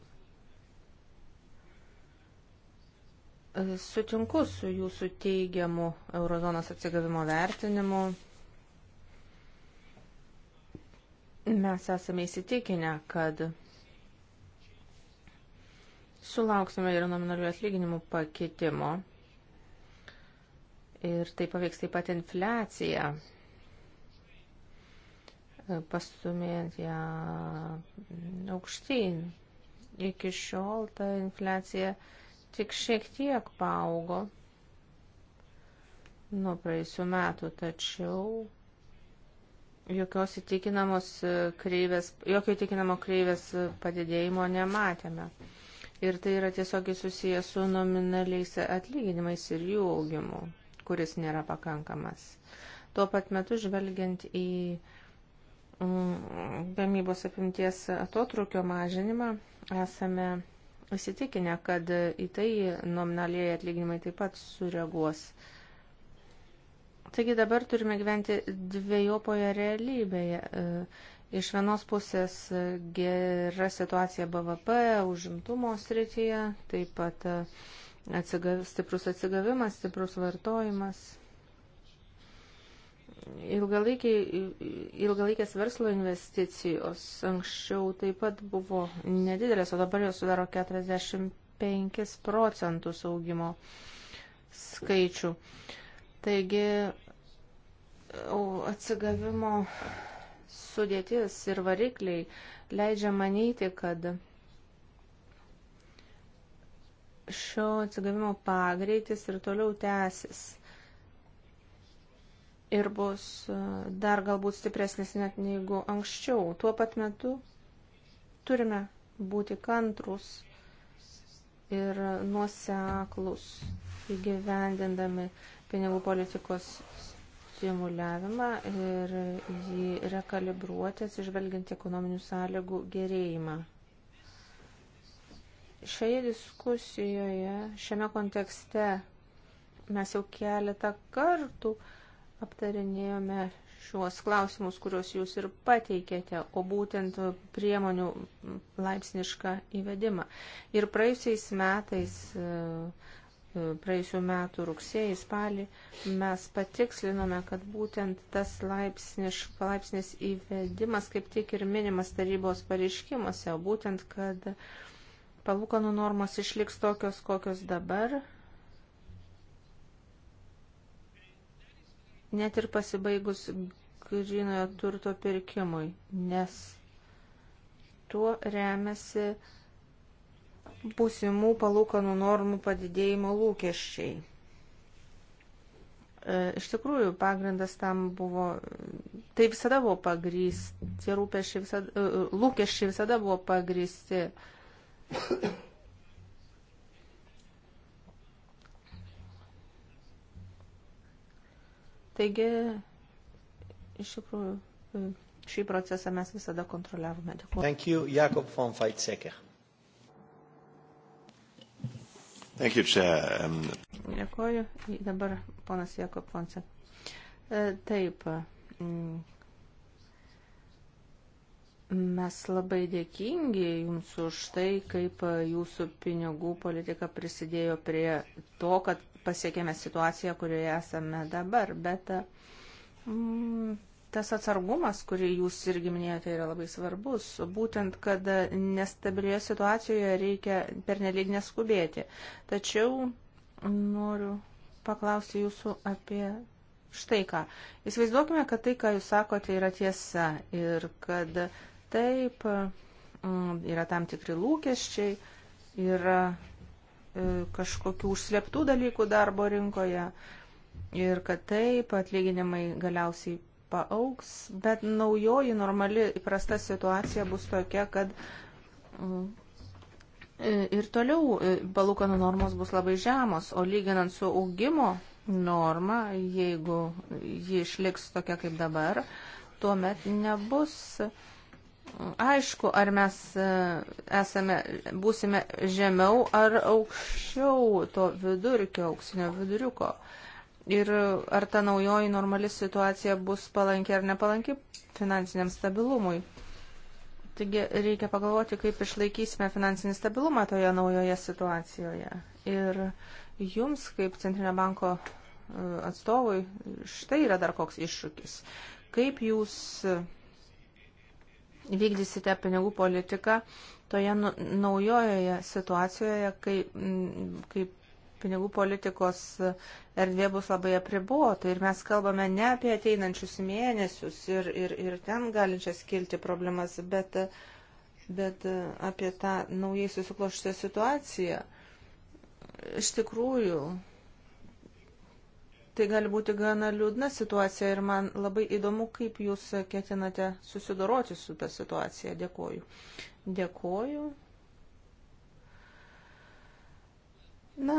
S4: sutinku su jūsų teigiamu eurozonos atsigavimo vertinimu. Mes esame įsitikinę, kad Sulauksime ir nominalių atlyginimų pakitimo. Ir tai paveiks taip pat infliaciją, e, pastumėjant ją aukštyn. Iki šiol ta infliacija tik šiek tiek paaugo nuo praėjusių metų, tačiau jokios įtikinamos kreivės, jokio įtikinamo kreivės padidėjimo nematėme. Ir tai yra tiesiogiai susijęs su nominaliais atlyginimais ir jų augimu, kuris nėra pakankamas. Tuo pat metu žvelgiant į mm, gamybos apimties atotrukio mažinimą, esame įsitikinę, kad į tai nominaliai atlyginimai taip pat sureaguos. Taigi dabar turime gyventi dviejopoje realybėje. E, Iš vienos pusės gera situacija BVP, užimtumo srityje, taip pat e, atsigav, stiprus atsigavimas, stiprus vartojimas. Ilgalaikės verslo investicijos anksčiau taip pat buvo nedidelės, o dabar jos sudaro 45 procentus augimo skaičių. Taigi atsigavimo sudėtis ir varikliai leidžia manyti, kad šio atsigavimo pagreitis ir toliau tęsis. Ir bus e, dar galbūt stipresnis net negu anksčiau. Tuo pat metu turime būti kantrus ir nuoseklus įgyvendindami pinigų politikos stimuliavimą ir jį rekalibruoti atsižvelgiant ekonominių sąlygų gerėjimą. Šioje diskusijoje, šiame kontekste mes jau keletą kartų aptarinėjome šiuos klausimus, kuriuos jūs ir pateikėte, o būtent priemonių laipsnišką įvedimą. Ir praėjusiais metais praėjusiu metu rugsėjį, spalį, mes patikslinome, kad būtent tas laipsnis, laipsnis įvedimas kaip tik ir minimas tarybos pareiškimuose, būtent, kad palūkanų normos išliks tokios, kokios dabar, net ir pasibaigus grinojo turto pirkimui, nes tuo remiasi būsimų palūkanų normų padidėjimo lūkesčiai. E, iš tikrųjų, pagrindas tam buvo, tai visada buvo pagrysti, tie rūpeščiai visada, e, e, lūkesčiai visada buvo pagrysti. Taigi, iš tikrųjų, šį procesą mes visada kontroliavome.
S1: Dėkuoju. Thank you, Jakob von Feitseker.
S4: Thank you, Chair. Um... Dėkoju. Dabar ponas Jakob Ponce. E, taip. Mm, mes labai dėkingi Jums už tai, kaip Jūsų pinigų politika prisidėjo prie to, kad pasiekėme situaciją, kurioje esame dabar. Bet mm, Tas atsargumas, kurį jūs irgi minėjote, yra labai svarbus. Būtent, kad nestabilioje situacijoje reikia pernelyg neskubėti. Tačiau noriu paklausti jūsų apie štai ką. Įsivaizduokime, kad tai, ką jūs sakote, yra tiesa ir kad taip mm, yra tam tikri lūkesčiai, yra e, kažkokių užsleptų dalykų darbo rinkoje ir kad taip atlyginimai galiausiai paauks, bet naujoji normali įprasta situacija bus tokia, kad mm, ir toliau e, palūkanų normos bus labai žemos, o lyginant su augimo norma, jeigu ji išliks tokia kaip dabar, tuomet nebus mm, aišku, ar mes e, esame, būsime žemiau ar aukščiau to vidurkio, auksinio viduriuko. Uh, ir ar ta naujoji normali situacija bus palanki ar nepalanki finansiniam stabilumui. Taigi reikia pagalvoti, kaip išlaikysime finansinį stabilumą toje naujoje situacijoje. Ir jums, kaip Centrinio banko e, atstovui, štai yra dar koks iššūkis. Kaip jūs vykdysite pinigų politiką toje nu-, naujojoje situacijoje, kai, kaip pinigų politikos erdvė bus labai apribota ir mes kalbame ne apie ateinančius mėnesius ir, ir, ir ten galinčias kilti problemas, bet, bet apie tą naujai susiklošusią situaciją. Iš tikrųjų, tai gali būti gana liūdna situacija ir man labai įdomu, kaip jūs ketinate susidoroti su tą situaciją. Dėkoju. Dėkoju. Na,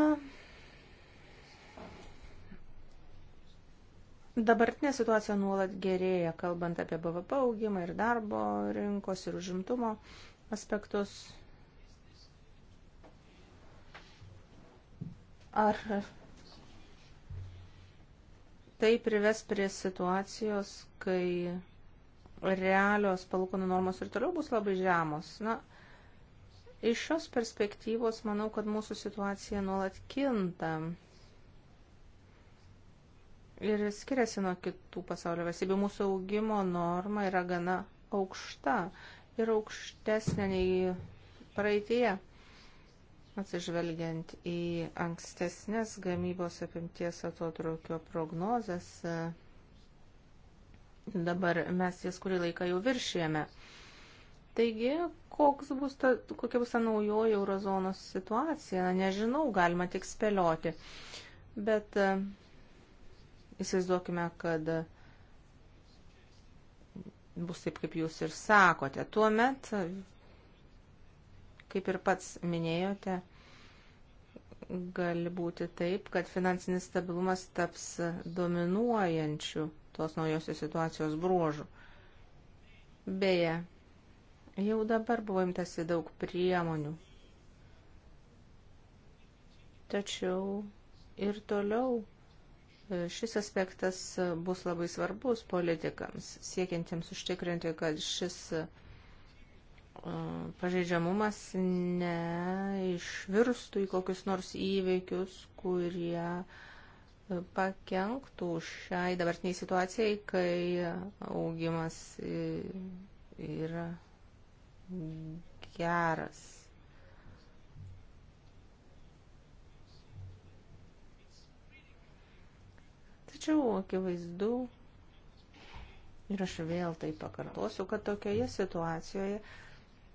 S4: dabartinė situacija nuolat gerėja, kalbant apie BVP augimą ir darbo rinkos ir užimtumo aspektus. Ar tai prives prie situacijos, kai realios palūkanų normos ir toliau bus labai žemos? Na, Iš šios perspektyvos manau, kad mūsų situacija nuolat kinta ir skiriasi nuo kitų pasaulio valstybių. Mūsų augimo norma yra gana aukšta ir aukštesnė nei praeitie. Atsižvelgiant į ankstesnės gamybos apimties atotraukio prognozes, dabar mes jas kurį laiką jau viršijame. Taigi, koks bus ta, kokia bus ta naujoji eurozonos situacija, na, nežinau, galima tik spėlioti. Bet e, įsivaizduokime, kad e, bus taip, kaip jūs ir sakote. Tuomet, e, kaip ir pats minėjote, gali būti taip, kad finansinis stabilumas taps dominuojančiu tos naujosios situacijos bruožu. Beje, Jau dabar buvo imtasi daug priemonių. Tačiau ir toliau e, Šis aspektas bus labai svarbus politikams, siekiantiems užtikrinti, kad šis e, pažeidžiamumas neišvirstų į kokius nors įveikius, kurie e, pakenktų šiai dabartiniai situacijai, kai augimas yra geras. Tačiau akivaizdu, ir aš vėl tai pakartosiu, kad tokioje situacijoje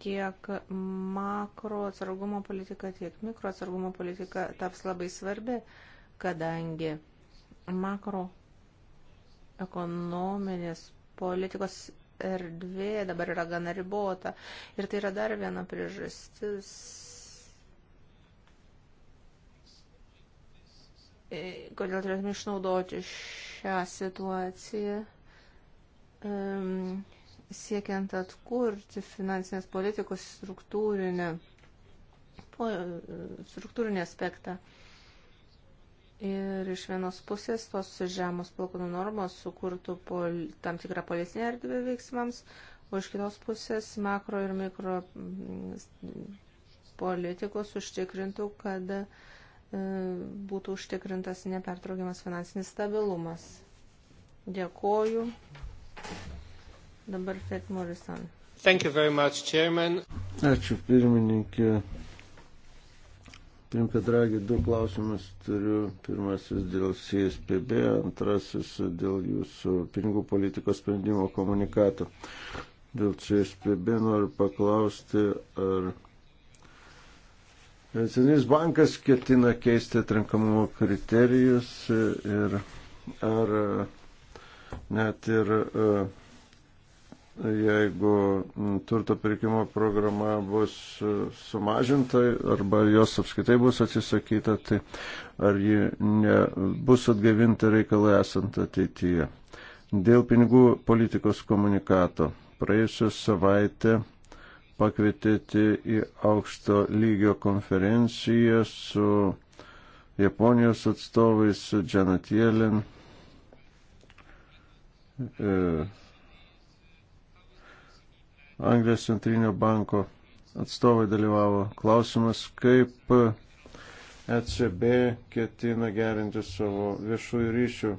S4: tiek makro atsargumo politika, tiek mikro atsargumo politika taps labai svarbi, kadangi makro ekonominės politikos erdvė dabar yra gana ribota. Ir tai yra dar viena priežastis e, kodėl turėtume išnaudoti šią situaciją, um, siekiant atkurti finansinės politikos struktūrinę, po, struktūrinį aspektą. Ir iš vienos pusės tos žemos palūkanų normos sukurtų pol, tam tikrą politinę erdvę veiksmams, o iš kitos pusės makro ir mikro mm, politikos užtikrintų, kad e, būtų užtikrintas nepertraukiamas finansinis stabilumas. Dėkoju. Dabar Fet Morrison.
S3: Much,
S5: Ačiū pirmininkė. Pirmkė Dragi, du klausimus turiu. Pirmasis dėl CSPB, antrasis dėl jūsų pinigų politikos sprendimo komunikato. Dėl CSPB noriu paklausti, ar Centrinis bankas ketina keisti atrinkamumo kriterijus ir ar net ir uh, jeigu turto pirkimo programa bus sumažinta arba jos apskaitai bus atsisakyta, tai ar ji bus atgavinta reikalai esant ateityje. Dėl pinigų politikos komunikato. Praėjusią savaitę pakvietėte į aukšto lygio konferenciją su Japonijos atstovais, su Janet Jelen. E, Anglijos centrinio banko atstovai dalyvavo. Klausimas, kaip ECB ketina gerinti savo viešųjų ryšių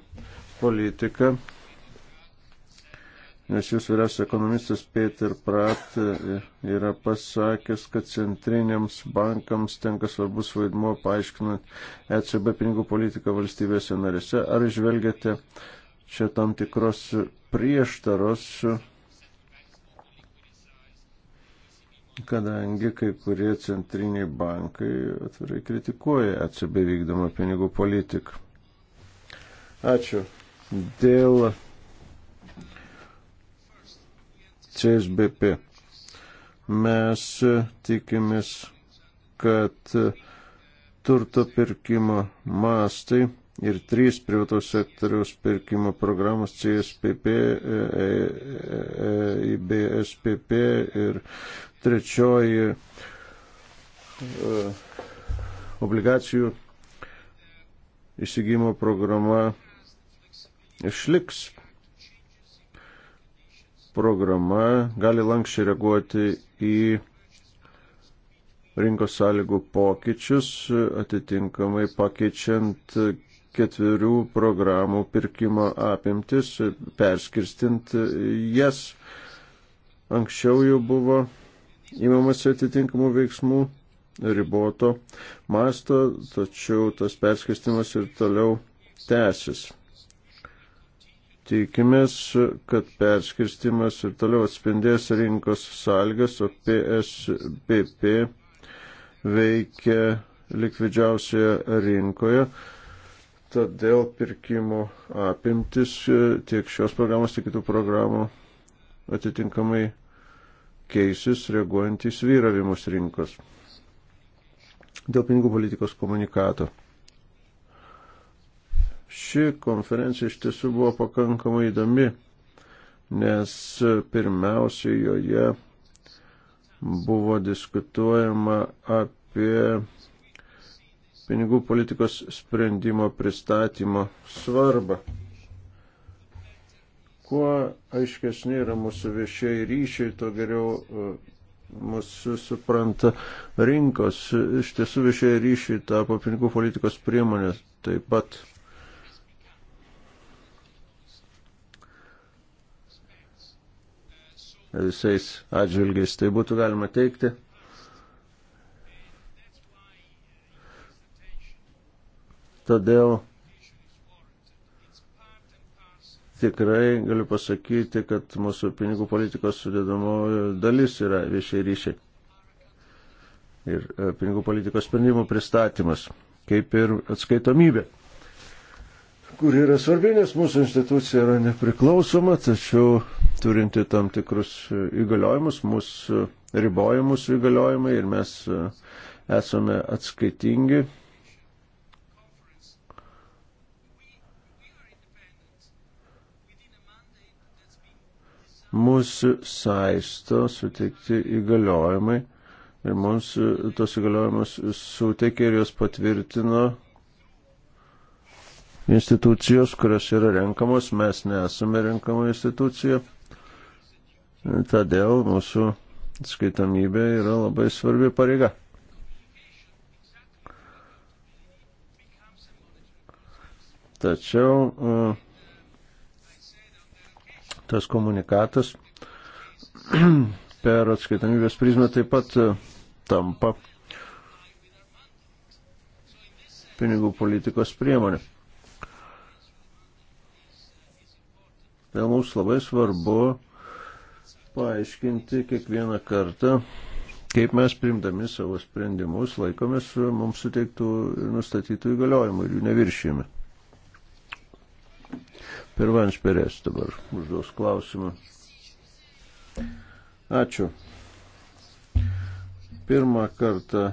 S5: politiką, nes jūs vyriausias ekonomistas Peter Prat yra pasakęs, kad centriniams bankams tenka svarbus vaidmuo paaiškinant ECB pinigų politiką valstybėse narėse. Ar žvelgiate čia tam tikros prieštaros kadangi kai kurie centriniai bankai atvirai kritikuoja ECB vykdomą pinigų politiką. Ačiū. Dėl CSBP mes tikimės, kad turto pirkimo mastai ir trys privataus sektoriaus pirkimo programos CSPP, IBSPP e, e, e, ir trečioji obligacijų įsigymo programa išliks. Programa gali lankščiai reaguoti į rinkos sąlygų pokyčius, atitinkamai pakeičiant ketverių programų pirkimo apimtis, perskirstint jas. Anksčiau jau buvo įmamasi atitinkamų veiksmų riboto masto, tačiau tas perskirstimas ir toliau tęsis. Tikimės, kad perskirstimas ir toliau atspindės rinkos sąlygas, o PSPP veikia likvidžiausioje rinkoje Todėl pirkimų apimtis e, tiek šios programos, tiek kitų programų atitinkamai keisis reaguojant į svyravimus rinkos. Dėl pinigų politikos komunikato. Ši konferencija iš tiesų buvo pakankamai įdomi, nes pirmiausia joje buvo diskutuojama apie pinigų politikos sprendimo pristatymo svarbą. Kuo aiškesni yra mūsų viešieji ryšiai, to geriau e, mūsų supranta rinkos. Iš tiesų viešieji ryšiai tapo pinigų politikos priemonės taip pat. Visais atžvilgiais tai būtų galima teikti. Todėl tikrai galiu pasakyti, kad mūsų pinigų politikos sudėdamoji dalis yra viešiai ryšiai. Ir e, pinigų politikos sprendimų pristatymas, kaip ir atskaitomybė, kur yra svarbi, nes mūsų institucija yra nepriklausoma, tačiau turinti tam tikrus e, įgaliojimus, mūsų ribojimus įgaliojimai ir mes e, esame atskaitingi mūsų saisto suteikti įgaliojimai ir mums tos įgaliojimus suteikė ir jos patvirtino institucijos, kurios yra renkamos, mes nesame renkama institucija. Todėl mūsų skaitomybė yra labai svarbi pareiga. Tačiau uh, tas komunikatas per atskaitomybės prizmę taip pat e, tampa pinigų politikos priemonė. Dėl mums labai svarbu paaiškinti kiekvieną kartą, kaip mes primdami savo sprendimus laikomės mums suteiktų ir nustatytų įgaliojimų ir jų neviršėjame. Pervanš Perės dabar užduos klausimą. Ačiū. Pirmą kartą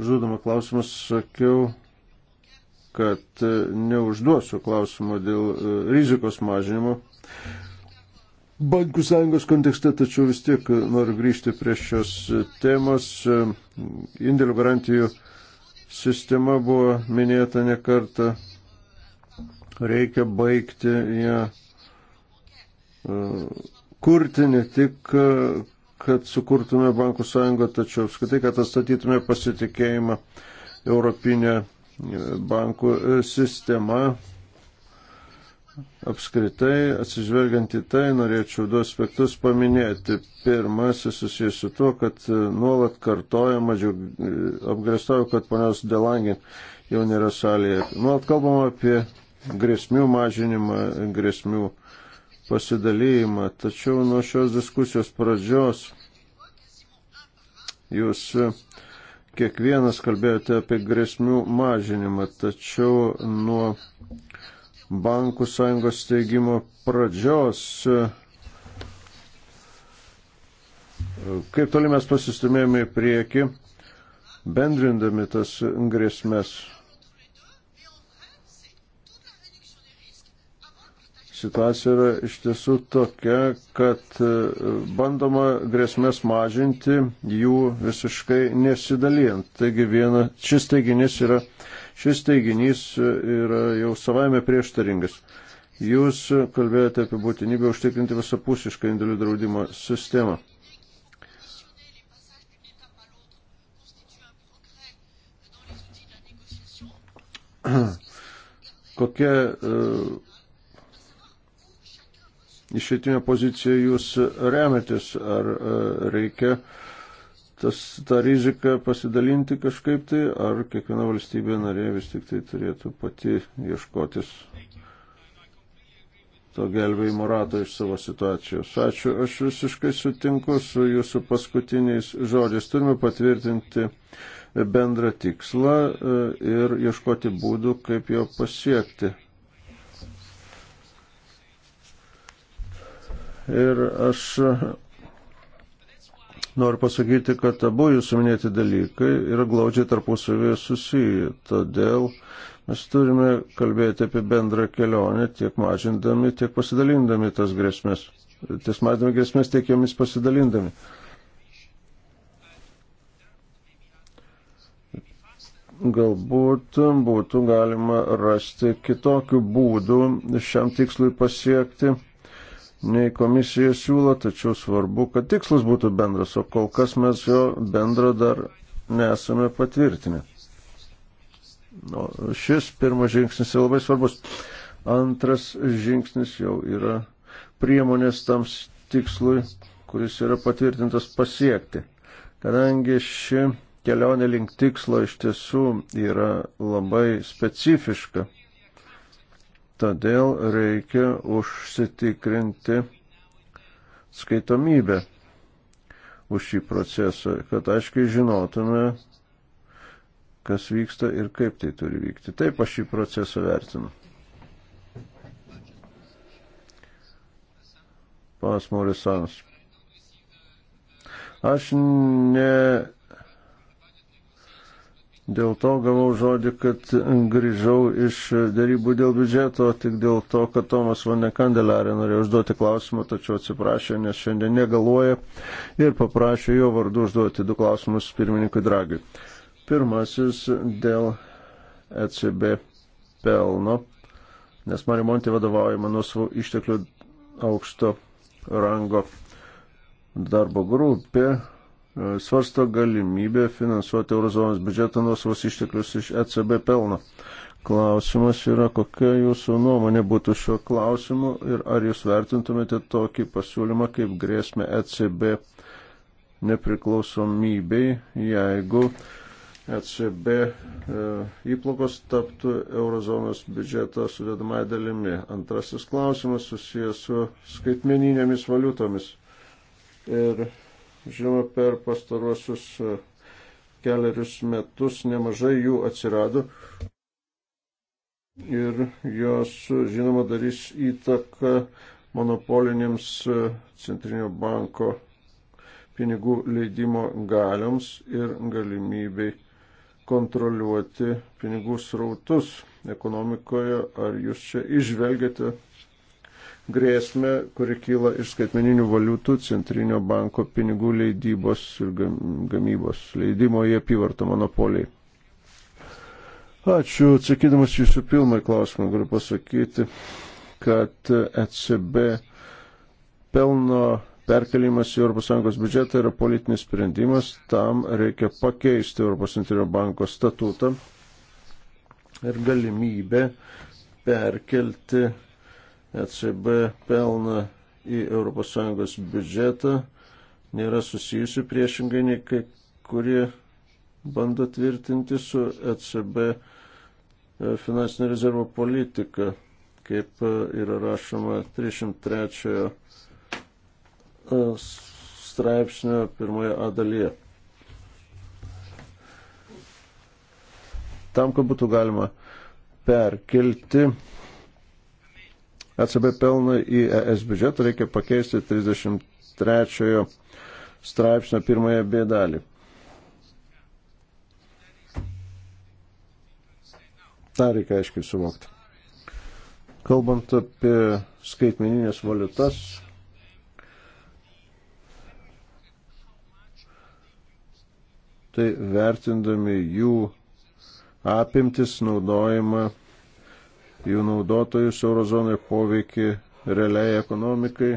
S5: žudama klausimas sakiau, kad neužduosiu klausimo dėl e, rizikos mažinimo bankų sąjungos kontekste, tačiau vis tiek noriu grįžti prie šios temos. Indėlių garantijų sistema buvo minėta ne kartą reikia baigti ją e, kurti ne tik, e, kad sukurtume bankų sąjungą, tačiau apskaitai, kad atstatytume pasitikėjimą Europinė e, bankų sistema. Apskritai, atsižvelgiant į tai, norėčiau du aspektus paminėti. Pirmasis susijęs su tuo, kad nuolat kartojama, apgrėstau, kad ponios Delangin jau nėra salėje. Nuolat kalbama apie grėsmių mažinimą, grėsmių pasidalyjimą. Tačiau nuo šios diskusijos pradžios jūs e, kiekvienas kalbėjote apie grėsmių mažinimą, tačiau nuo bankų sąjungos steigimo pradžios, e, kaip toli mes pasistumėjome į priekį, bendrindami tas grėsmės situacija yra iš tiesų tokia, kad e, bandoma grėsmės mažinti jų visiškai nesidalijant. Taigi viena, šis teiginys yra, šis teiginys e, yra jau savaime prieštaringas. Jūs kalbėjote apie būtinybę užtikrinti visapusišką indėlių draudimo sistemą. Kokia uh, išeitinę poziciją jūs remetės, ar e, reikia tas, tą riziką pasidalinti kažkaip tai, ar kiekviena valstybė narė vis tik tai turėtų pati ieškotis to gelbėjimo rato iš savo situacijos. Ačiū, aš visiškai sutinku su jūsų paskutiniais žodžiais. Turime patvirtinti bendrą tikslą e, ir ieškoti būdų, kaip jo pasiekti. Ir aš noriu pasakyti, kad abu jūsų minėti dalykai yra glaudžiai tarpusavėje susiję. Todėl mes turime kalbėti apie bendrą kelionę, tiek mažindami, tiek pasidalindami tas grėsmės. Ties mažindami grėsmės, tiek jomis pasidalindami. Galbūt būtų galima rasti kitokių būdų šiam tikslui pasiekti nei komisija siūlo, tačiau svarbu, kad tikslas būtų bendras, o kol kas mes jo bendro dar nesame patvirtinę. Nu, šis pirmas žingsnis yra labai svarbus. Antras žingsnis jau yra priemonės tam tikslui, kuris yra patvirtintas pasiekti. Kadangi ši kelionė link tikslo iš tiesų yra labai specifiška, Todėl reikia užsitikrinti skaitomybę už šį procesą, kad aiškiai žinotume, kas vyksta ir kaip tai turi vykti. Taip aš šį procesą vertinu. Panas Morisanas. Aš ne Dėl to gavau žodį, kad grįžau iš darybų dėl biudžeto, tik dėl to, kad Tomas Vanekandelarė norėjo užduoti klausimą, tačiau atsiprašė, nes šiandien negaluoja ir paprašė jo vardu užduoti du klausimus pirmininkui Dragiui. Pirmasis dėl ECB pelno, nes Marimontė vadovaujama nuo savo išteklių aukšto rango darbo grupė E, svarsto galimybę finansuoti eurozonos biudžetą nuosavus išteklius iš ECB pelno. Klausimas yra, kokia jūsų nuomonė būtų šiuo klausimu ir ar jūs vertintumėte tokį pasiūlymą kaip grėsmę ECB nepriklausomybei, jeigu ECB e, įplokos taptų eurozonos biudžeto sudėdamąją dalimi. Antrasis klausimas susijęs su skaitmeninėmis valiutomis. Ir Žinoma, per pastaruosius e, keliarius metus nemažai jų atsirado ir jos, žinoma, darys įtaką monopolinėms e, centrinio banko pinigų leidimo galioms ir galimybei kontroliuoti pinigų srautus ekonomikoje. Ar jūs čia išvelgiate grėsmę, kuri kyla iš skaitmeninių valiutų centrinio banko pinigų leidybos ir gamybos leidimo į apyvartą monopoliai. Ačiū, atsakydamas jūsų pilnai klausimą, galiu pasakyti, kad ECB pelno perkelimas į ES biudžetą yra politinis sprendimas, tam reikia pakeisti ES banko statutą ir galimybę perkelti ECB pelną į ES biudžetą nėra susijusi priešingai nei kai kurie bando tvirtinti su ECB e, finansinio rezervo politika, kaip e, yra rašoma 303 e, straipsnio pirmoje A dalyje. Tam, kad būtų galima perkelti ECB pelną į ES biudžetą reikia pakeisti 33 straipsnio pirmąją bėdalį. Ta reikia aiškiai suvokti. Kalbant apie skaitmeninės valiutas, tai vertindami jų apimtis naudojama jų naudotojus eurozonai poveikį realiai ekonomikai.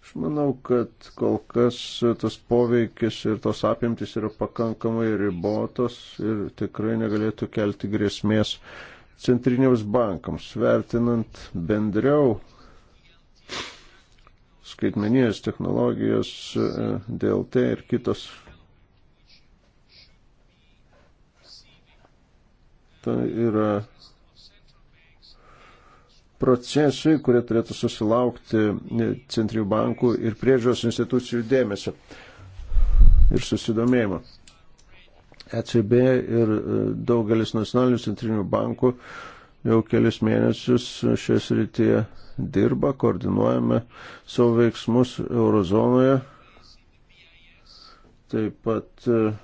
S5: Aš manau, kad kol kas tas poveikis ir tos apimtis yra pakankamai ribotos ir tikrai negalėtų kelti grėsmės centriniams bankams. Vertinant bendriau skaitmeninės technologijos, e, DLT ir kitos. Tai yra procesui, kurie turėtų susilaukti centrinių bankų ir priežiūros institucijų dėmesio ir susidomėjimo. ECB ir e, daugelis nacionalinių centrinių bankų jau kelis mėnesius šioje srityje dirba, koordinuojame savo veiksmus eurozonoje, taip pat e,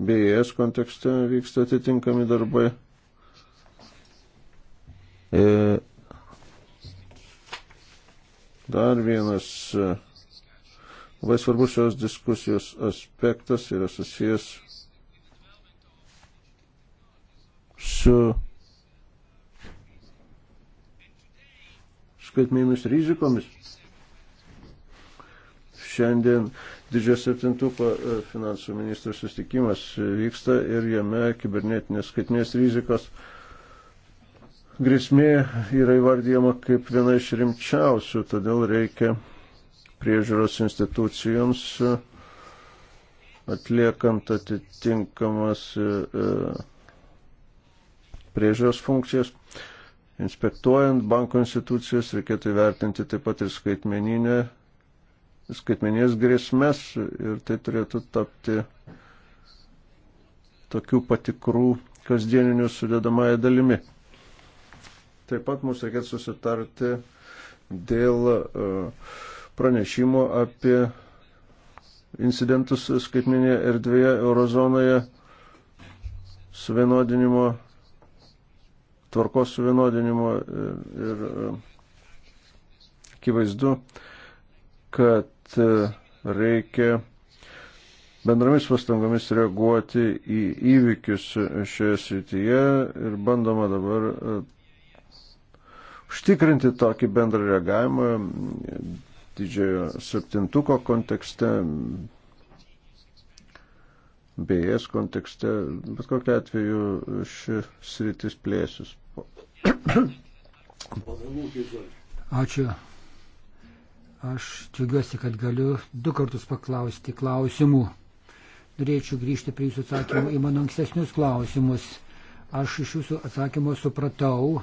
S5: BES kontekste vyksta atitinkami darbai. E, Dar vienas e, labai svarbus šios diskusijos aspektas yra susijęs su skaitmėmis rizikomis. Šiandien didžiojo septintuko e, finansų ministrų sustikimas vyksta ir jame kibernetinės skaitmės rizikos uh, grėsmė yra įvardyjama kaip viena iš rimčiausių, todėl reikia priežiūros institucijoms e, atliekant atitinkamas e, e, priežiūros funkcijas. Inspektuojant banko institucijas reikėtų įvertinti taip pat ir skaitmeninę skaitmenės grėsmės ir tai turėtų tapti tokių patikrų kasdieninių sudėdamąją dalimi. Taip pat mums reikėtų susitarti dėl e, pranešimo apie incidentus skaitminėje erdvėje eurozonoje suvienodinimo, tvarkos suvienodinimo e, ir e, akivaizdu, kad reikia bendromis pastangomis reaguoti į įvykius šioje srityje ir bandoma dabar užtikrinti tokį bendrą reagavimą didžiojo septintuko kontekste, bėjas kontekste, bet kokiu atveju
S2: ši sritis plėsis. Ačiū. Aš džiugiuosi, kad galiu du kartus paklausti klausimų. Norėčiau grįžti prie jūsų atsakymų į mano ankstesnius klausimus. Aš iš jūsų atsakymų supratau,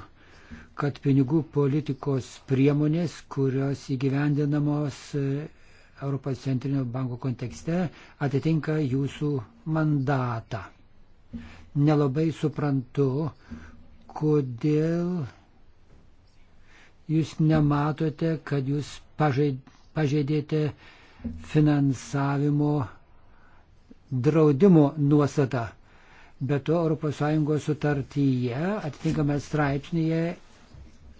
S2: kad pinigų politikos priemonės, kurios įgyvendinamos e, Europos centrinio banko kontekste, atitinka jūsų mandatą. Nelabai suprantu, kodėl jūs nematote, kad jūs pažeidėte finansavimo draudimo nuostatą Bet to ES sutartyje, atitinkame straipsnėje,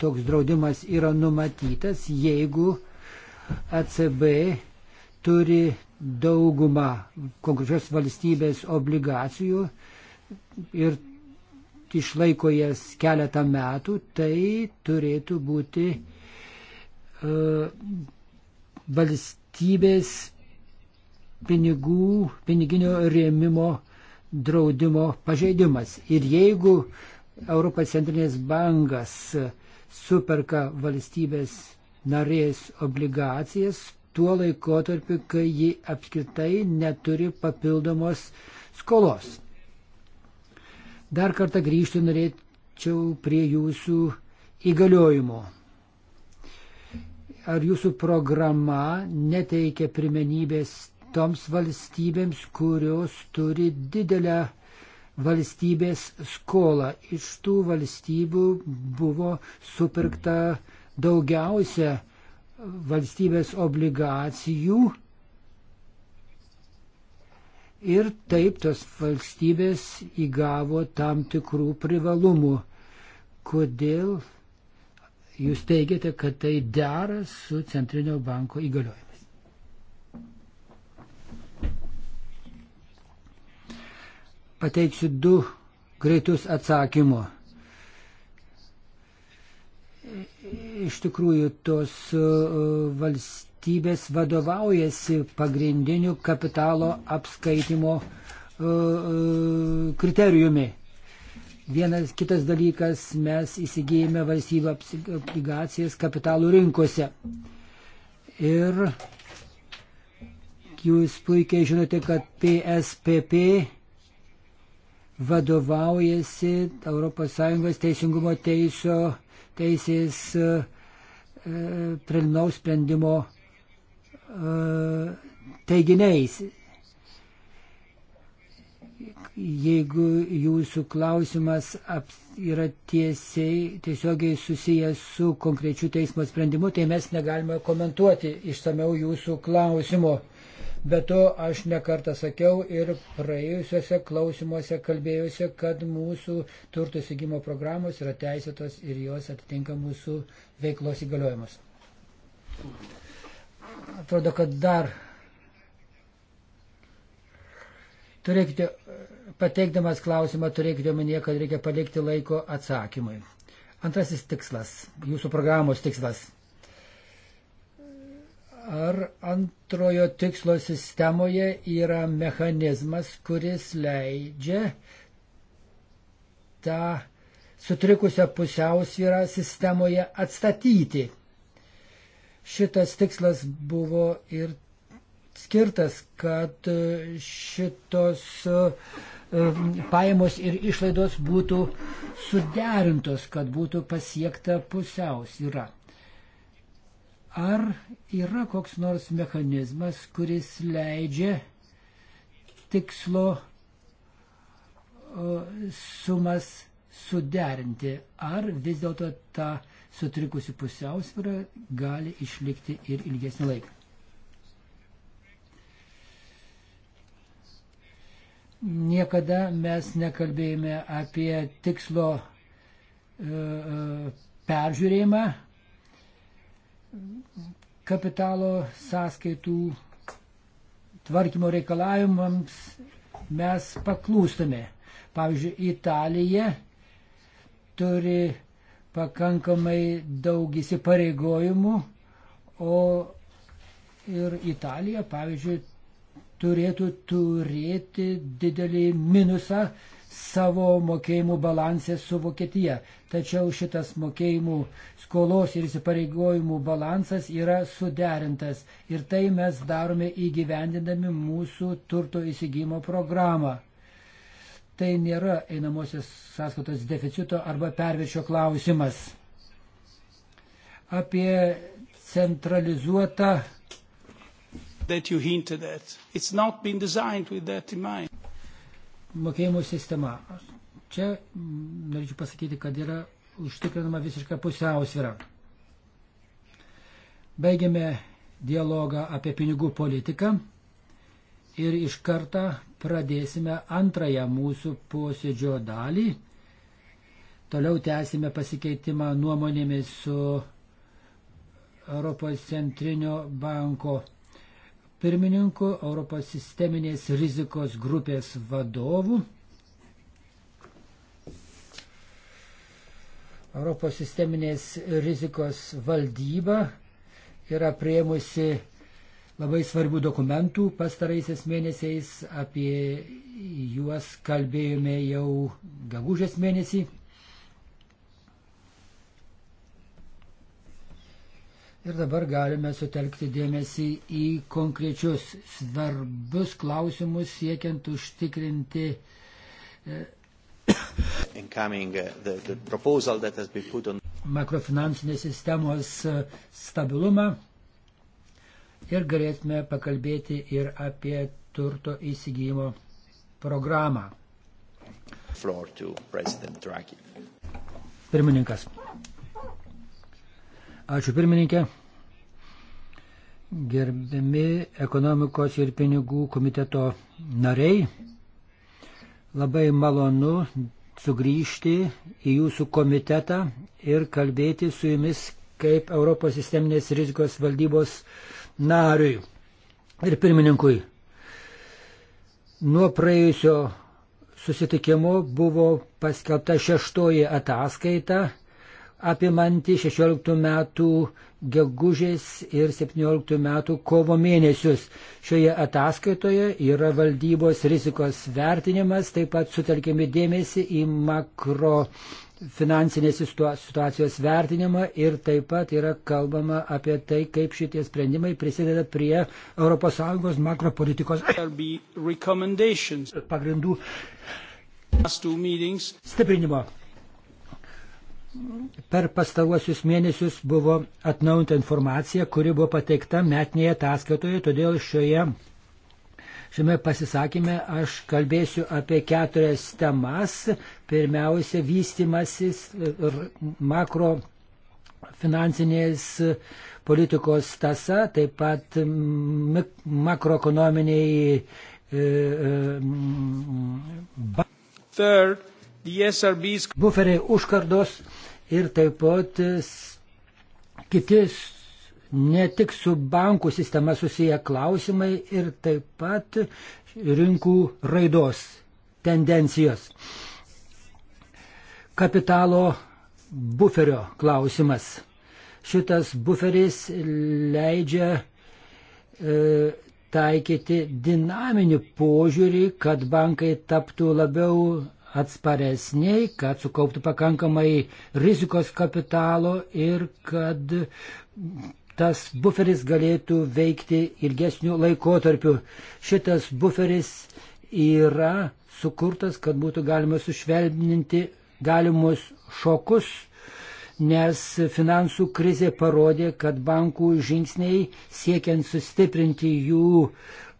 S2: toks draudimas yra numatytas, jeigu ECB turi daugumą konkrečios valstybės obligacijų ir išlaiko jas keletą metų, tai turėtų būti uh, valstybės pinigų, piniginio rėmimo uh, draudimo pažeidimas. Ir jeigu Europos centrinės bankas superka valstybės narės obligacijas tuo laikotarpiu, kai ji apskritai neturi papildomos skolos. Dar kartą grįžti norėčiau prie jūsų įgaliojimo. Ar jūsų programa neteikia primenybės toms valstybėms, kurios turi didelę valstybės skolą. Iš tų valstybių buvo supirkta daugiausia valstybės obligacijų ir taip tos valstybės įgavo tam tikrų privalumų. Kodėl jūs teigiate, kad tai dera su Centrinio banko įgaliojimu? pateiksiu du greitus atsakymus. Iš tikrųjų, tos e, valstybės vadovaujasi pagrindiniu kapitalo apskaitimo e, e, kriterijumi. Vienas kitas dalykas, mes įsigijame valstybę obligacijas kapitalų rinkose. Ir jūs puikiai žinote, kad PSPP vadovaujasi ES teisingumo teisio teisės e, preliminaus sprendimo e, teiginiais. Jeigu jūsų klausimas yra tiesiai, tiesiogiai susijęs su konkrečiu teismo sprendimu, tai mes negalime komentuoti išsameu jūsų klausimo. Be to aš nekartą sakiau ir praėjusiuose klausimuose kalbėjusi, kad mūsų turtų įsigimo programos yra teisėtos ir jos atitinka mūsų veiklos įgaliojimus. Atrodo, kad dar turėkite, pateikdamas klausimą, turėkite omenyje, kad reikia palikti laiko atsakymui. Antrasis tikslas, jūsų programos tikslas ar antrojo tikslo sistemoje yra mechanizmas, kuris leidžia tą sutrikusią pusiausvyrą sistemoje atstatyti. Šitas tikslas buvo ir skirtas, kad šitos um, pajamos ir išlaidos būtų suderintos, kad būtų pasiekta pusiausvyrą. Ar yra koks nors mechanizmas, kuris leidžia tikslo sumas suderinti, ar vis dėlto ta sutrikusi pusiausvyrą gali išlikti ir ilgesnį laiką? Niekada mes nekalbėjome apie tikslo e, e, peržiūrėjimą, kapitalo sąskaitų tvarkymo reikalavimams mes paklūstame. Pavyzdžiui, Italija turi pakankamai daug įsipareigojimų, o ir Italija, pavyzdžiui, turėtų turėti didelį minusą savo mokėjimų balansę su Vokietija. Tačiau šitas mokėjimų skolos ir įsipareigojimų balansas yra suderintas ir tai mes darome įgyvendindami mūsų turto įsigymo programą. Tai nėra einamosios sąskaitos deficito arba perviršio klausimas. Apie centralizuotą
S3: that you hinted at. It's not been designed with that in mind
S2: mokėjimų sistema. Čia mm, norėčiau pasakyti, kad yra užtikrinama visiška pusiausvyrą. Baigiame dialogą apie pinigų politiką ir iš karto pradėsime antrąją mūsų posėdžio dalį. Toliau tęsime pasikeitimą nuomonėmis su Europos centrinio banko pirmininku, Europos sisteminės rizikos grupės vadovu. Europos sisteminės rizikos valdyba yra prieimusi labai svarbių dokumentų pastaraisiais mėnesiais, apie juos kalbėjome jau gegužės mėnesį. Ir dabar galime sutelkti dėmesį į konkrečius svarbius klausimus siekiant užtikrinti. E,
S1: uh,
S2: makrofinansinės sistemos e, stabilumą ir galėtume pakalbėti ir apie turto įsigijimo programą. Pirmininkas. Ačiū pirmininkė. Gerbiami ekonomikos ir pinigų komiteto nariai, labai malonu sugrįžti į jūsų komitetą ir kalbėti su jumis kaip Europos sisteminės rizikos valdybos nariui ir pirmininkui. Nuo praėjusio susitikimo buvo paskelbta šeštoji ataskaita apimanti 16 metų gegužės ir 17 metų kovo mėnesius. Šioje ataskaitoje yra valdybos rizikos vertinimas, taip pat sutelkėme dėmesį į makro finansinės situacijos vertinimą ir taip pat yra kalbama apie tai, kaip šitie sprendimai prisideda prie ES makropolitikos pagrindų stiprinimo per pastaruosius mėnesius buvo atnaujinta informacija, kuri buvo pateikta metinėje ataskaitoje, todėl šioje, šiame pasisakymė aš kalbėsiu apie keturias temas. Pirmiausia, vystimasis ir makro finansinės politikos tasa, taip pat makroekonominiai. E, e, Third, buferiai užkardos ir taip pat kitis ne tik su bankų sistema susiję klausimai ir taip pat rinkų raidos tendencijos. Kapitalo buferio klausimas. Šitas buferis leidžia e, taikyti dinaminį požiūrį, kad bankai taptų labiau atsparesni, kad sukauptų pakankamai rizikos kapitalo ir kad tas buferis galėtų veikti ilgesnių laikotarpių. Šitas buferis yra sukurtas, kad būtų galima sušvelninti galimus šokus, nes finansų krizė parodė, kad bankų žingsniai siekiant sustiprinti jų uh,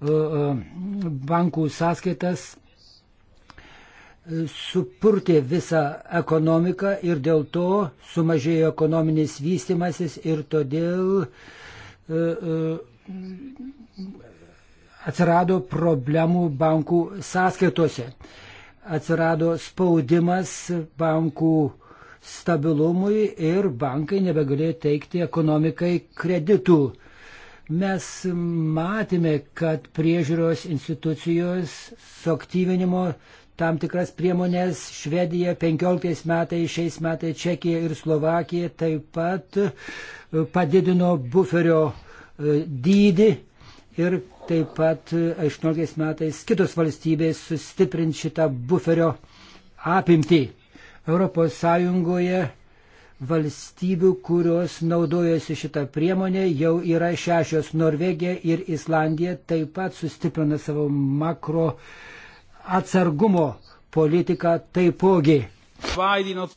S2: uh, bankų sąskaitas supurtė visą ekonomiką ir dėl to sumažėjo ekonominis vystimasis ir todėl e, e, atsirado problemų bankų sąskaitose. Atsirado spaudimas bankų stabilumui ir bankai nebegalėjo teikti ekonomikai kreditų. Mes matėme, kad priežiūros institucijos suaktyvinimo tam tikras priemonės Švedija 15 metais, šiais metais Čekija ir Slovakija taip pat e, padidino buferio e, dydį ir taip pat 18 e, metais kitos valstybės sustiprint šitą buferio apimtį. ES valstybių, kurios naudojasi šitą priemonę, jau yra šešios Norvegija ir Islandija taip pat sustiprina savo makro uh, atsargumo politiką taipogi.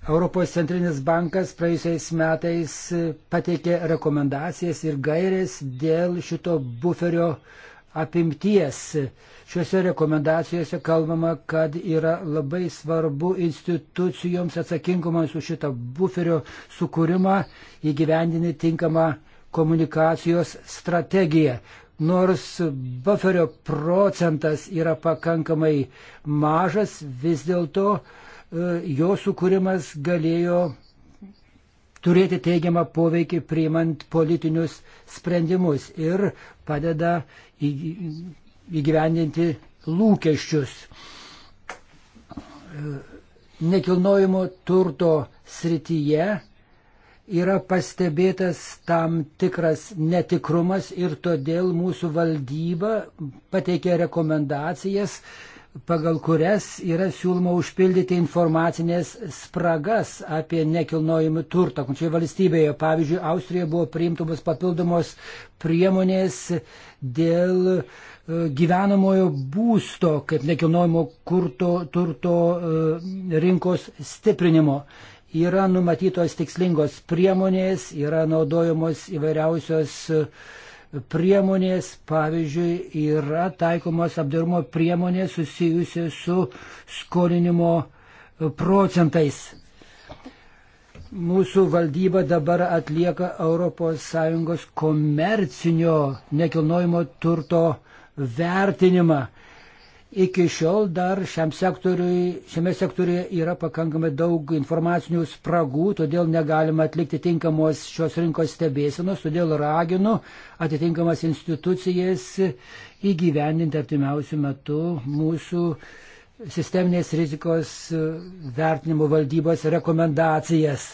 S2: Europos centrinis bankas praėjusiais metais pateikė rekomendacijas ir gairės dėl šito buferio apimties. Šiuose rekomendacijose kalbama, kad yra labai svarbu institucijoms atsakingoms už šitą buferio sukūrimą įgyvendinti tinkamą komunikacijos strategiją. Nors buferio procentas yra pakankamai mažas, vis dėlto e, jo sukūrimas galėjo turėti teigiamą poveikį priimant politinius sprendimus ir padeda įgyvendinti lūkesčius. E, nekilnojimo turto srityje yra pastebėtas tam tikras netikrumas ir todėl mūsų valdyba pateikė rekomendacijas, pagal kurias yra siūloma užpildyti informacinės spragas apie nekilnojimą turtą. Čia valstybėje, pavyzdžiui, Austrijoje buvo priimtumas papildomos priemonės dėl e, gyvenamojo būsto kaip nekilnojimo kurto, turto e, rinkos stiprinimo. Yra numatytos tikslingos priemonės, yra naudojamos įvairiausios e, priemonės, pavyzdžiui, yra taikomos apdirmo priemonės susijusi su skolinimo e, procentais. Mūsų valdyba dabar atlieka ES komercinio nekilnojimo turto vertinimą Iki šiol dar šiam sektoriui, šiame sektoriuje yra pakankamai daug informacinių spragų, todėl negalima atlikti tinkamos šios rinkos stebėsenos, todėl raginu atitinkamas institucijas įgyvendinti artimiausių metų mūsų sisteminės rizikos vertinimo valdybos rekomendacijas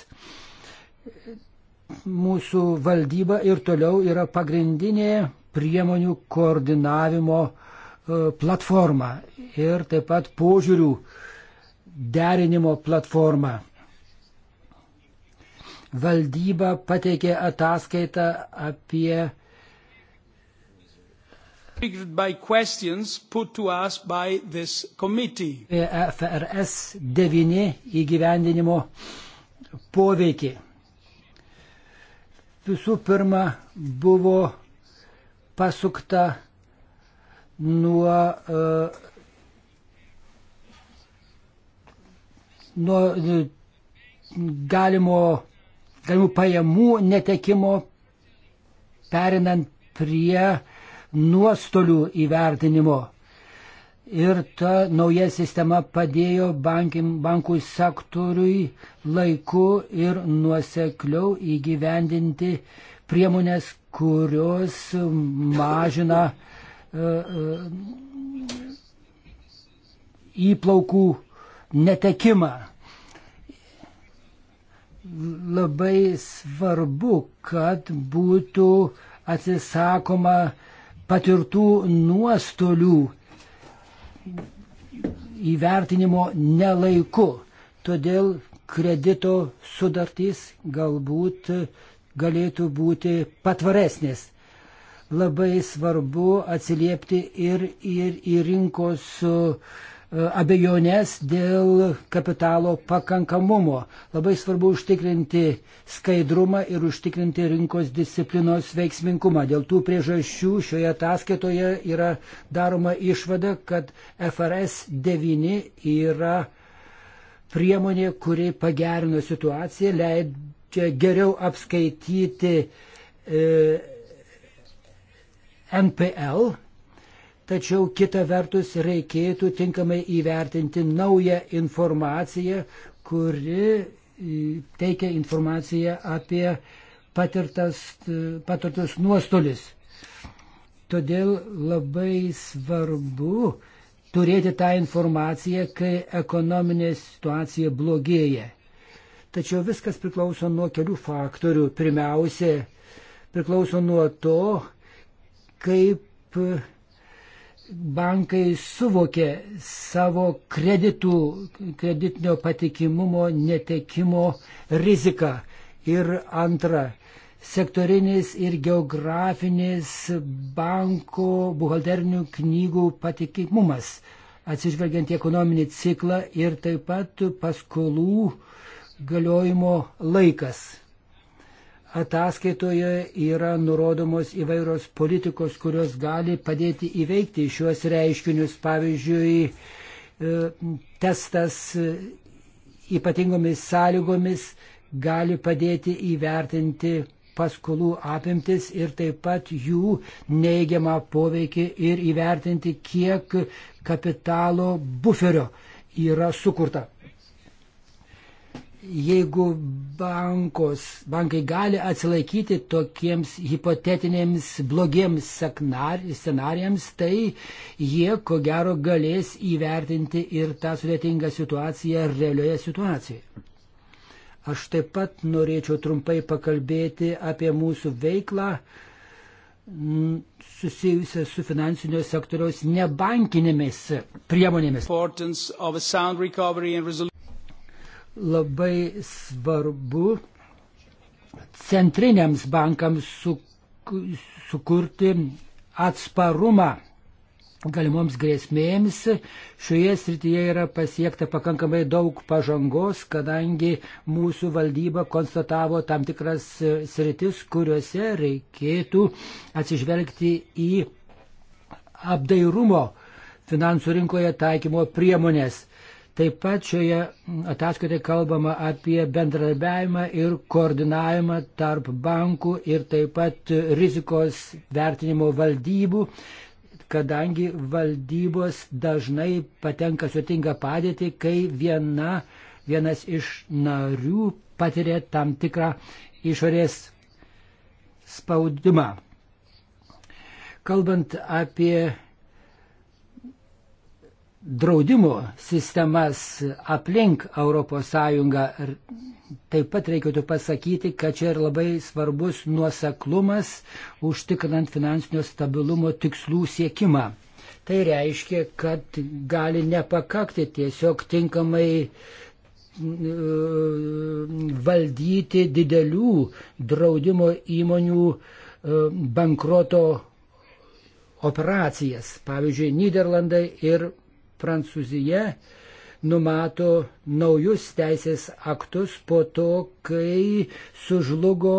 S2: mūsų valdyba ir toliau yra pagrindinė priemonių koordinavimo E, platformą ir taip pat požiūrių derinimo platformą. Valdyba pateikė ataskaitą apie FRS 9 įgyvendinimo poveikį. Visų pirma, buvo pasukta nuo, e, nuo e, galimo, galimų pajamų netekimo, perinant prie nuostolių įvertinimo. Ir ta nauja sistema padėjo bankim, bankų sektoriui laiku ir nuosekliau įgyvendinti priemonės, kurios mažina uh, įplaukų netekimą. Labai svarbu, kad būtų atsisakoma patirtų nuostolių įvertinimo nelaiku. Todėl kredito sudartys galbūt galėtų būti patvaresnės labai svarbu atsiliepti ir, ir į rinkos e, abejonės dėl kapitalo pakankamumo. Labai svarbu užtikrinti skaidrumą ir užtikrinti rinkos disciplinos veiksmingumą. Dėl tų priežasčių šioje ataskaitoje yra daroma išvada, kad FRS 9 yra priemonė, kuri pagerino situaciją, leidžia geriau apskaityti e, NPL, tačiau kita vertus reikėtų tinkamai įvertinti naują informaciją, kuri e, teikia informaciją apie patirtas, e, patirtus nuostolis. Todėl labai svarbu turėti tą informaciją, kai ekonominė situacija blogėja. Tačiau viskas priklauso nuo kelių faktorių. Pirmiausia, priklauso nuo to, kaip bankai suvokė savo kreditų, kreditinio patikimumo netekimo riziką. Ir antra, sektorinis ir geografinis banko buhalterinių knygų patikimumas, atsižvelgiant į ekonominį ciklą ir taip pat paskolų galiojimo laikas ataskaitoje yra nurodomos įvairios politikos, kurios gali padėti įveikti šiuos reiškinius. Pavyzdžiui, e, testas ypatingomis sąlygomis gali padėti įvertinti paskolų apimtis ir taip pat jų neigiamą poveikį ir įvertinti, kiek kapitalo buferio yra sukurta. Jeigu bankos, bankai gali atsilaikyti tokiems hipotetinėms blogiems scenarijams, tai jie ko gero galės įvertinti ir tą sudėtingą situaciją realioje situacijoje. Aš taip pat norėčiau trumpai pakalbėti apie mūsų veiklą susijusią su finansinio sektoriaus nebankinėmis priemonėmis labai svarbu centriniams bankams su, sukurti atsparumą galimoms grėsmėms. Šioje srityje yra pasiekta pakankamai daug pažangos, kadangi mūsų valdyba konstatavo tam tikras e, sritis, kuriuose reikėtų atsižvelgti į apdairumo finansų rinkoje taikymo priemonės. Taip pat šioje ataskaitoje kalbama apie bendradarbiavimą ir koordinavimą tarp bankų ir taip pat rizikos vertinimo valdybų, kadangi valdybos dažnai patenka sutinga padėtį, kai viena, vienas iš narių patiria tam tikrą išorės spaudimą. Kalbant apie draudimo sistemas aplink ES taip pat reikėtų pasakyti, kad čia ir labai svarbus nuoseklumas užtikrinant finansinio stabilumo tikslų siekimą. Tai reiškia, kad gali nepakakti tiesiog tinkamai e, valdyti didelių draudimo įmonių e, bankroto operacijas. Pavyzdžiui, Niderlandai ir Prancūzija numato naujus teisės aktus po to, kai sužlugo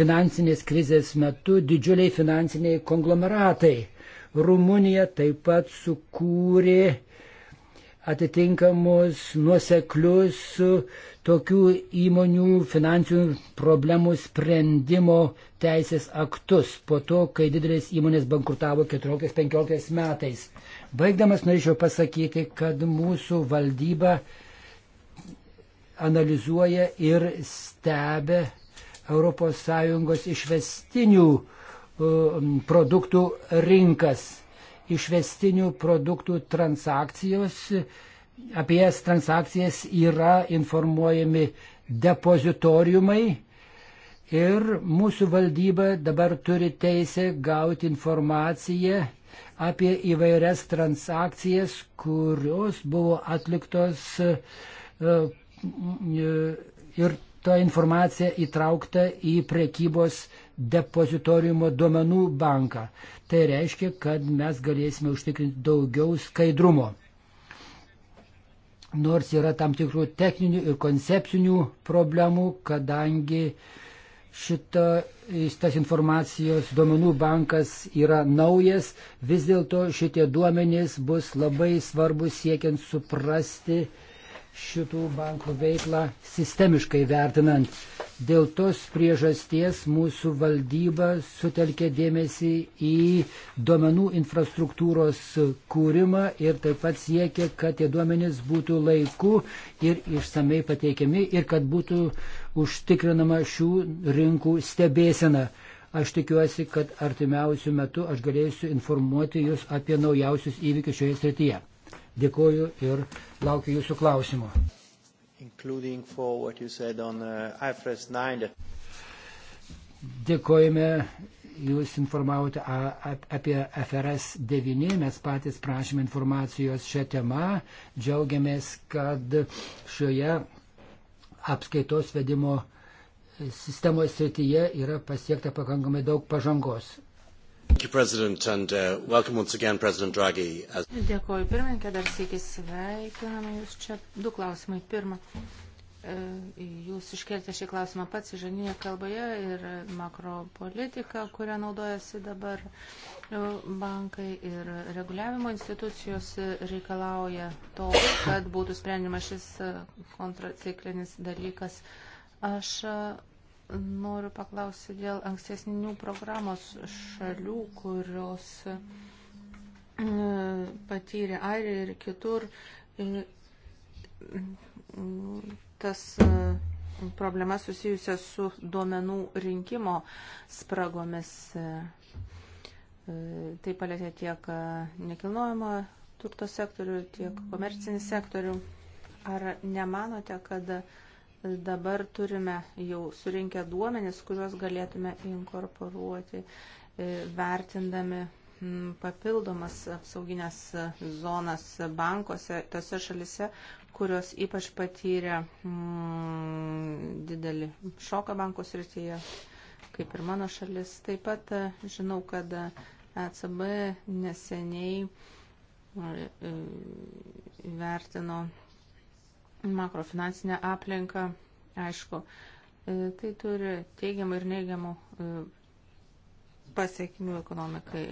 S2: finansinės krizės metu didžiuliai finansiniai konglomeratai. Rumunija taip pat sukūrė atitinkamus nuoseklius tokių įmonių finansinių problemų sprendimo teisės aktus po to, kai didelės įmonės bankrutavo 14-15 metais. Baigdamas norėčiau pasakyti, kad mūsų valdyba analizuoja ir stebė ES išvestinių produktų rinkas, išvestinių produktų transakcijos. Apie jas transakcijas yra informuojami depozitoriumai ir mūsų valdyba dabar turi teisę gauti informaciją apie įvairias transakcijas, kurios buvo atliktos e, e, ir ta informacija įtraukta į prekybos depozitoriumo duomenų banką. Tai reiškia, kad mes galėsime užtikrinti daugiau skaidrumo. Nors yra tam tikrų techninių ir koncepcinių problemų, kadangi uh, šita, šitas informacijos duomenų bankas yra naujas, vis dėlto šitie duomenys bus labai svarbus siekiant suprasti šitų bankų veiklą sistemiškai vertinant. Dėl tos priežasties mūsų valdyba sutelkė dėmesį į duomenų infrastruktūros kūrimą ir taip pat siekė, kad tie duomenys būtų laiku ir išsamei pateikiami ir kad būtų uh, užtikrinama šių rinkų stebėsena. Aš tikiuosi, kad artimiausių metų aš galėsiu informuoti Jūs apie naujausius įvykius šioje srityje. Dėkoju ir laukiu Jūsų klausimų.
S1: Uh,
S2: Dėkojame, Jūs informavote apie FRS 9, mes patys prašėme informacijos šią temą, džiaugiamės, kad šioje apskaitos vedimo sistemos srityje yra pasiekta pakankamai daug pažangos.
S1: Uh,
S4: Dėkuoju, pirmininkė, dar sėkis sveikiname jūs čia. Du klausimai. Pirma, E, jūs iškeltė šį klausimą pats įžaninėje kalboje ir makropolitika, kurią naudojasi dabar e, bankai ir reguliavimo institucijos reikalauja to, kad būtų sprendima šis e, kontraciklinis dalykas. Aš noriu paklausyti dėl ankstesnių programos šalių, kurios patyrė Airiją ir kitur tas e, problemas susijusias su duomenų rinkimo spragomis. E, e, tai palėtė tiek nekilnojamo turto sektorių, tiek komercinį sektorių. Ar nemanote, kad dabar turime jau surinkę duomenis, kuriuos galėtume inkorporuoti, vertindami papildomas apsauginės zonas bankuose, tose šalise, kurios ypač patyrė mm, didelį šoką bankų srityje, kaip ir mano šalis. Taip pat e, žinau, kad ECB e neseniai e, vertino makrofinansinę aplinką. Aišku, tai turi teigiamų ir neigiamų pasiekmių ekonomikai.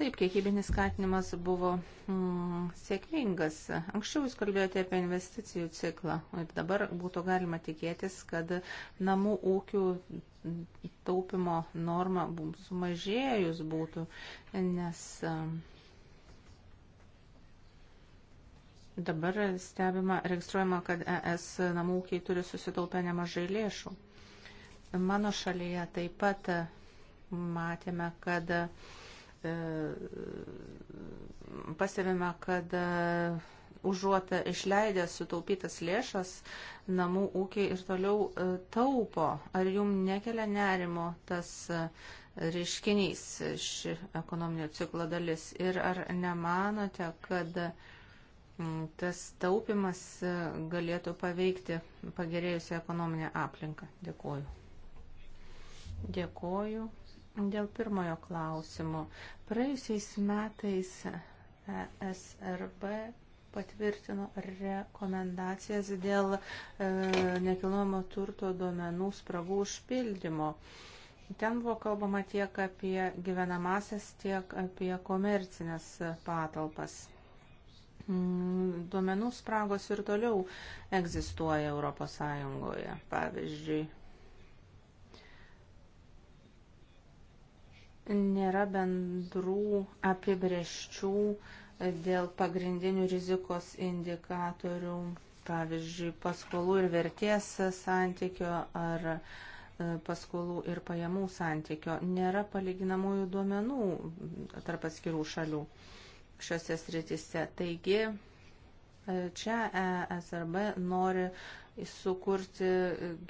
S4: Taip, kiekybinis skatinimas buvo mm, sėkmingas. Anksčiau jūs kalbėjote apie investicijų ciklą ir dabar būtų galima tikėtis, kad namų ūkių taupimo norma sumažėjus būtų, nes dabar stebima, registruojama, kad ES namų ūkiai turi susitaupę nemažai lėšų. Mano šalyje taip pat matėme, kad uh, E, pastebime, kad e, užuot išleidęs sutaupytas lėšas, namų ūkiai ir toliau e, taupo. Ar jums nekelia nerimo tas reiškinys ši ekonominio ciklo dalis? Ir ar nemanote, kad tas taupimas galėtų paveikti pagerėjusią ekonominę aplinką? Dėkuoju. Dėkuoju. Dėl pirmojo klausimo. Praėjusiais metais e SRB patvirtino rekomendacijas dėl e, nekilnojamo turto duomenų spragų užpildymo. Ten buvo kalbama tiek apie gyvenamasias, tiek apie komercinės patalpas. Mm, duomenų spragos ir toliau egzistuoja ES. Pavyzdžiui, nėra bendrų apibrėžčių dėl pagrindinių rizikos indikatorių, pavyzdžiui, paskolų ir vertės santykio ar e, paskolų ir pajamų santykio. Nėra palyginamųjų duomenų tarp atskirų šalių šiuose sritise. Taigi, e, čia ESRB nori sukurti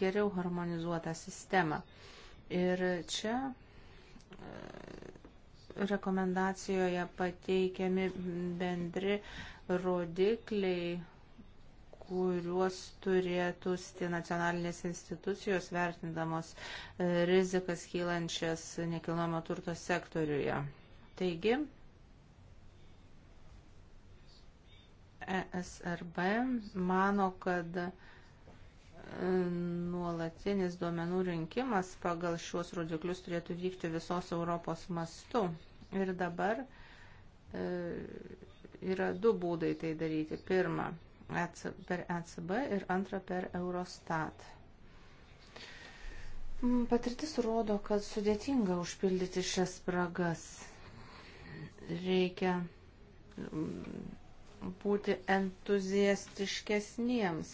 S4: geriau harmonizuotą sistemą. Ir čia rekomendacijoje pateikiami bendri rodikliai, kuriuos turėtų nacionalinės institucijos vertindamos e, rizikas kylančias nekilnojamo turto sektoriuje. Taigi, ESRB mano, kad nuolatinis duomenų rinkimas pagal šiuos rodiklius turėtų vykti visos Europos mastu. Ir dabar e, yra du būdai tai daryti. Pirma, per ECB ir antra per Eurostat. Mm, patirtis rodo, kad sudėtinga užpildyti šias spragas. Reikia mm, būti entuziastiškesniems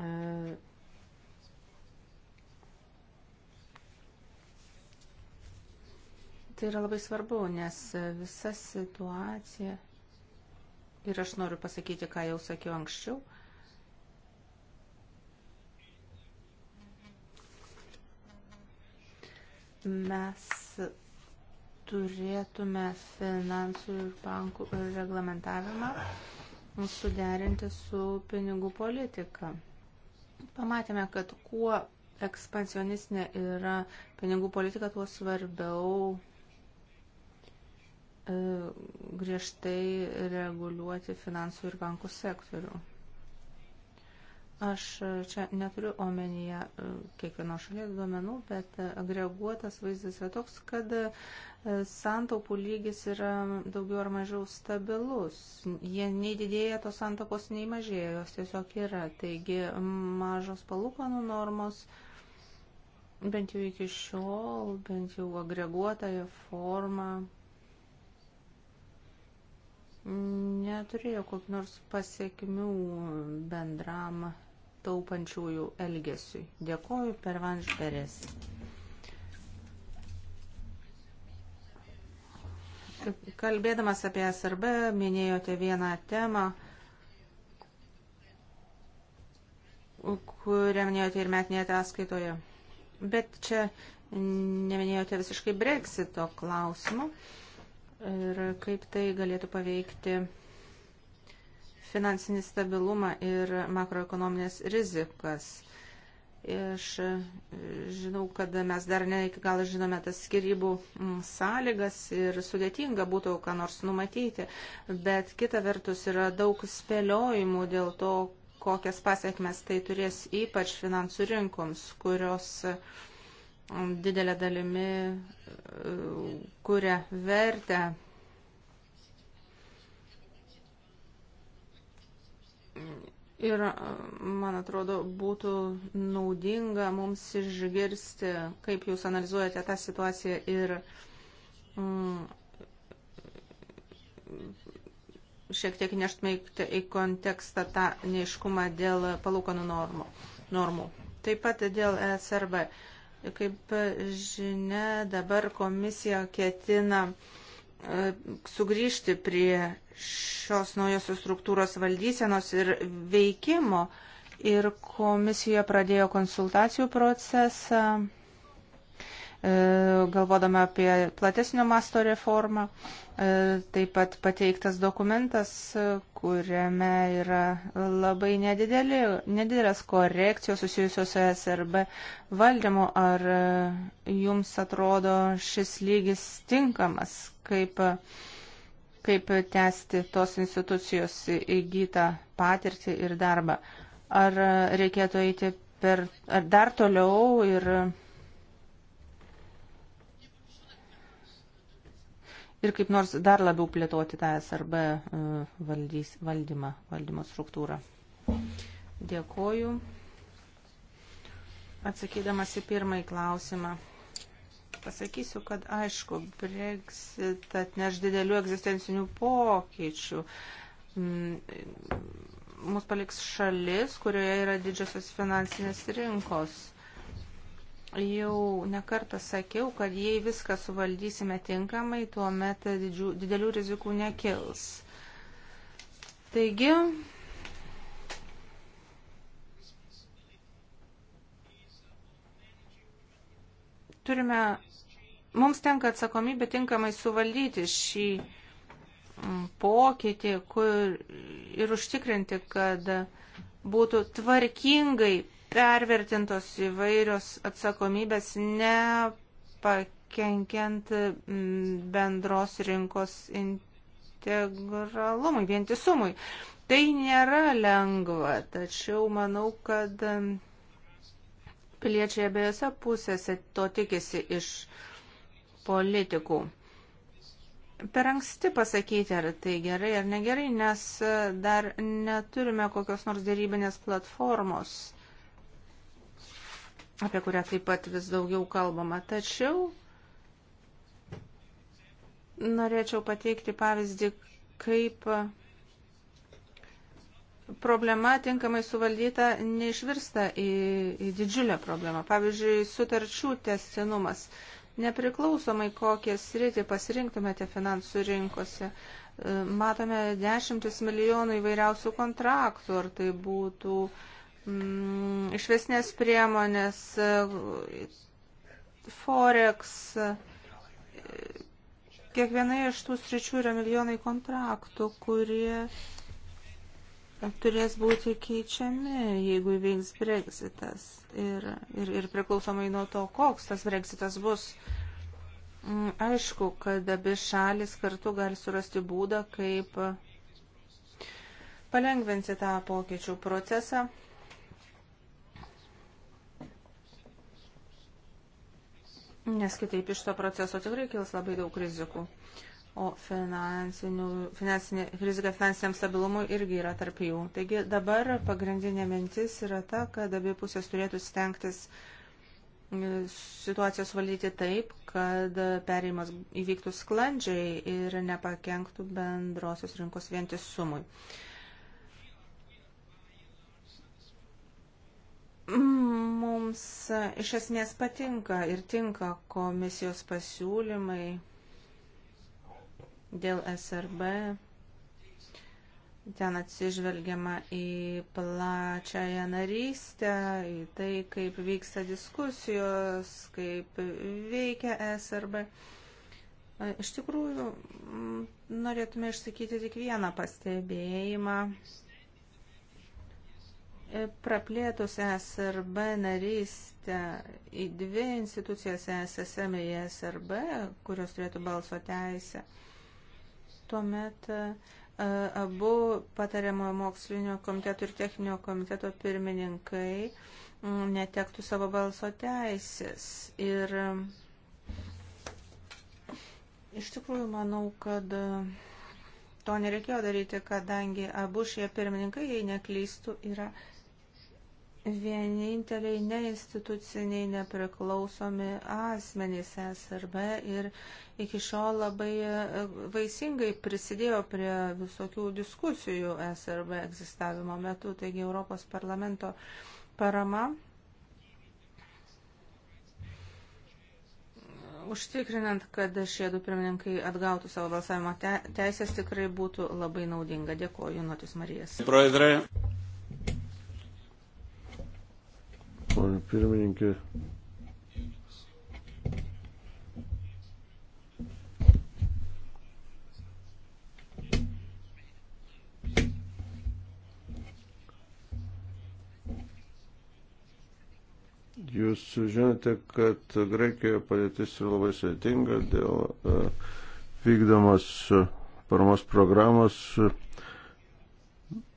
S4: E, tai yra labai svarbu, nes visa situacija, ir aš noriu pasakyti, ką jau sakiau anksčiau, mes turėtume finansų ir bankų reglamentavimą suderinti su pinigų politika. Pamatėme, kad kuo ekspansionistinė yra pinigų politika, tuo svarbiau e, griežtai reguliuoti finansų ir bankų sektorių. Aš čia neturiu omenyje e, kiekvieno šalies duomenų, bet agreguotas vaizdas yra toks, kad santaupų lygis yra daugiau ar mažiau stabilus. Jie nei didėja, tos santopos nei mažėja, jos tiesiog yra. Taigi mažos palūkanų normos, bent jau iki šiol, bent jau agreguotąją formą, neturėjo kokių nors pasiekmių bendram taupančiųjų elgesiui. Dėkoju per Vanžperės. Kalbėdamas apie SRB, minėjote vieną temą, kurią minėjote ir metinėje ataskaitoje. Bet čia neminėjote visiškai Brexito klausimų ir kaip tai galėtų paveikti finansinį stabilumą ir makroekonominės rizikas. Aš e, žinau, kad mes dar ne iki galo žinome tas skirybų sąlygas ir sudėtinga būtų ką nors numatyti, bet kita vertus yra daug spėliojimų dėl to, kokias pasiekmes tai turės ypač finansų rinkoms, kurios e, didelė dalimi e, kuria vertę Ir, man atrodo, būtų naudinga mums išgirsti, kaip jūs analizuojate tą situaciją ir mm, šiek tiek neštumėte į kontekstą tą neiškumą dėl palūkanų normų. normų. Taip pat dėl e SRB. Kaip žinia, dabar komisija ketina uh, sugrįžti prie šios naujosios struktūros valdysenos ir veikimo. Ir komisija pradėjo konsultacijų procesą E, galvodama apie platesnio masto reformą. E, taip pat pateiktas dokumentas, e, kuriame yra labai nedidelė, nedidelės korekcijos susijusios su SRB valdymu. Ar jums atrodo šis lygis tinkamas, kaip, kaip tęsti tos institucijos įgytą patirtį ir darbą? Ar reikėtų eiti per, ar dar toliau ir ir kaip nors dar labiau plėtoti tą SRB e, valdys, valdymą, valdymo struktūrą. Dėkoju. Atsakydamas į pirmąjį klausimą, pasakysiu, kad aišku, Brexit atneš didelių egzistencinių pokyčių. Mm, mus paliks šalis, kurioje yra didžiosios finansinės rinkos jau nekartą sakiau, kad jei viską suvaldysime tinkamai, tuomet didžių, didelių rizikų nekils. Taigi, turime, mums tenka atsakomybė tinkamai suvaldyti šį mm, pokytį kur, ir užtikrinti, kad būtų tvarkingai pervertintos įvairios atsakomybės, nepakenkiant mm, bendros rinkos integralumui, vientisumui. Tai nėra lengva, tačiau manau, kad mm, piliečiai abiejose pusėse to tikisi iš politikų per anksti pasakyti, ar tai gerai ar negerai, nes e, dar neturime kokios nors dėrybinės platformos apie kurią taip pat vis daugiau kalbama. Tačiau norėčiau pateikti pavyzdį, kaip problema tinkamai suvaldyta neišvirsta į, į didžiulę problemą. Pavyzdžiui, sutarčių testinumas. Nepriklausomai kokią sritį pasirinktumėte finansų rinkose, e, matome dešimtis milijonų įvairiausių kontraktų, ar tai būtų uh, Mm, išvesnės priemonės, e, Forex. E, Kiekvienoje iš tų sričių yra milijonai kontraktų, kurie turės būti keičiami, jeigu įvyks Brexitas. Ir, ir, ir priklausomai nuo to, koks tas Brexitas bus. Mm, aišku, kad abi šalis kartu gali surasti būdą, kaip palengvinti tą pokyčių procesą, nes kitaip iš to proceso tikrai kils labai daug rizikų. O finansinė rizika finansiniam stabilumui irgi yra tarp jų. Taigi dabar pagrindinė mintis yra ta, kad abi pusės turėtų stengtis e, situaciją suvaldyti taip, kad perėjimas įvyktų sklandžiai ir nepakenktų bendrosios rinkos vientisumui. sumui. Mums e, iš esmės patinka ir tinka komisijos pasiūlymai dėl SRB. Ten atsižvelgiama į plačiąją narystę, į tai, kaip vyksta diskusijos, kaip veikia SRB. E, iš tikrųjų, norėtume išsakyti tik vieną pastebėjimą Praplėtus SRB narystę į dvi institucijas SSM ir SRB, kurios turėtų balso teisę, tuomet e, abu patariamojo mokslinio komiteto ir techninio komiteto pirmininkai mm, netektų savo balso teisės. Ir iš tikrųjų manau, kad e, to nereikėjo daryti, kadangi abu šie pirmininkai, jei neklystų, yra vieninteliai neinstituciniai nepriklausomi asmenys SRB ir iki šiol labai e, vaisingai prisidėjo prie visokių diskusijų SRB egzistavimo metu. Taigi Europos parlamento parama užtikrinant, kad šie du pirmininkai atgautų savo balsavimo te teisės, tikrai būtų labai naudinga. Dėkuoju, Notis Marijas.
S2: Proedrė.
S5: Pone pirmininkė. Jūs žinote, kad Graikijoje padėtis yra labai sudėtinga dėl e, vykdomos e, paramos programos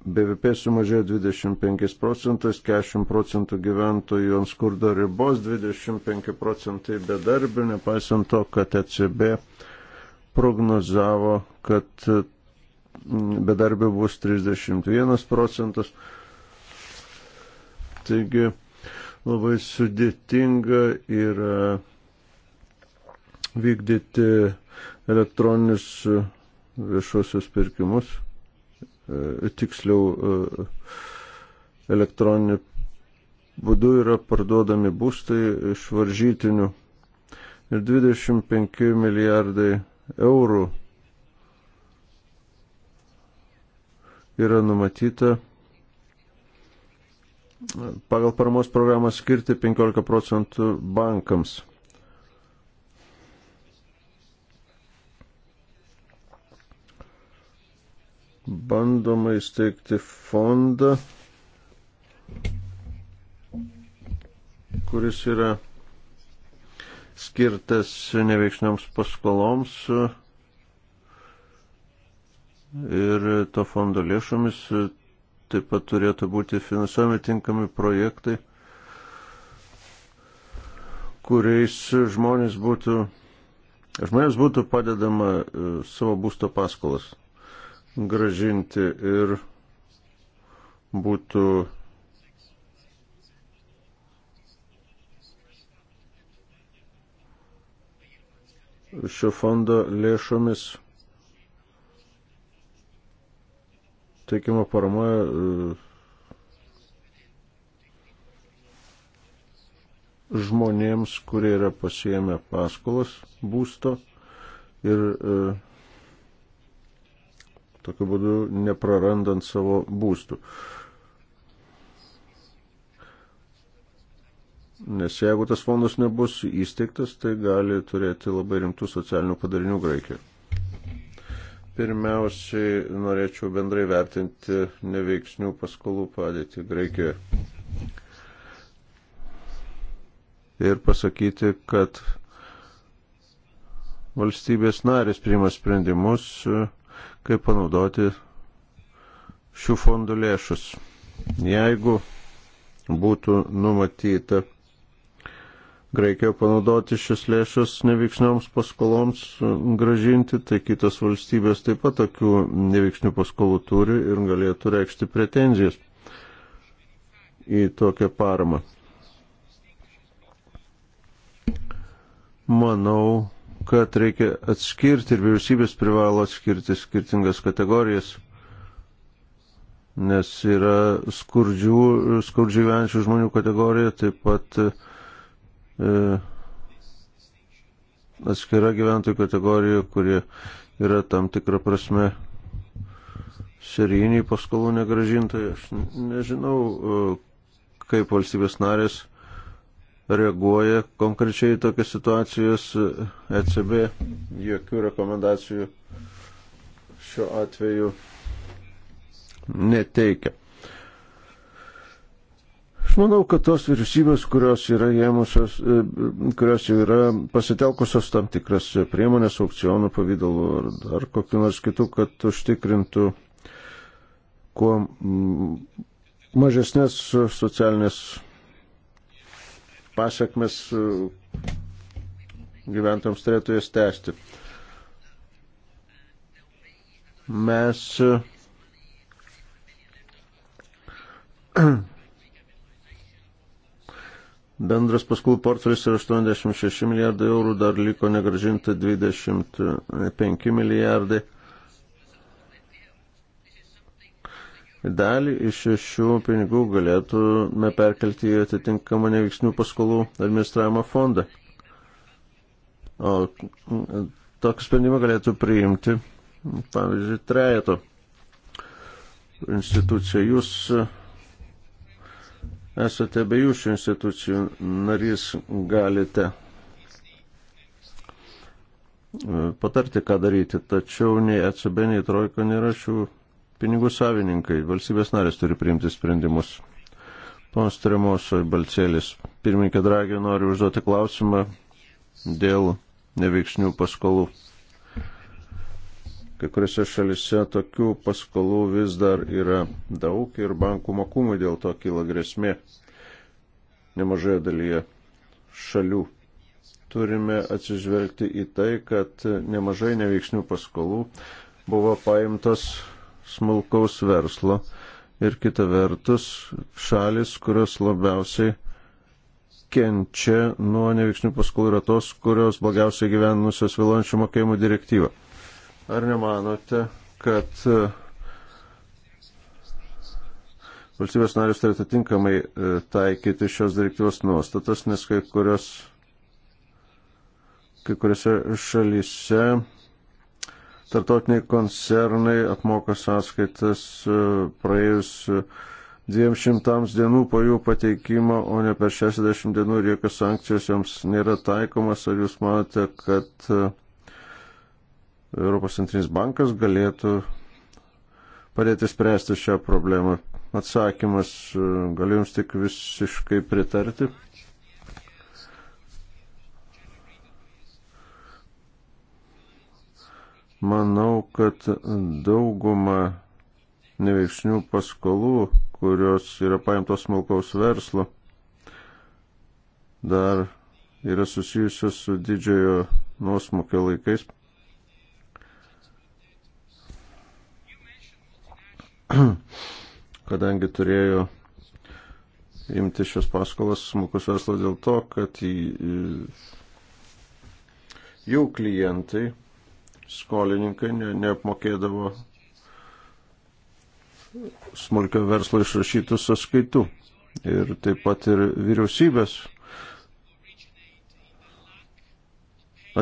S5: BVP sumažėjo 25 procentais, 40 procentų gyventojų ant skurdo ribos, 25 procentai bedarbių, nepaisant to, kad ECB prognozavo, kad mm, bedarbių bus 31 procentas. Taigi labai sudėtinga yra vykdyti elektroninius viešuosius pirkimus E, tiksliau e, elektroniniu būdu yra parduodami būstai iš varžytinių ir 25 milijardai eurų yra numatyta e, pagal paramos programą skirti 15 procentų bankams. bandoma įsteigti fondą, kuris yra skirtas neveiksnioms paskoloms ir to fondo lėšomis taip pat turėtų būti finansuojami tinkami projektai, kuriais žmonės būtų, žmonės būtų padedama e, savo būsto paskolas gražinti ir būtų šio fondo lėšomis teikiama parama e, žmonėms, kurie yra pasiėmę paskolas būsto ir uh, tokiu būdu neprarandant savo būstų. Nes jeigu tas fondas nebus įsteigtas, tai gali turėti labai rimtų socialinių padarinių Graikijoje. Pirmiausiai norėčiau bendrai vertinti neveiksnių paskolų padėtį Graikijoje. Ir pasakyti, kad valstybės narės priima sprendimus kaip panaudoti šių fondų lėšus. Jeigu būtų numatyta Graikijoje panaudoti šias lėšas neveiksnioms paskoloms gražinti, tai kitos valstybės taip pat tokių neveiksnių paskolų turi ir galėtų reikšti pretenzijas į tokią paramą. Manau, kad reikia atskirti ir vyriausybės privalo atskirti skirtingas kategorijas, nes yra skurdžių, skurdžių gyvenčių žmonių kategorija, taip pat e, atskira gyventojų kategorija, kurie yra tam tikrą prasme serijiniai paskolų negražintojai. Aš nežinau, e, kaip valstybės narės reaguoja konkrečiai į tokias situacijas. ECB jokių rekomendacijų šiuo atveju neteikia. Aš manau, kad tos vyriausybės, kurios yra jėmusios, e, kurios jau yra pasitelkusios tam tikras priemonės aukcionų pavydalu ar dar kokiu nors kitu, kad užtikrintų kuo mažesnės socialinės pasakmes e, gyventojams turėtų jas tęsti. Mes e, Bendras paskolų portfelis yra 86 milijardai eurų, dar liko negražinta 25 milijardai. dalį iš šių pinigų galėtume perkelti į atitinkamą neveiksnių paskolų administravimo fondą. O tokį sprendimą galėtų priimti, pavyzdžiui, trejato institucija. Jūs esate abiejų šių institucijų narys, galite e, patarti, ką daryti, tačiau nei ECB, nei Trojko nėra šių pinigų savininkai, valstybės narės turi priimti sprendimus. Ponas Tremosoj Balcelis, pirmininkė Dragė, noriu užduoti klausimą dėl neveiksnių paskolų. Kai kuriuose šalise tokių paskolų vis dar yra daug ir bankų mokumui dėl to kyla grėsmė nemažoje dalyje šalių. Turime atsižvelgti į tai, kad nemažai neveiksnių paskolų buvo paimtos smulkaus verslo ir kita vertus šalis, kurios labiausiai kenčia nuo neveiksnių paskolų yra tos, kurios blogiausiai gyvenusios vėluojančių mokėjimų direktyvą. Ar nemanote, kad e, valstybės narius turėtų tinkamai e, taikyti šios direktyvos nuostatas, nes kai kurios kai kuriuose šalyse tartotiniai koncernai apmoka sąskaitas e, praėjus 200 e, dienų po jų pateikimo, o ne per 60 dienų ir jokios sankcijos joms nėra taikomas. Ar jūs manote, kad e, Europos centrinis bankas galėtų padėti spręsti šią problemą? Atsakymas, galiu jums tik visiškai pritarti. Manau, kad dauguma neveiksnių paskolų, kurios yra paimtos smulkaus verslo, dar yra susijusios su didžiojo nuosmukio laikais. Kadangi turėjo imti šios paskolas smulkus verslas dėl to, kad jų klientai skolininkai ne, neapmokėdavo smulkio verslo išrašytų sąskaitų. Ir taip pat ir vyriausybės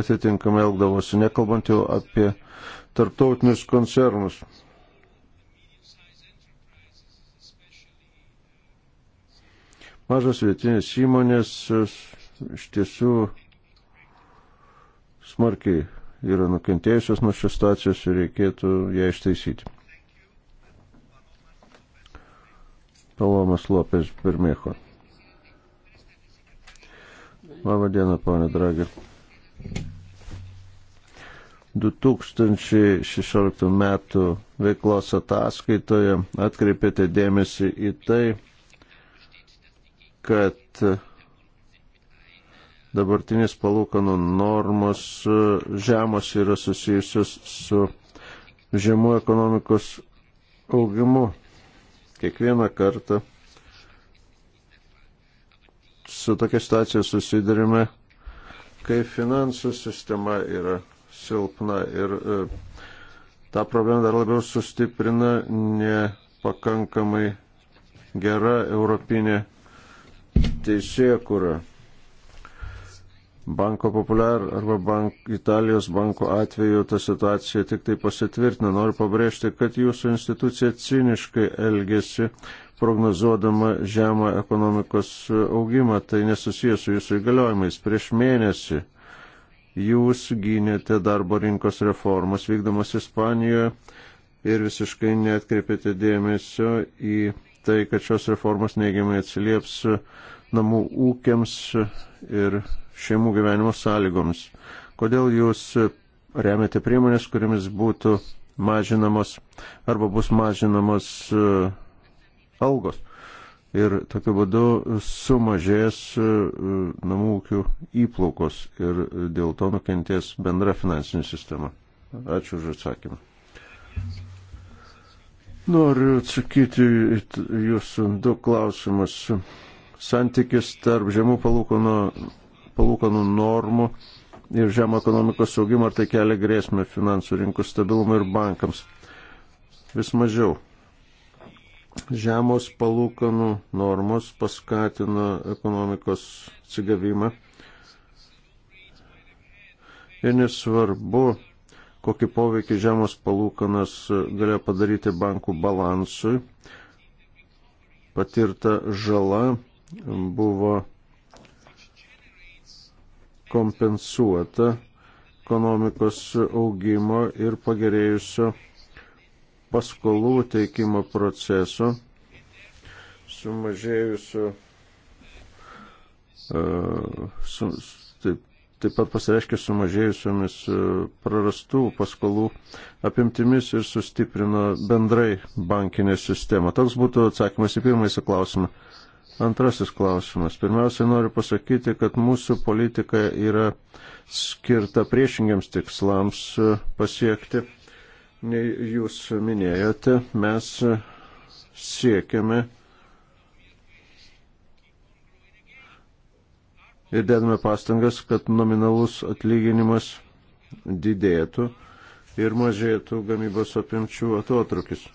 S5: atitinkamai elgdavosi, nekalbant jau apie tarptautinius koncernus. Mažas vietinės įmonės iš tiesų smarkiai yra nukentėjusios nuo šios stacijos ir reikėtų ją ištaisyti. Palomas Lopez Bermejo. Labą dieną, ponė Dragi. 2016 metų veiklos ataskaitoje atkreipėte dėmesį į tai, kad dabartinės palūkanų normos e, žemos yra susijusios su žemų ekonomikos augimu. Kiekvieną kartą su tokia situacija susidurime, kai finansų sistema yra silpna ir e, tą problemą dar labiau sustiprina nepakankamai gera europinė teisėkura. Banko Populiar arba bank, Italijos banko atveju ta situacija tik tai pasitvirtina. Noriu pabrėžti, kad jūsų institucija ciniškai elgesi, prognozuodama žemą ekonomikos augimą. Tai nesusijęs su jūsų įgaliojimais. Prieš mėnesį jūs gynėte darbo rinkos reformas vykdamas Ispanijoje ir visiškai netkreipėte dėmesio į tai, kad šios reformos neigiamai atsilieps namų ūkiams ir šeimų gyvenimo sąlygomis. Kodėl jūs remiate priemonės, kuriamis būtų mažinamos arba bus mažinamos e, algos? Ir tokiu būdu sumažės e, namų ūkių įplaukos ir dėl to nukentės bendra finansinė sistema. Ačiū už atsakymą. Noriu atsakyti jūsų du klausimus santykis tarp žemų palūkanų palūkanų normų ir žemo ekonomikos saugimo, ar tai kelia grėsmę finansų rinkų stabilumui ir bankams. Vis mažiau. Žemos palūkanų normos paskatino ekonomikos atsigavimą. Ir nesvarbu, kokį poveikį žemos palūkanas galėjo padaryti bankų balansui. Patirta žala buvo kompensuota ekonomikos augimo ir pagerėjusio paskolų teikimo proceso, sumažėjusio, e, su, taip, taip pat pasireiškia sumažėjusiomis e, prarastų paskolų apimtimis ir sustiprino bendrai bankinę sistemą. Toks būtų atsakymas į pirmąjį klausimą. Antrasis klausimas. Pirmiausia, noriu pasakyti, kad mūsų politika yra skirta priešingiams tikslams e, pasiekti. Nei jūs minėjote, mes e, siekiame ir dedame pastangas, kad nominalus atlyginimas didėtų ir mažėtų gamybos apimčių atotrukis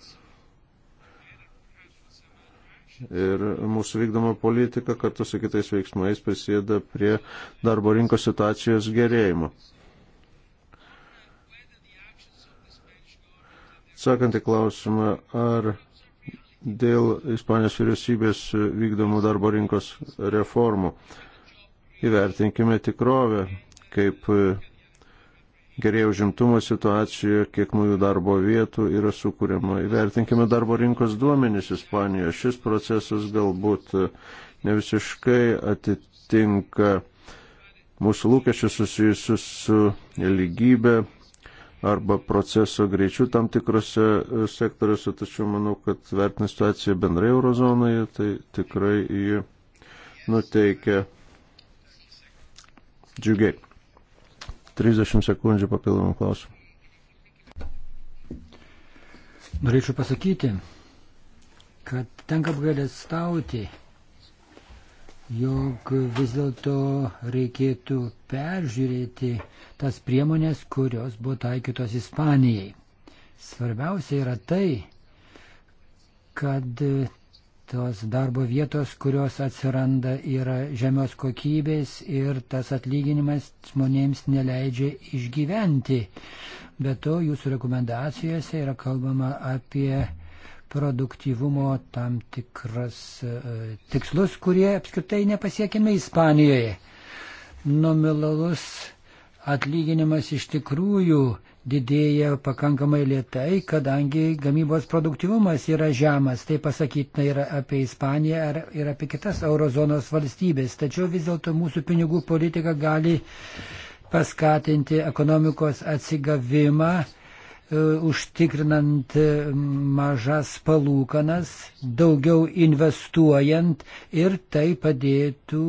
S5: ir mūsų vykdoma politika kartu su kitais veiksmais prisėda prie darbo rinkos situacijos gerėjimo. Sakant į klausimą, ar dėl Ispanijos vyriausybės vykdomų darbo rinkos reformų įvertinkime tikrovę, kaip gerėja užimtumo situacija, kiek naujų darbo vietų yra sukūriama. Įvertinkime darbo rinkos duomenys Ispanijoje. Šis procesas galbūt e, ne visiškai atitinka mūsų lūkesčius susijusius su lygybė arba proceso greičiu tam tikrose e, sektoriuose, tačiau manau, kad vertinant situaciją bendrai eurozonoje, tai tikrai jį nuteikia džiugiai. 30 sekundžių papildomų klausimų.
S2: Norėčiau pasakyti, kad tenka apgailestauti, jog vis dėlto reikėtų peržiūrėti tas priemonės, kurios buvo taikytos Ispanijai. Svarbiausia yra tai, kad tos darbo vietos, kurios atsiranda, yra žemios kokybės ir tas atlyginimas žmonėms neleidžia išgyventi. Be to, jūsų rekomendacijose yra kalbama apie produktyvumo tam tikras e, tikslus, kurie apskritai nepasiekiami Ispanijoje. Nominalus atlyginimas iš tikrųjų didėja pakankamai lietai, kadangi gamybos produktivumas yra žemas. Tai pasakytina yra apie Ispaniją ir apie kitas eurozonos valstybės. Tačiau vis dėlto mūsų pinigų politika gali paskatinti ekonomikos atsigavimą, e, užtikrinant e, mažas palūkanas, daugiau investuojant ir tai padėtų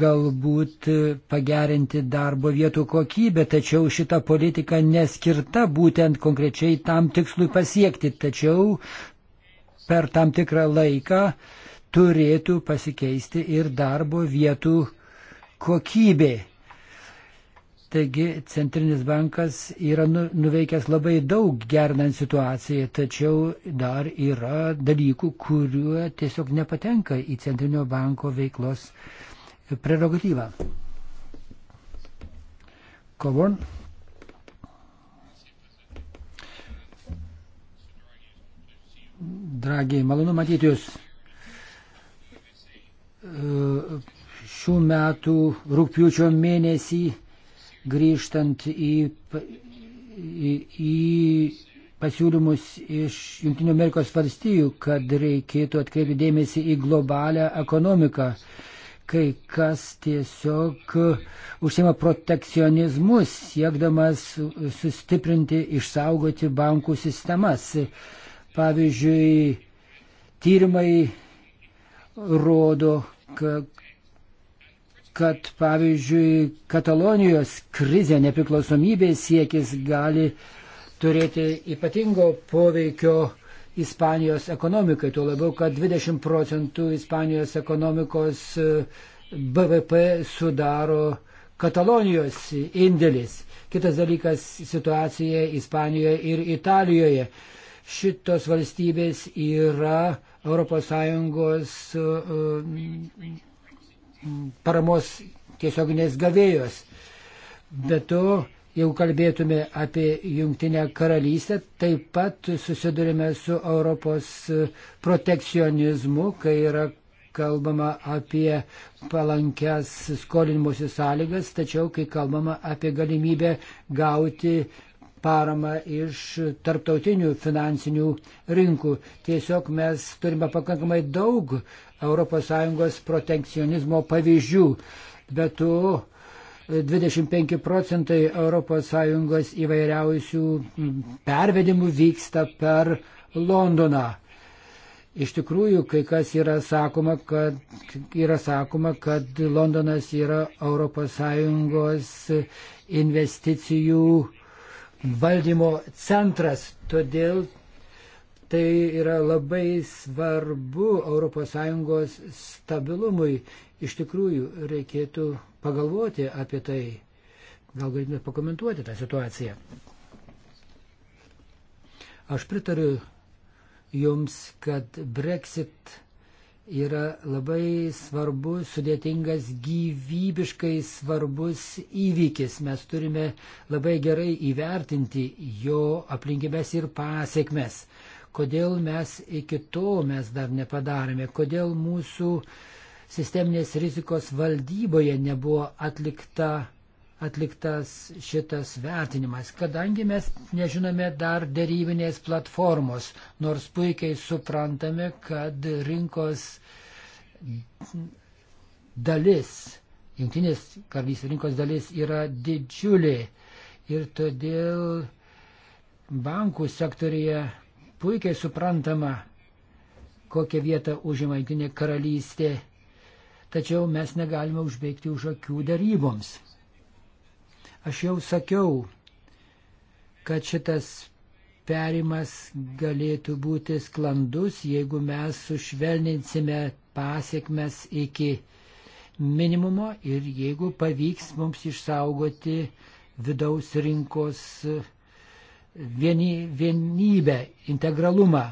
S2: galbūt pagerinti darbo vietų kokybę, tačiau šita politika neskirta būtent konkrečiai tam tikslui pasiekti, tačiau per tam tikrą laiką turėtų pasikeisti ir darbo vietų kokybė. Taigi Centrinis bankas yra nu, nuveikęs labai daug gernant situaciją, tačiau dar yra dalykų, kuriuo tiesiog nepatenka į Centrinio banko veiklos uh, prerogatyvą. Coburn. Dragiai, malonu matyti Jūs. E, šių metų rūpiučio mėnesį grįžtant į, į, į pasiūlymus iš Junktinio Amerikos valstijų, kad reikėtų atkreipti dėmesį į globalią ekonomiką. Uh, kai kas tiesiog užsima protekcionizmu, siekdamas sustiprinti, išsaugoti bankų sistemas. Pavyzdžiui, tyrimai rodo, kad, kad pavyzdžiui, Katalonijos krizė nepriklausomybės siekis gali turėti ypatingo poveikio Ispanijos ekonomikai, tuo labiau, kad 20 procentų Ispanijos ekonomikos e, BVP sudaro Katalonijos indėlis. Kitas dalykas - situacija Ispanijoje ir Italijoje. Šitos valstybės yra ES e, e, paramos tiesioginės gavėjos. Be to, jau kalbėtume apie Jungtinę karalystę, taip pat susidurime su Europos e, protekcionizmu, kai yra kalbama apie palankias skolinimuose sąlygas, tačiau kai kalbama apie galimybę gauti paramą iš tarptautinių finansinių rinkų. Tiesiog mes turime pakankamai daug ES protekcionizmo pavyzdžių. Bet tu 25 procentai ES įvairiausių pervedimų vyksta per Londoną. Iš tikrųjų, kai kas yra sakoma, kad, yra sakoma, kad Londonas yra ES investicijų valdymo centras, todėl tai yra labai svarbu ES stabilumui. Iš tikrųjų, reikėtų pagalvoti apie tai. Gal galime pakomentuoti tą situaciją. Aš pritariu Jums, kad Brexit yra labai svarbus, sudėtingas, gyvybiškai svarbus įvykis. Mes turime labai gerai įvertinti jo aplinkybės ir pasiekmes. Kodėl mes iki to mes dar nepadarėme, kodėl mūsų uh, sisteminės rizikos valdyboje nebuvo atlikta, atliktas šitas vertinimas, kadangi mes nežinome dar dėrybinės platformos, nors puikiai suprantame, kad rinkos dalis, jungtinės karalystės rinkos dalis yra didžiulė ir todėl bankų sektorija puikiai suprantama, kokią vietą užima jungtinė karalystė tačiau mes negalime užbeigti už akių daryboms. Aš jau sakiau, kad šitas perimas galėtų būti sklandus, jeigu mes sušvelninsime pasiekmes iki minimumo ir jeigu pavyks mums išsaugoti vidaus rinkos vieni, vienybę, integralumą.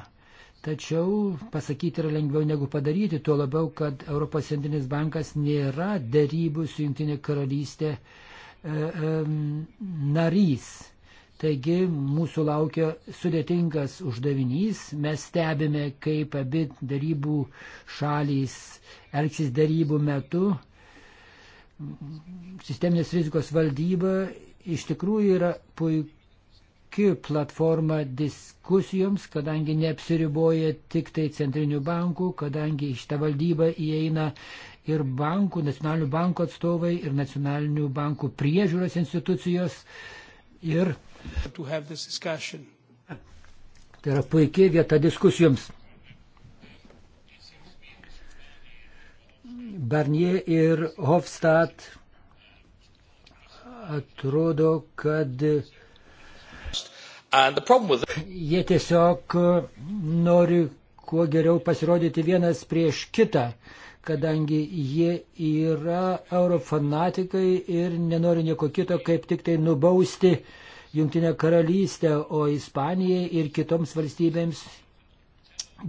S2: Tačiau pasakyti yra lengviau negu padaryti, tuo labiau, kad Europos centrinis bankas nėra dėrybų su Junktinė karalystė e, e, narys. Taigi mūsų laukia sudėtingas uždavinys, mes stebime, kaip abi dėrybų šalys elgsis dėrybų metu. Sisteminės rizikos valdyba iš tikrųjų yra puikiai puikia platforma diskusijoms, kadangi neapsiriboja tik tai centrinių bankų, kadangi į šitą valdybą įeina ir bankų, nacionalinių bankų atstovai, ir nacionalinių bankų priežiūros institucijos. Ir tai yra puikia vieta diskusijoms. Barnier ir Hofstad atrodo, kad With... Jie tiesiog e, nori kuo geriau pasirodyti vienas prieš kitą, kadangi jie yra eurofanatikai ir nenori nieko kito, kaip tik tai nubausti Junktinę karalystę, o Ispanijai ir kitoms valstybėms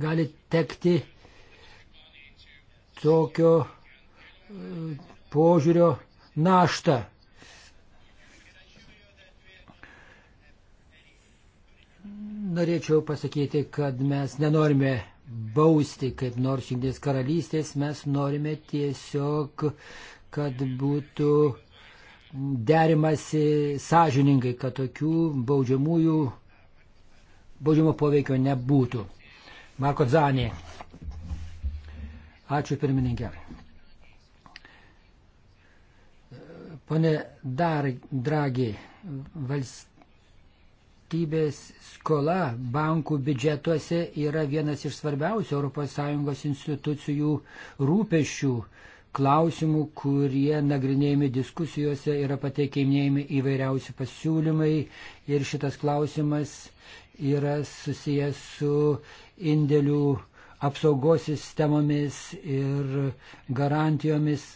S2: gali tekti tokio e, požiūrio naštą. Norėčiau pasakyti, kad mes nenorime bausti kaip nors Junktinės karalystės, mes norime tiesiog, kad būtų derimasi sąžiningai, kad tokių baudžiamųjų, baudžiamo poveikio nebūtų. Marko Zanė. Ačiū pirmininkė. Pone Dragi, valstybė valstybės skola bankų biudžetuose yra vienas iš svarbiausių ES institucijų rūpešių klausimų, kurie nagrinėjami diskusijose, yra pateikiminėjami įvairiausi pasiūlymai ir šitas klausimas yra susijęs su indėlių apsaugos sistemomis ir garantijomis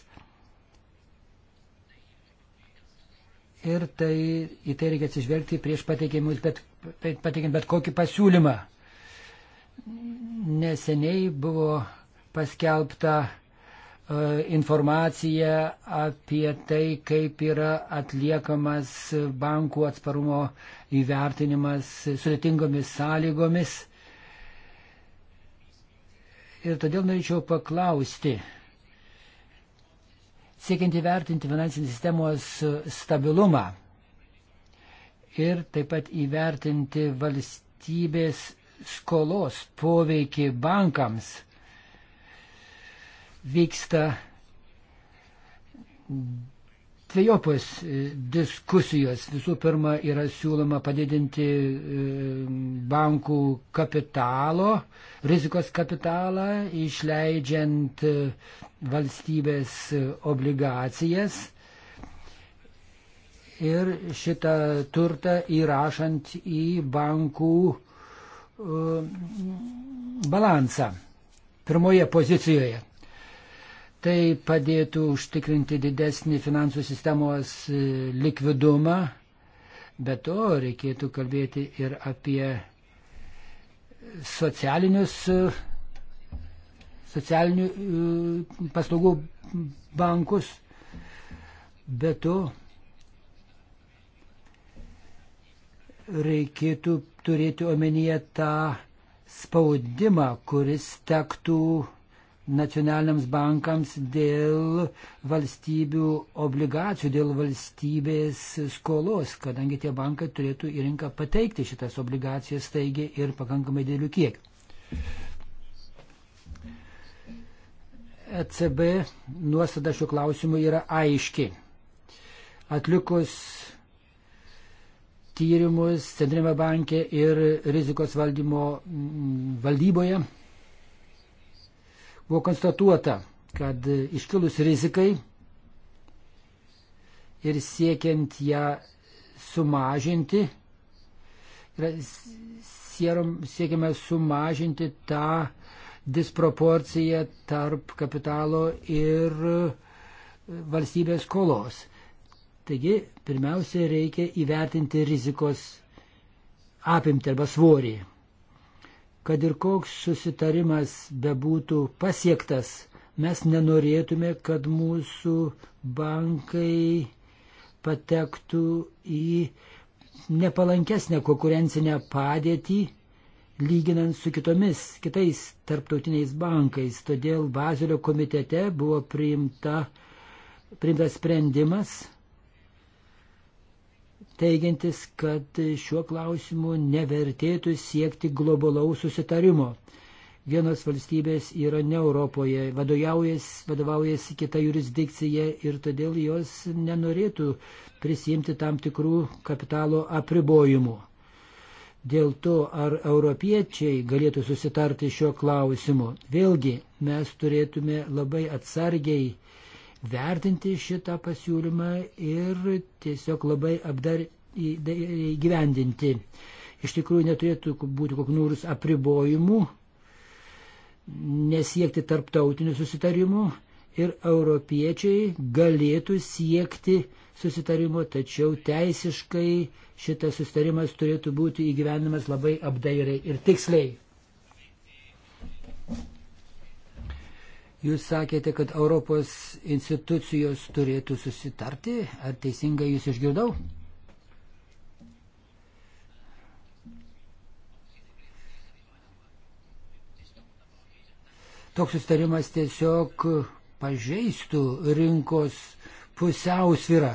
S2: ir tai, į tai reikia atsižvelgti prieš pateikimus, bet, pateikiant bet kokį pasiūlymą. Neseniai buvo paskelbta uh, informacija apie tai, kaip yra atliekamas bankų atsparumo įvertinimas sudėtingomis sąlygomis. Ir todėl norėčiau paklausti, siekiant įvertinti finansinės sistemos stabilumą ir taip pat įvertinti valstybės skolos poveikį bankams vyksta tvejopos e, diskusijos. Visų pirma, yra siūloma padidinti e, bankų kapitalo, rizikos kapitalą, išleidžiant e, valstybės obligacijas ir šitą turtą įrašant į bankų balansą pirmoje pozicijoje. Tai padėtų užtikrinti didesnį finansų sistemos e, likvidumą, bet to reikėtų kalbėti ir apie socialinius, e, socialinių e, paslaugų bankus, bet to reikėtų turėti omenyje tą spaudimą, kuris tektų nacionaliniams bankams dėl valstybių obligacijų, dėl valstybės skolos, kadangi tie bankai turėtų į rinką pateikti šitas obligacijas taigi ir pakankamai dėlių kiek. ECB nuostada šiuo klausimu yra aiški. Atlikus tyrimus Centrinėme banke ir rizikos valdymo valdyboje Buvo konstatuota, kad iškilus rizikai ir siekiant ją sumažinti, siekiame sumažinti tą disproporciją tarp kapitalo ir e, valstybės skolos. Taigi, pirmiausia, reikia įvertinti rizikos apimti arba svorį kad ir koks susitarimas bebūtų pasiektas, mes nenorėtume, kad mūsų bankai patektų į nepalankesnę konkurencinę padėtį lyginant su kitomis, kitais tarptautiniais bankais. Todėl Bazilio komitete buvo priimta, priimtas sprendimas teigiantis, kad šiuo klausimu nevertėtų siekti globalaus susitarimo. Vienos valstybės yra ne Europoje, vadovaujasi kita jurisdikcija ir todėl jos nenorėtų prisimti tam tikrų kapitalo apribojimų. Dėl to, ar europiečiai galėtų susitarti šiuo klausimu, vėlgi mes turėtume labai atsargiai vertinti šitą pasiūlymą ir tiesiog labai apdar įgyvendinti. Iš tikrųjų neturėtų būti kokių nors apribojimų, nesiekti tarptautinių susitarimų ir europiečiai galėtų siekti susitarimo, tačiau teisiškai šitas susitarimas turėtų būti įgyvenimas labai apdairiai ir tiksliai. Jūs sakėte, kad Europos institucijos turėtų susitarti. Ar teisingai jūs išgirdau? Toks sustarimas tiesiog pažeistų rinkos pusiausvyrą.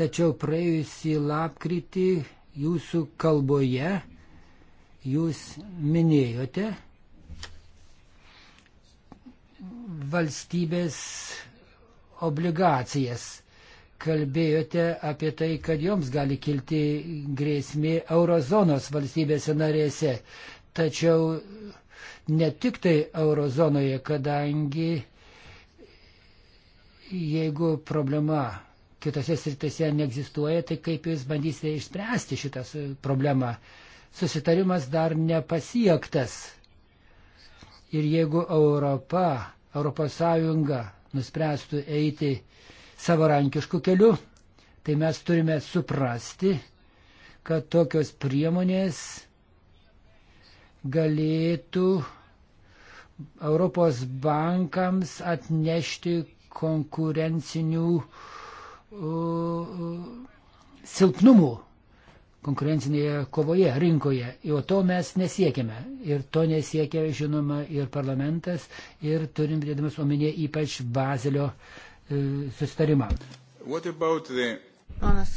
S2: Tačiau praėjusį lapkritį jūsų kalboje jūs minėjote, valstybės obligacijas. Kalbėjote apie tai, kad joms gali kilti grėsmė eurozonos valstybėse narėse. Tačiau ne tik tai eurozonoje, kadangi jeigu problema kitose sritise neegzistuoja, tai kaip jūs bandysite išspręsti šitą problemą? Susitarimas dar nepasiektas Ir jeigu Europa, ES nuspręstų eiti savarankišku keliu, tai mes turime suprasti, kad tokios priemonės galėtų Europos bankams atnešti konkurencinių uh, silpnumų konkurencinėje kovoje rinkoje. O to mes nesiekime. Ir to nesiekia, žinoma, ir parlamentas, ir turim dėdamas omenyje ypač Bazelio e, susitarimą. The...
S4: Ponas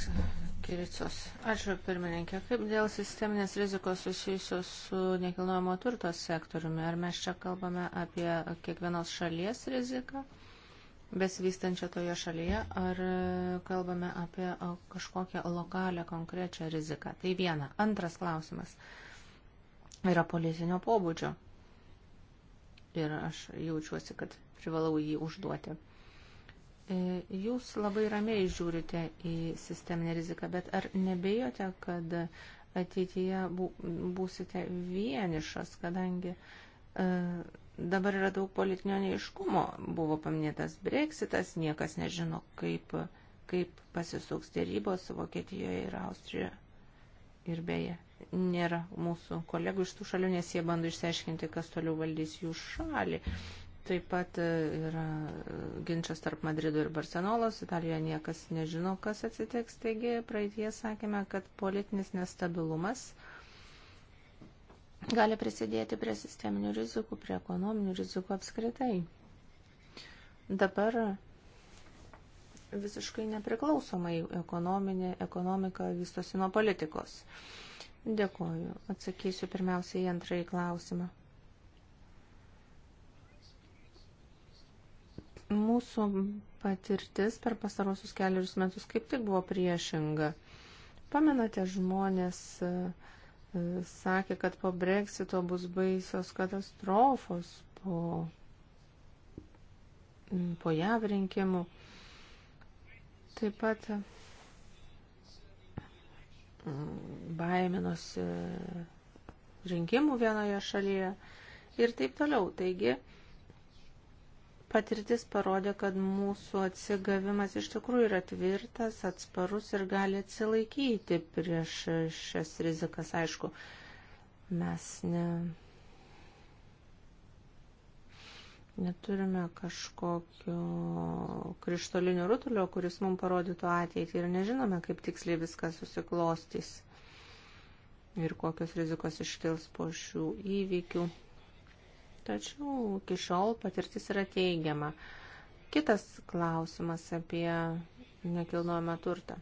S4: Kiricos, ačiū pirmininkė. Kaip dėl sisteminės rizikos susijusios su nekilnojamo turto sektoriumi? Ar mes čia kalbame apie kiekvienos šalies riziką? besivystančią toje šalyje, ar kalbame apie kažkokią lokalią konkrečią riziką. Tai viena. Antras klausimas yra politinio pobūdžio. Ir aš jaučiuosi, kad privalau jį užduoti. E, jūs labai ramiai žiūrite į sisteminę riziką, bet ar nebejote, kad ateityje būsite vienišas, kadangi uh, dabar yra daug politinio neiškumo. Buvo paminėtas Brexitas, niekas nežino, kaip, kaip pasisuks dėrybos Vokietijoje ir Austrijoje. Ir beje, nėra mūsų kolegų iš tų šalių, nes jie bando išsiaiškinti, kas toliau valdys jų šalį. Taip pat e, yra ginčas tarp Madrido ir Barcelonos. Italijoje niekas nežino, kas atsitiks. Taigi praeitie sakėme, kad politinis nestabilumas uh, gali prisidėti prie sisteminių rizikų, prie ekonominių rizikų apskritai. Dabar visiškai nepriklausomai ekonominė ekonomika vystosi nuo politikos. Dėkoju. Atsakysiu pirmiausiai į antrąjį klausimą. Mūsų patirtis per pastarosius keliarius metus kaip tik buvo priešinga. Pamenate, žmonės uh, sakė, kad po breksito bus baisios katastrofos po, po jav rinkimų. Taip pat mm, baiminosi rinkimų vienoje šalyje ir taip toliau. Taigi, Patirtis parodė, kad mūsų atsigavimas iš tikrųjų yra tvirtas, atsparus ir gali atsilaikyti prieš šias rizikas. Aišku, mes ne, neturime kažkokio krištolinio rutulio, kuris mums parodytų ateitį ir nežinome, kaip tiksliai viskas susiklostys ir kokios rizikos iškils po šių įvykių. Tačiau iki šiol patirtis yra teigiama. Kitas klausimas apie nekilnojamą turtą.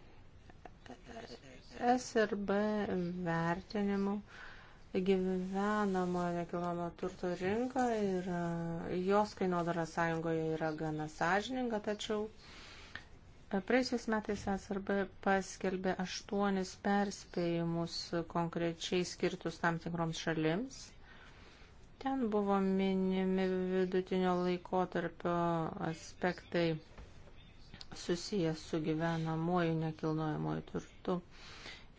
S4: SRB vertinimu gyvenamo nekilnojamo turto rinka ir jos kainodara sąjungoje yra gana sąžininga, tačiau praėjusiais metais SRB paskelbė aštuonis perspėjimus konkrečiai skirtus tam tikroms šalims Ten buvo minimi vidutinio laikotarpio aspektai susijęs su gyvenamuoju nekilnojamuoju turtu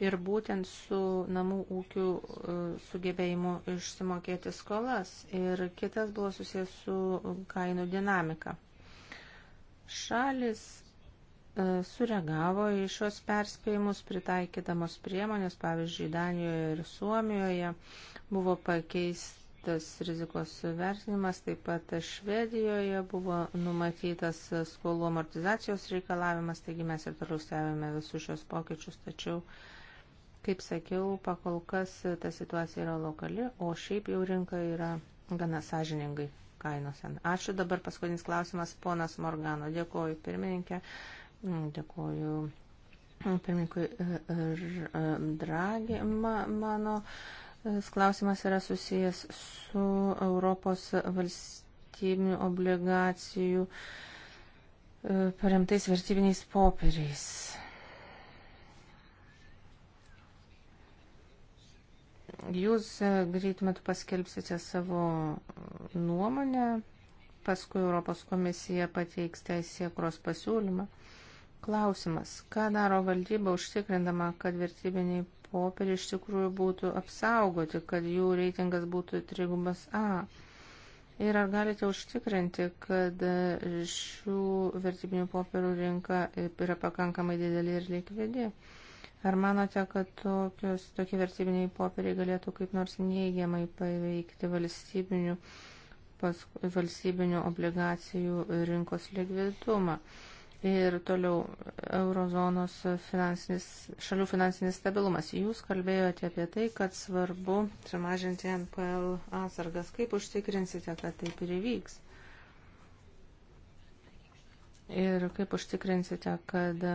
S4: ir būtent su namų ūkių e, sugebėjimu išsimokėti skolas. Ir kitas buvo susijęs su kainų dinamika. Šalis e, sureagavo į šios perspėjimus pritaikydamos priemonės, pavyzdžiui, Danijoje ir Suomijoje buvo pakeista tas rizikos vertinimas, taip pat Švedijoje buvo numatytas skolų amortizacijos reikalavimas, taigi mes ir toliau stebime visus šios pokyčius, tačiau, kaip sakiau, pakol kas ta situacija yra lokali, o šiaip jau rinka yra gana sąžiningai kainose. Ačiū. Dabar paskutinis klausimas, ponas Morgano. Dėkoju pirmininkė, dėkoju pirmininkui e, e, Dragi mano Klausimas yra susijęs su Europos valstybinių obligacijų e, paremtais vertybiniais popieriais. Jūs e, greit metu paskelbsite savo nuomonę, paskui Europos komisija pateiks teisėkros pasiūlymą. Klausimas, ką daro valdyba užtikrindama, kad vertybiniai popieriai iš tikrųjų būtų apsaugoti, kad jų reitingas būtų trigumas A. Ir ar galite užtikrinti, kad šių vertybinių popierių rinka yra pakankamai didelė ir likvidi? Ar manote, kad tokios, tokie vertybiniai popieriai galėtų kaip nors neigiamai paveikti valstybinių, pas, valstybinių obligacijų rinkos likvidumą? Ir toliau eurozonos finansinis, šalių finansinis stabilumas. Jūs kalbėjote apie tai, kad svarbu sumažinti NPL atsargas. Kaip užtikrinsite, kad taip ir įvyks? Ir kaip užtikrinsite, kad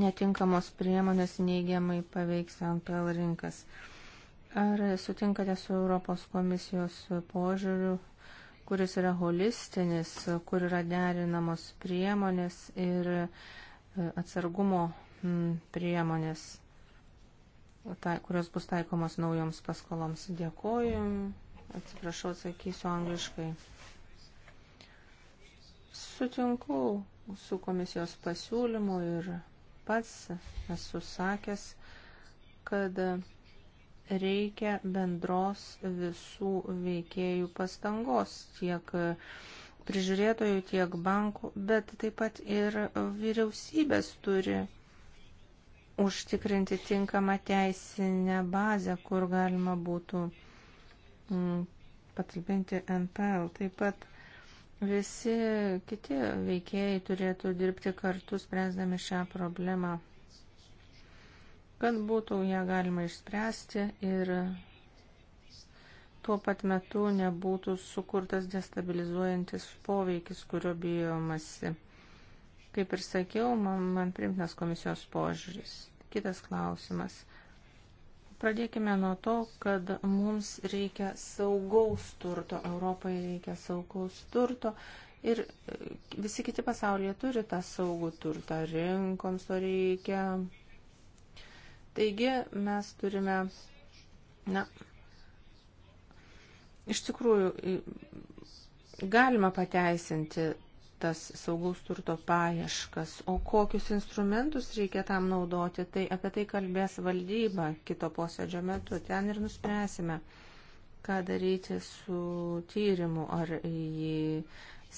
S4: netinkamos priemonės neigiamai paveiks NPL rinkas? Ar sutinkate su Europos komisijos požiūriu kuris yra holistinis, kur yra derinamos priemonės ir e, atsargumo priemonės, tai, kurios bus taikomos naujoms paskoloms. Dėkoju, atsiprašau, atsakysiu angliškai. Sutinku su komisijos pasiūlymu ir pats esu sakęs, kad reikia bendros visų veikėjų pastangos, tiek prižiūrėtojų, tiek bankų, bet taip pat ir vyriausybės turi užtikrinti tinkamą teisinę bazę, kur galima būtų mm, patalpinti NPL. Taip pat visi kiti veikėjai turėtų dirbti kartu, spręsdami šią problemą kad būtų ją galima išspręsti ir tuo pat metu nebūtų sukurtas destabilizuojantis poveikis, kurio bijomasi. Kaip ir sakiau, man, man primtinas komisijos požiūris. Kitas klausimas. Pradėkime nuo to, kad mums reikia saugaus turto, Europai reikia saugaus turto ir e, visi kiti pasaulyje turi tą saugų turtą, rinkoms to reikia, Taigi mes turime, na, iš tikrųjų, galima pateisinti tas saugaus turto paieškas, o kokius instrumentus reikia tam naudoti, tai apie tai kalbės valdyba kito posėdžio metu. Ten ir nuspręsime, ką daryti su tyrimu, ar jį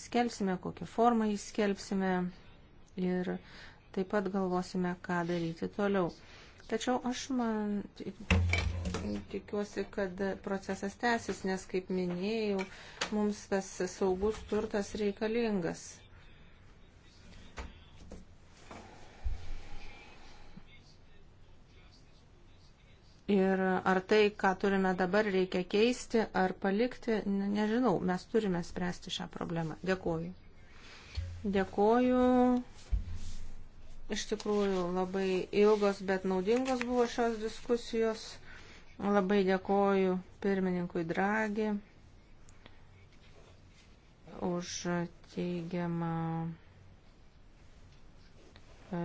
S4: skelbsime, kokią formą jį skelbsime ir taip pat galvosime, ką daryti toliau. Tačiau aš man tikiuosi, kad procesas tęsis, nes, kaip minėjau, mums tas saugus turtas reikalingas. Ir ar tai, ką turime dabar, reikia keisti ar palikti, nežinau, mes turime spręsti šią problemą. Dėkuoju. Dėkuoju. Iš tikrųjų labai ilgos, bet naudingos buvo šios diskusijos. Labai dėkoju pirmininkui Dragi už teigiamą e,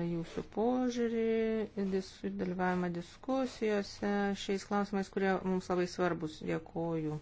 S4: jūsų požiūrį, dis, dalyvavimą diskusijose šiais klausimais, kurie mums labai svarbus. Dėkoju.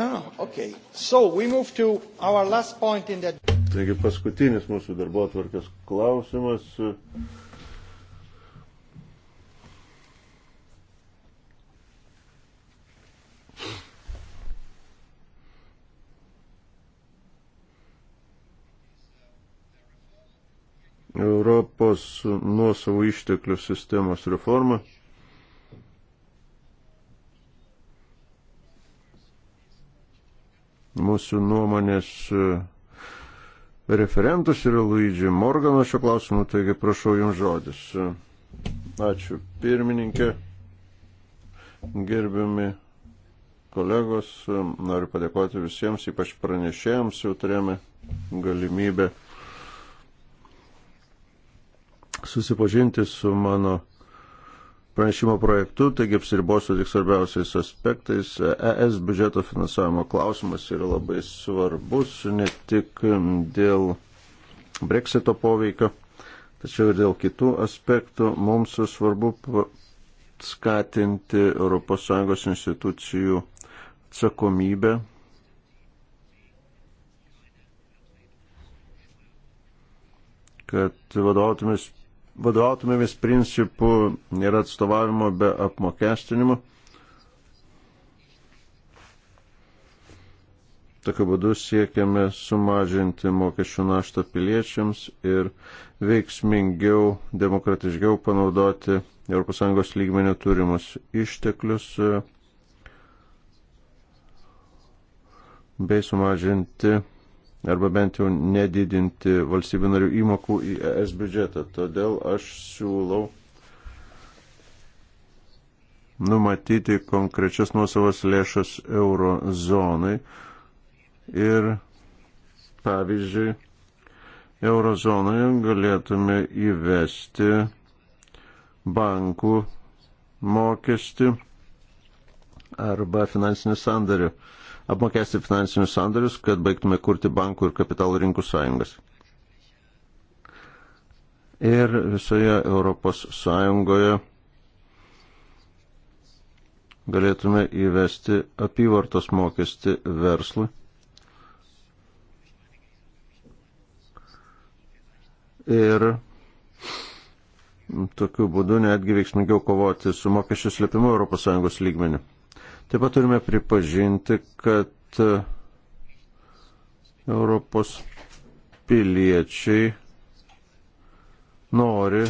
S1: Oh, okay. so the...
S5: Taigi paskutinis mūsų darbo atvarkės klausimas. Europos nuosavų išteklių sistemos reforma. mūsų nuomonės e, referentus yra Luidži Morganas šio klausimu, taigi prašau jums žodis. E, ačiū pirmininkė, gerbiami kolegos, e, noriu padėkoti visiems, ypač pranešėjams jau turėjome galimybę susipažinti su mano pranešimo projektu, taigi apsiribosiu tik svarbiausiais aspektais. ES biudžeto finansavimo klausimas yra labai svarbus ne tik dėl breksito poveikio, tačiau ir dėl kitų aspektų. Mums svarbu skatinti ES institucijų atsakomybę. kad vadovautumės vadovautumėmės principų ir atstovavimo be apmokestinimo. Tokiu būdu siekiame sumažinti mokesčių naštą piliečiams ir veiksmingiau, demokratiškiau panaudoti ES lygmenio turimus išteklius e, bei sumažinti arba bent jau nedidinti valstybių narių įmokų į ES biudžetą. Todėl aš siūlau numatyti konkrečias nuosavas lėšas eurozonai ir pavyzdžiui, eurozonoje galėtume įvesti bankų mokestį arba finansinį sandarį apmokesti finansinius sandarius, kad baigtume kurti bankų ir kapitalų rinkų sąjungas. Ir visoje Europos sąjungoje galėtume įvesti apyvartos mokestį verslui. Ir tokiu būdu netgi veiksmingiau kovoti su mokesčių slėpimu ES lygmeniu. Taip pat turime pripažinti, kad e, Europos piliečiai nori,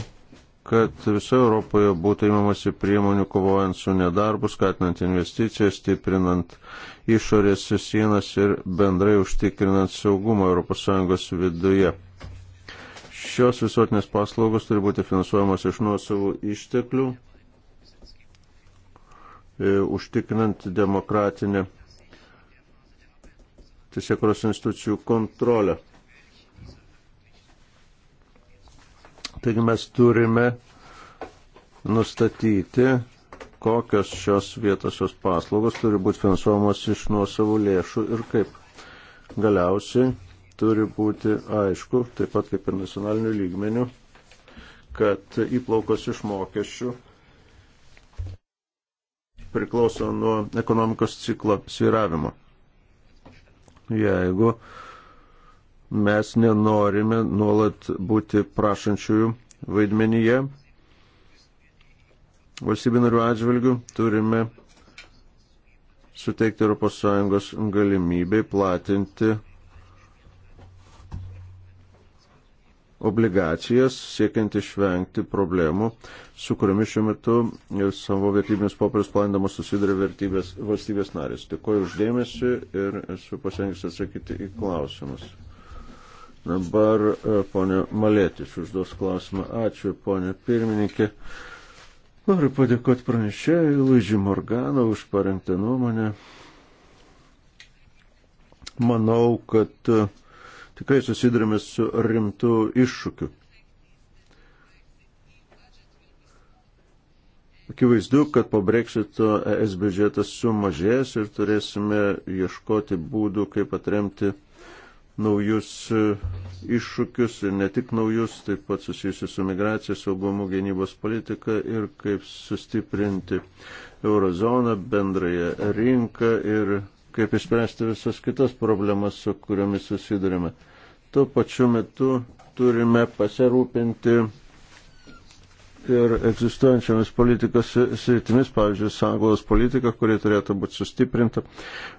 S5: kad visoje Europoje būtų įmamasi priemonių kovojant su nedarbu, skatinant investicijas, stiprinant išorės sienas ir bendrai užtikrinant saugumą ES viduje. Šios visuotinės paslaugos turi būti finansuojamos iš nuosavų išteklių E, užtikrinant demokratinę teisėkuros institucijų kontrolę. Taigi mes turime nustatyti, kokios šios vietosios paslaugos turi būti finansuojamos iš nuosavų lėšų ir kaip. Galiausiai turi būti aišku, taip pat kaip ir nacionaliniu lygmeniu, kad įplaukos iš mokesčių priklauso nuo ekonomikos ciklo sviravimo. Jeigu mes nenorime nuolat būti prašančiųjų vaidmenyje, valstybių narių atžvilgių turime suteikti ES galimybę platinti obligacijas, siekiant išvengti problemų, su kuriomis šiuo metu savo vertybinius popierius planindamos susiduria vertybės, valstybės narės. Dėkuoju uždėmesi ir esu pasirengęs atsakyti į klausimus. Dabar e, ponė Malėtis užduos klausimą. Ačiū, ponė pirmininkė. Noriu padėkoti pranešėjui Luigi Morgano už parengtą nuomonę. Manau, kad uh, tikrai susidurime su rimtu iššūkiu. Akivaizdu, kad po breksito ES biudžetas sumažės ir turėsime ieškoti būdų, kaip atremti naujus iššūkius ir ne tik naujus, taip pat susijusius su migracija, saugumu, gynybos politika ir kaip sustiprinti eurozoną, bendrąją rinką ir kaip išspręsti visas kitas problemas, su kuriomis susidurime tuo pačiu metu turime pasirūpinti ir egzistuojančiamis politikos sritimis, pavyzdžiui, sąjungos politika, kuri turėtų būti sustiprinta,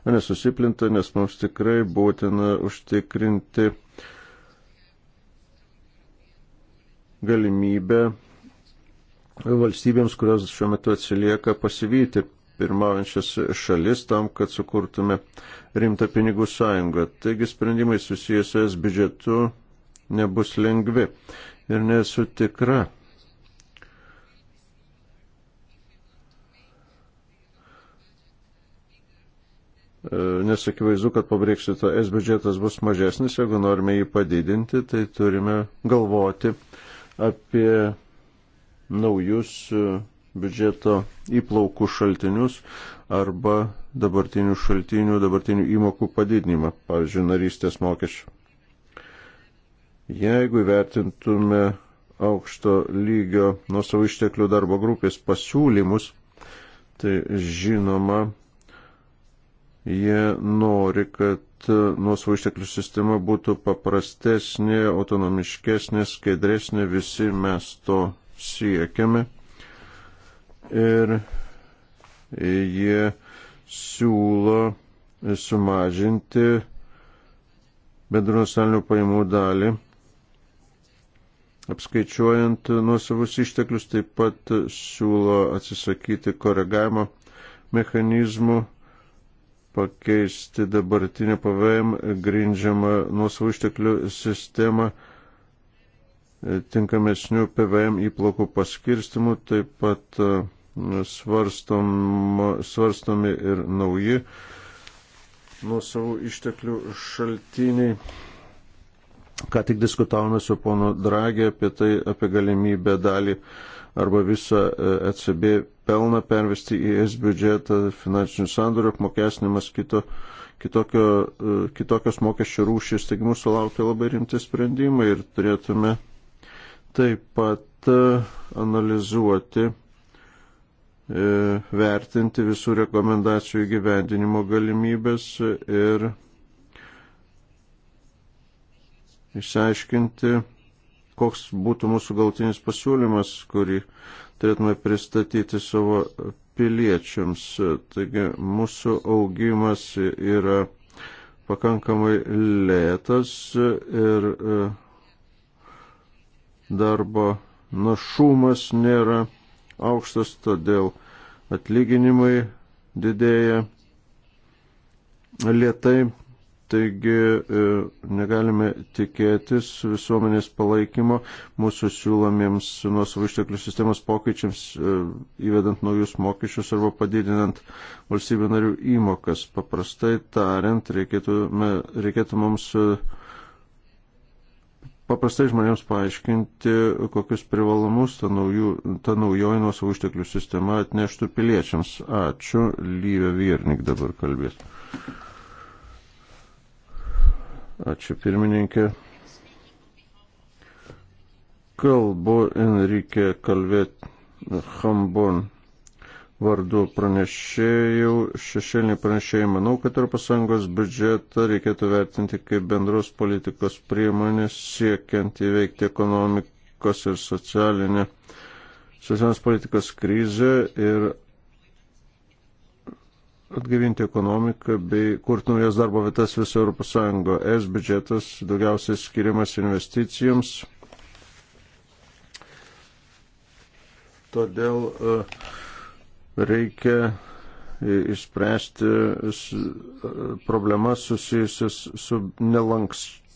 S5: o nesusiplinta, nes mums tikrai būtina užtikrinti galimybę valstybėms, kurios šiuo metu atsilieka, pasivyti pirmaujančias šalis tam, kad sukurtume rimtą pinigų sąjungą. Taigi sprendimai susijęs su es biudžetu nebus lengvi. Ir nesu tikra, nes akivaizdu, kad pabrėksito S biudžetas bus mažesnis, jeigu norime jį padidinti, tai turime galvoti apie naujus biudžeto įplaukų šaltinius arba dabartinių šaltinių, dabartinių įmokų padidinimą, pavyzdžiui, narystės mokesčių. Jeigu vertintume aukšto lygio nuo savo išteklių darbo grupės pasiūlymus, tai žinoma, jie nori, kad nuo savo išteklių sistema būtų paprastesnė, autonomiškesnė, skaidresnė, visi mes to siekiame ir jie siūlo sumažinti bendrų nacionalinių pajamų dalį, apskaičiuojant nuosavus išteklius, taip pat siūlo atsisakyti koregavimo mechanizmų, pakeisti dabartinę PVM grindžiamą nuosavų išteklių sistemą e, tinkamesnių PVM įplaukų paskirstimų, taip pat uh, svarstom, svarstomi ir nauji nuo savo išteklių šaltiniai. Ką tik diskutavome su pono Dragė apie tai, apie galimybę dalį arba visą ECB e pelną pervesti į ES biudžetą, finansinių sandorių apmokesnimas kito, kitokio, e, kitokios mokesčių rūšys, taigi mūsų laukia labai rimti sprendimai ir turėtume taip pat e, analizuoti E, vertinti visų rekomendacijų gyvendinimo galimybės ir išsiaiškinti, koks būtų mūsų galtinis pasiūlymas, kurį turėtume pristatyti savo piliečiams. Taigi mūsų augimas yra pakankamai lėtas ir e, darbo našumas nėra aukštas, todėl atlyginimai didėja lietai, taigi e, negalime tikėtis visuomenės palaikymo mūsų siūlomiems nuosavų išteklių sistemos pokyčiams, e, įvedant naujus mokesčius arba padidinant valstybių narių įmokas. Paprastai tariant, reikėtų, reikėtų mums e, paprastai žmonėms paaiškinti, kokius privalumus ta, naujų, ta naujoji nuosavų išteklių sistema atneštų piliečiams. Ačiū, Lyve Viernik dabar kalbės. Ačiū pirmininkė. Kalbu Enrique Kalvėt Hambon vardu pranešėjų, šešėlinį pranešėjų. Manau, kad ES biudžetą reikėtų vertinti kaip bendros politikos priemonę siekiant įveikti ekonomikos ir socialinę, socialinės politikos krizę ir atgyvinti ekonomiką bei kurti naujas darbo vietas viso Europos Sąjungo. Es biudžetas daugiausiai skiriamas investicijoms. Todėl uh, reikia išspręsti problemas susijusias su nelankstumu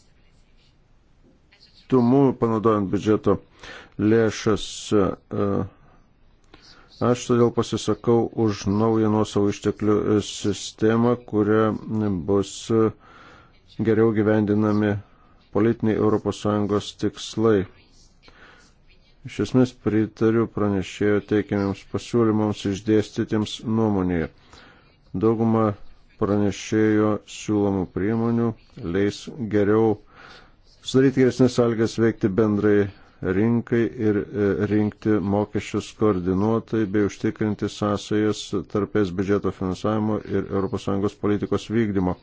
S5: panaudojant biudžeto lėšas. E, aš todėl pasisakau už naują nuosavų išteklių sistemą, kuria bus geriau gyvendinami politiniai ES tikslai. Iš esmės pritariu pranešėjo teikiamiams pasiūlymams išdėstytiems nuomonėje. Dauguma pranešėjo siūlomų priemonių leis geriau sudaryti geresnės sąlygas veikti bendrai rinkai ir e, rinkti mokesčius koordinuotai bei užtikrinti sąsajas tarpės biudžeto finansavimo ir ES politikos vykdymo.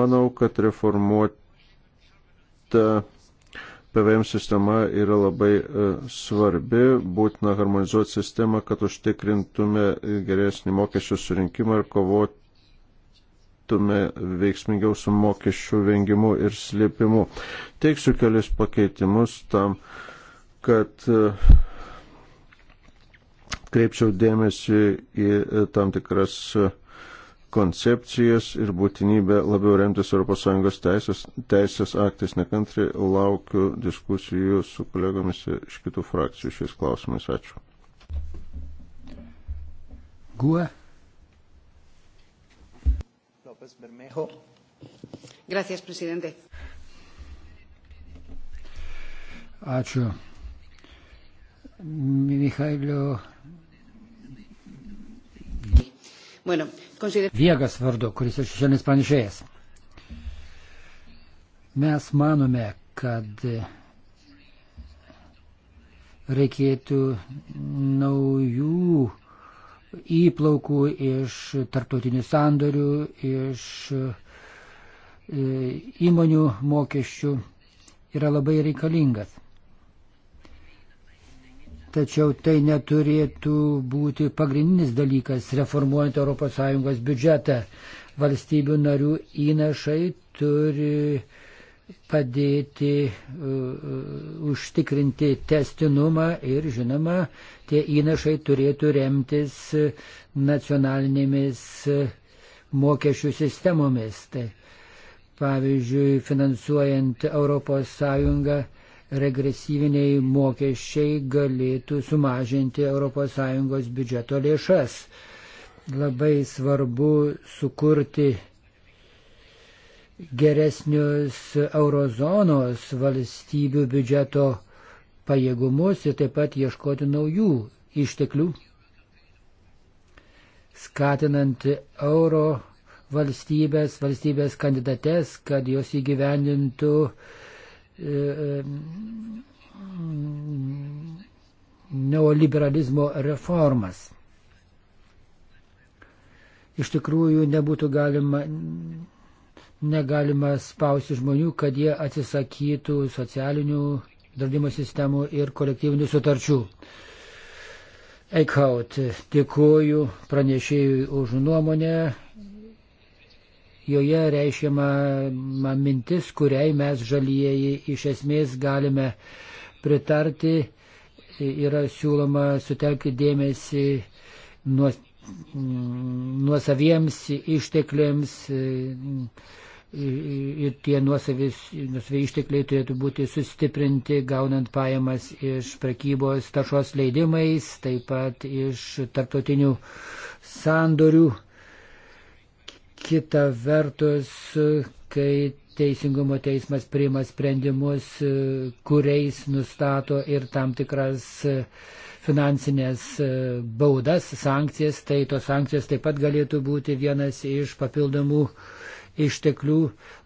S5: Manau, kad reformuota PVM sistema yra labai e, svarbi, būtina harmonizuoti sistemą, kad užtikrintume geresnį mokesčių surinkimą ir kovotume veiksmingiau su mokesčių vengimu ir slėpimu. Teiksiu kelius pakeitimus tam, kad e, kreipčiau dėmesį į e, tam tikras koncepcijas ir būtinybę labiau remtis ES teisės, teisės aktais. Nekantri laukiu diskusijų su kolegomis iš kitų frakcijų šiais klausimais. Ačiū.
S2: Gue.
S1: López Bermejo. Gracias, presidente.
S2: Ačiū. Michailio Bueno, consider... Viegas vardu, kuris yra šešėlinis pranešėjas. Mes manome, kad reikėtų naujų įplaukų iš tarptautinių sandorių, iš e, įmonių mokesčių yra labai reikalingas. Tačiau tai neturėtų būti pagrindinis dalykas reformuojant ES biudžetą. Valstybių narių įnašai turi padėti uh, uh užtikrinti testinumą ir, žinoma, tie įnašai turėtų remtis nacionalinėmis uh, mokesčių sistemomis. Tai, pavyzdžiui, finansuojant ES regresyviniai mokesčiai galėtų sumažinti ES biudžeto lėšas. Labai svarbu sukurti geresnius eurozonos valstybių biudžeto pajėgumus ir taip pat ieškoti naujų išteklių, skatinant euro valstybės, valstybės kandidates, kad jos įgyvendintų uh, neoliberalizmo reformas. Iš tikrųjų, nebūtų galima, negalima spausti žmonių, kad jie atsisakytų socialinių draudimo sistemų ir kolektyvinių sutarčių. Eikhaut, dėkuoju pranešėjui už nuomonę, Joje reiškiama mintis, kuriai mes žalieji iš esmės galime pritarti, yra siūloma sutelkti dėmesį nuo, mm, nuosaviems ištekliams e, ir tie nuosavis, nuosavi ištekliai turėtų būti sustiprinti, gaunant pajamas iš prekybos taršos leidimais, taip pat iš tarptautinių sandorių. Kita vertus, kai Teisingumo teismas priima sprendimus, kuriais nustato ir tam tikras finansinės baudas, sankcijas, tai tos sankcijos taip pat galėtų būti vienas iš papildomų išteklių.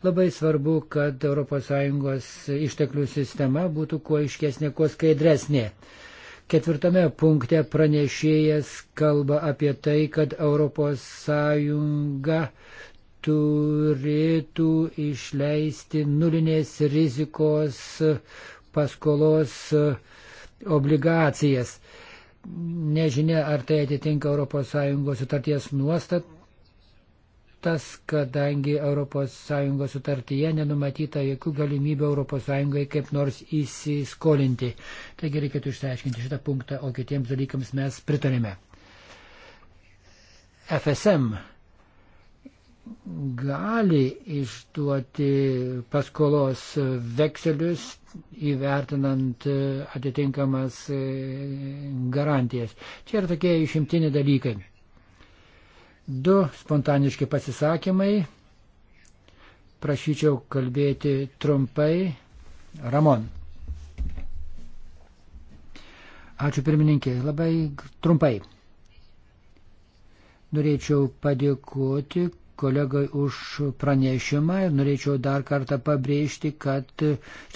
S2: Labai svarbu, kad ES išteklių sistema būtų kuo iškesnė, kuo skaidresnė. Ketvirtame punkte pranešėjas kalba apie tai, kad ES turėtų išleisti nulinės rizikos paskolos obligacijas. Nežinia, ar tai atitinka ES sutarties nuostat, tas, kadangi ES sutartyje nenumatyta jokių galimybių ES kaip nors įsiskolinti. Taigi reikėtų išsiaiškinti šitą punktą, o kitiems dalykams mes pritarėme. FSM gali išduoti paskolos vekselius įvertinant atitinkamas garantijas. Čia yra tokie išimtini dalykai. Du spontaniški pasisakymai. Prašyčiau kalbėti trumpai. Ramon. Ačiū pirmininkė. Labai trumpai. Norėčiau padėkoti kolegai už pranešimą ir norėčiau dar kartą pabrėžti, kad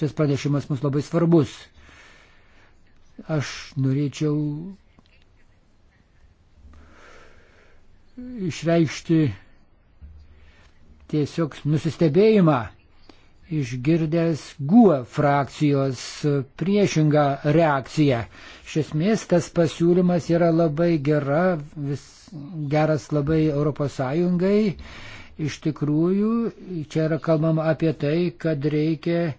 S2: šis pranešimas mums labai svarbus. Aš norėčiau išreikšti tiesiog nusistebėjimą išgirdęs GUE frakcijos priešingą reakciją. Iš esmės tas pasiūlymas yra labai gera, vis, geras labai ES. Iš tikrųjų, čia yra kalbama apie tai, kad reikia e,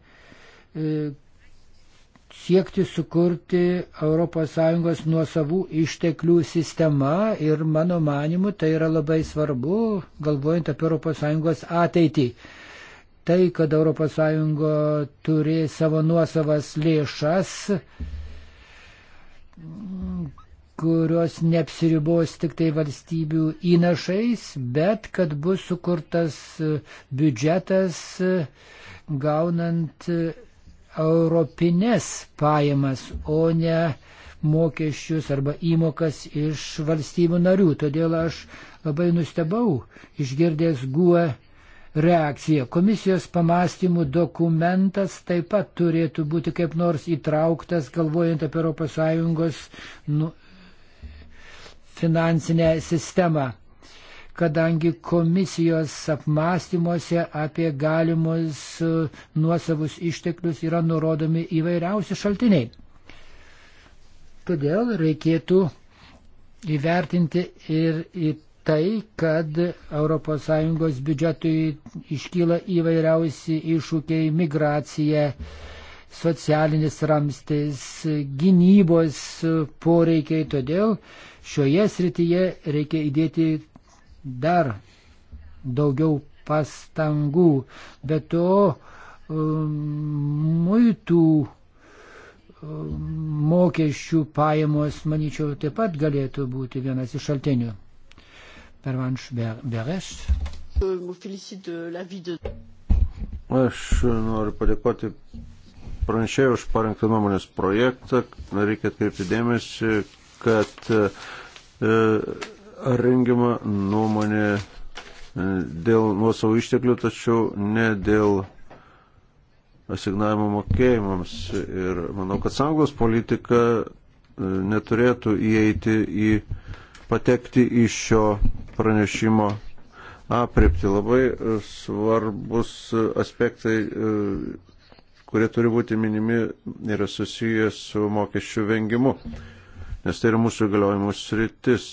S2: siekti sukurti ES nuosavų išteklių sistemą ir mano manimu tai yra labai svarbu, galvojant apie ES ateitį. Tai, kad ES turi savo nuosavas lėšas, kurios neapsiribos tik tai valstybių įnašais, bet kad bus sukurtas biudžetas gaunant europines pajamas, o ne mokesčius arba įmokas iš valstybių narių. Todėl aš labai nustebau išgirdęs GUE reakciją. Komisijos pamastymų dokumentas taip pat turėtų būti kaip nors įtrauktas, galvojant apie ES nu, finansinę sistemą kadangi komisijos apmąstymuose apie galimus e, nuosavus išteklius yra nurodomi įvairiausi šaltiniai. Todėl reikėtų įvertinti ir į tai, kad ES biudžetui iškyla įvairiausi iššūkiai - migracija, socialinis ramstis, gynybos poreikiai. Todėl šioje srityje reikia įdėti dar daugiau pastangų, bet to um, muitų um, mokesčių pajamos, manyčiau, taip pat galėtų būti vienas iš šaltinių. Pervanš Beres.
S5: Aš noriu padėkoti pranešėjai už parengtą nuomonės projektą. Reikia atkreipti dėmesį, kad e, rengiama nuomonė e, dėl nuosavų išteklių, tačiau ne dėl asignavimo mokėjimams. Ir manau, kad sąjungos politika e, neturėtų įeiti į patekti iš šio pranešimo aprepti. Labai e, svarbus aspektai, kurie turi būti minimi, yra susijęs su mokesčių vengimu nes tai yra mūsų įgaliojimus rytis.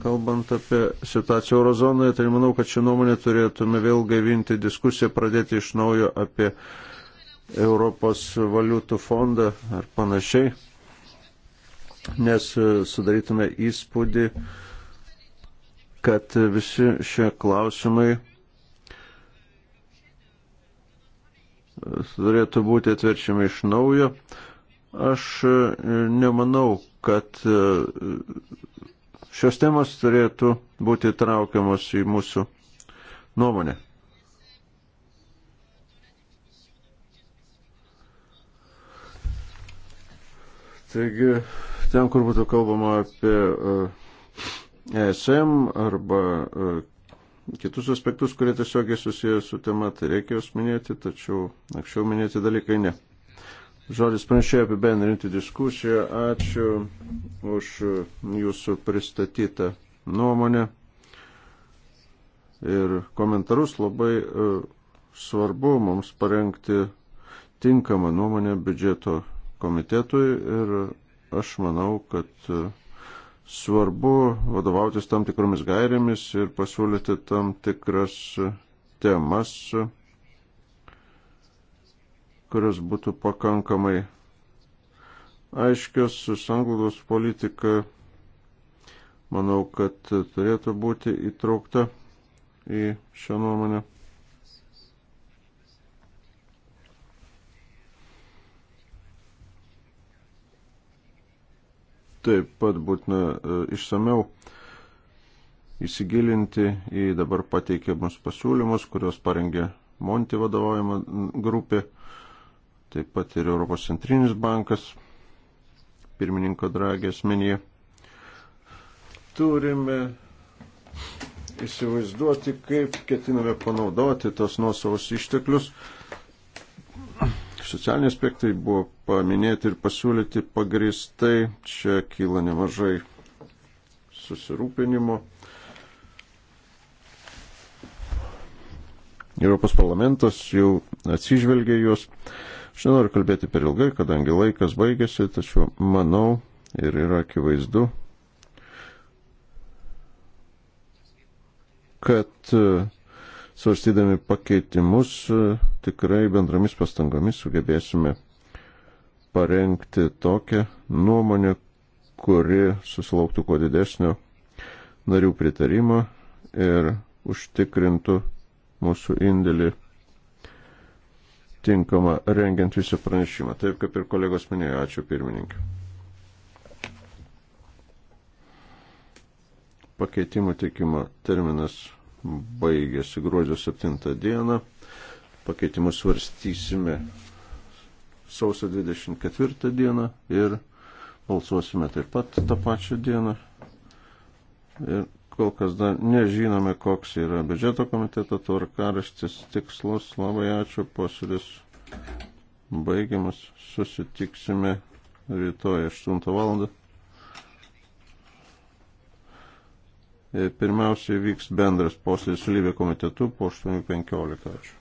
S5: Kalbant apie situaciją eurozonoje, tai manau, kad šią nuomonę turėtume vėl gaivinti diskusiją, pradėti iš naujo apie Europos valiutų fondą ar panašiai, nes e, sudarytume įspūdį, kad visi šie klausimai e, turėtų būti atverčiami iš naujo. Aš e, nemanau, kad e, šios temos turėtų būti traukiamos į mūsų nuomonę. Taigi, ten, kur būtų kalbama apie ESM e arba kitus aspektus, kurie tiesiogiai susijęs su tema, tai reikia juos minėti, tačiau anksčiau minėti dalykai ne. Žodis pranešėjo apibendrinti diskusiją. Ačiū už jūsų pristatytą nuomonę ir komentarus. Labai e, svarbu mums parengti tinkamą nuomonę biudžeto komitetui ir aš manau, kad e, svarbu vadovautis tam tikromis gairėmis ir pasiūlyti tam tikras temas kurios būtų pakankamai aiškios su sanglaudos politika, manau, kad turėtų būti įtraukta į šią nuomonę. Taip pat būtina e, išsameu įsigilinti į dabar pateikiamus pasiūlymus, kuriuos parengė Monti vadovaujama grupė taip pat ir Europos centrinis bankas, pirmininko dragė asmenyje. Turime įsivaizduoti, kaip ketiname panaudoti tos nuosavus išteklius. Socialiniai aspektai buvo paminėti ir pasiūlyti pagristai. Čia kyla nemažai susirūpinimo. Europos parlamentas jau atsižvelgė juos. Aš nenoriu kalbėti per ilgai, kadangi laikas baigėsi, tačiau manau ir yra akivaizdu, kad e, svarstydami pakeitimus e, tikrai bendromis pastangomis sugebėsime parengti tokią nuomonę, kuri susilauktų kuo didesnio narių pritarimo ir užtikrintų mūsų indėlį tinkama rengiant visą pranešimą. Taip kaip ir kolegos minėjo, ačiū pirmininkė. Pakeitimų teikimo terminas baigėsi gruodžio 7 dieną. Pakeitimus svarstysime sausio 24 dieną ir balsuosime taip pat tą pačią dieną. Ir kol kas dar nežinome, koks yra biudžeto komiteto tvarkaraštis tikslus. Labai ačiū, posėdis baigiamas. Susitiksime rytoj 8 val. E, pirmiausiai vyks bendras posėdis su lygio komitetu po 8.15. Ačiū.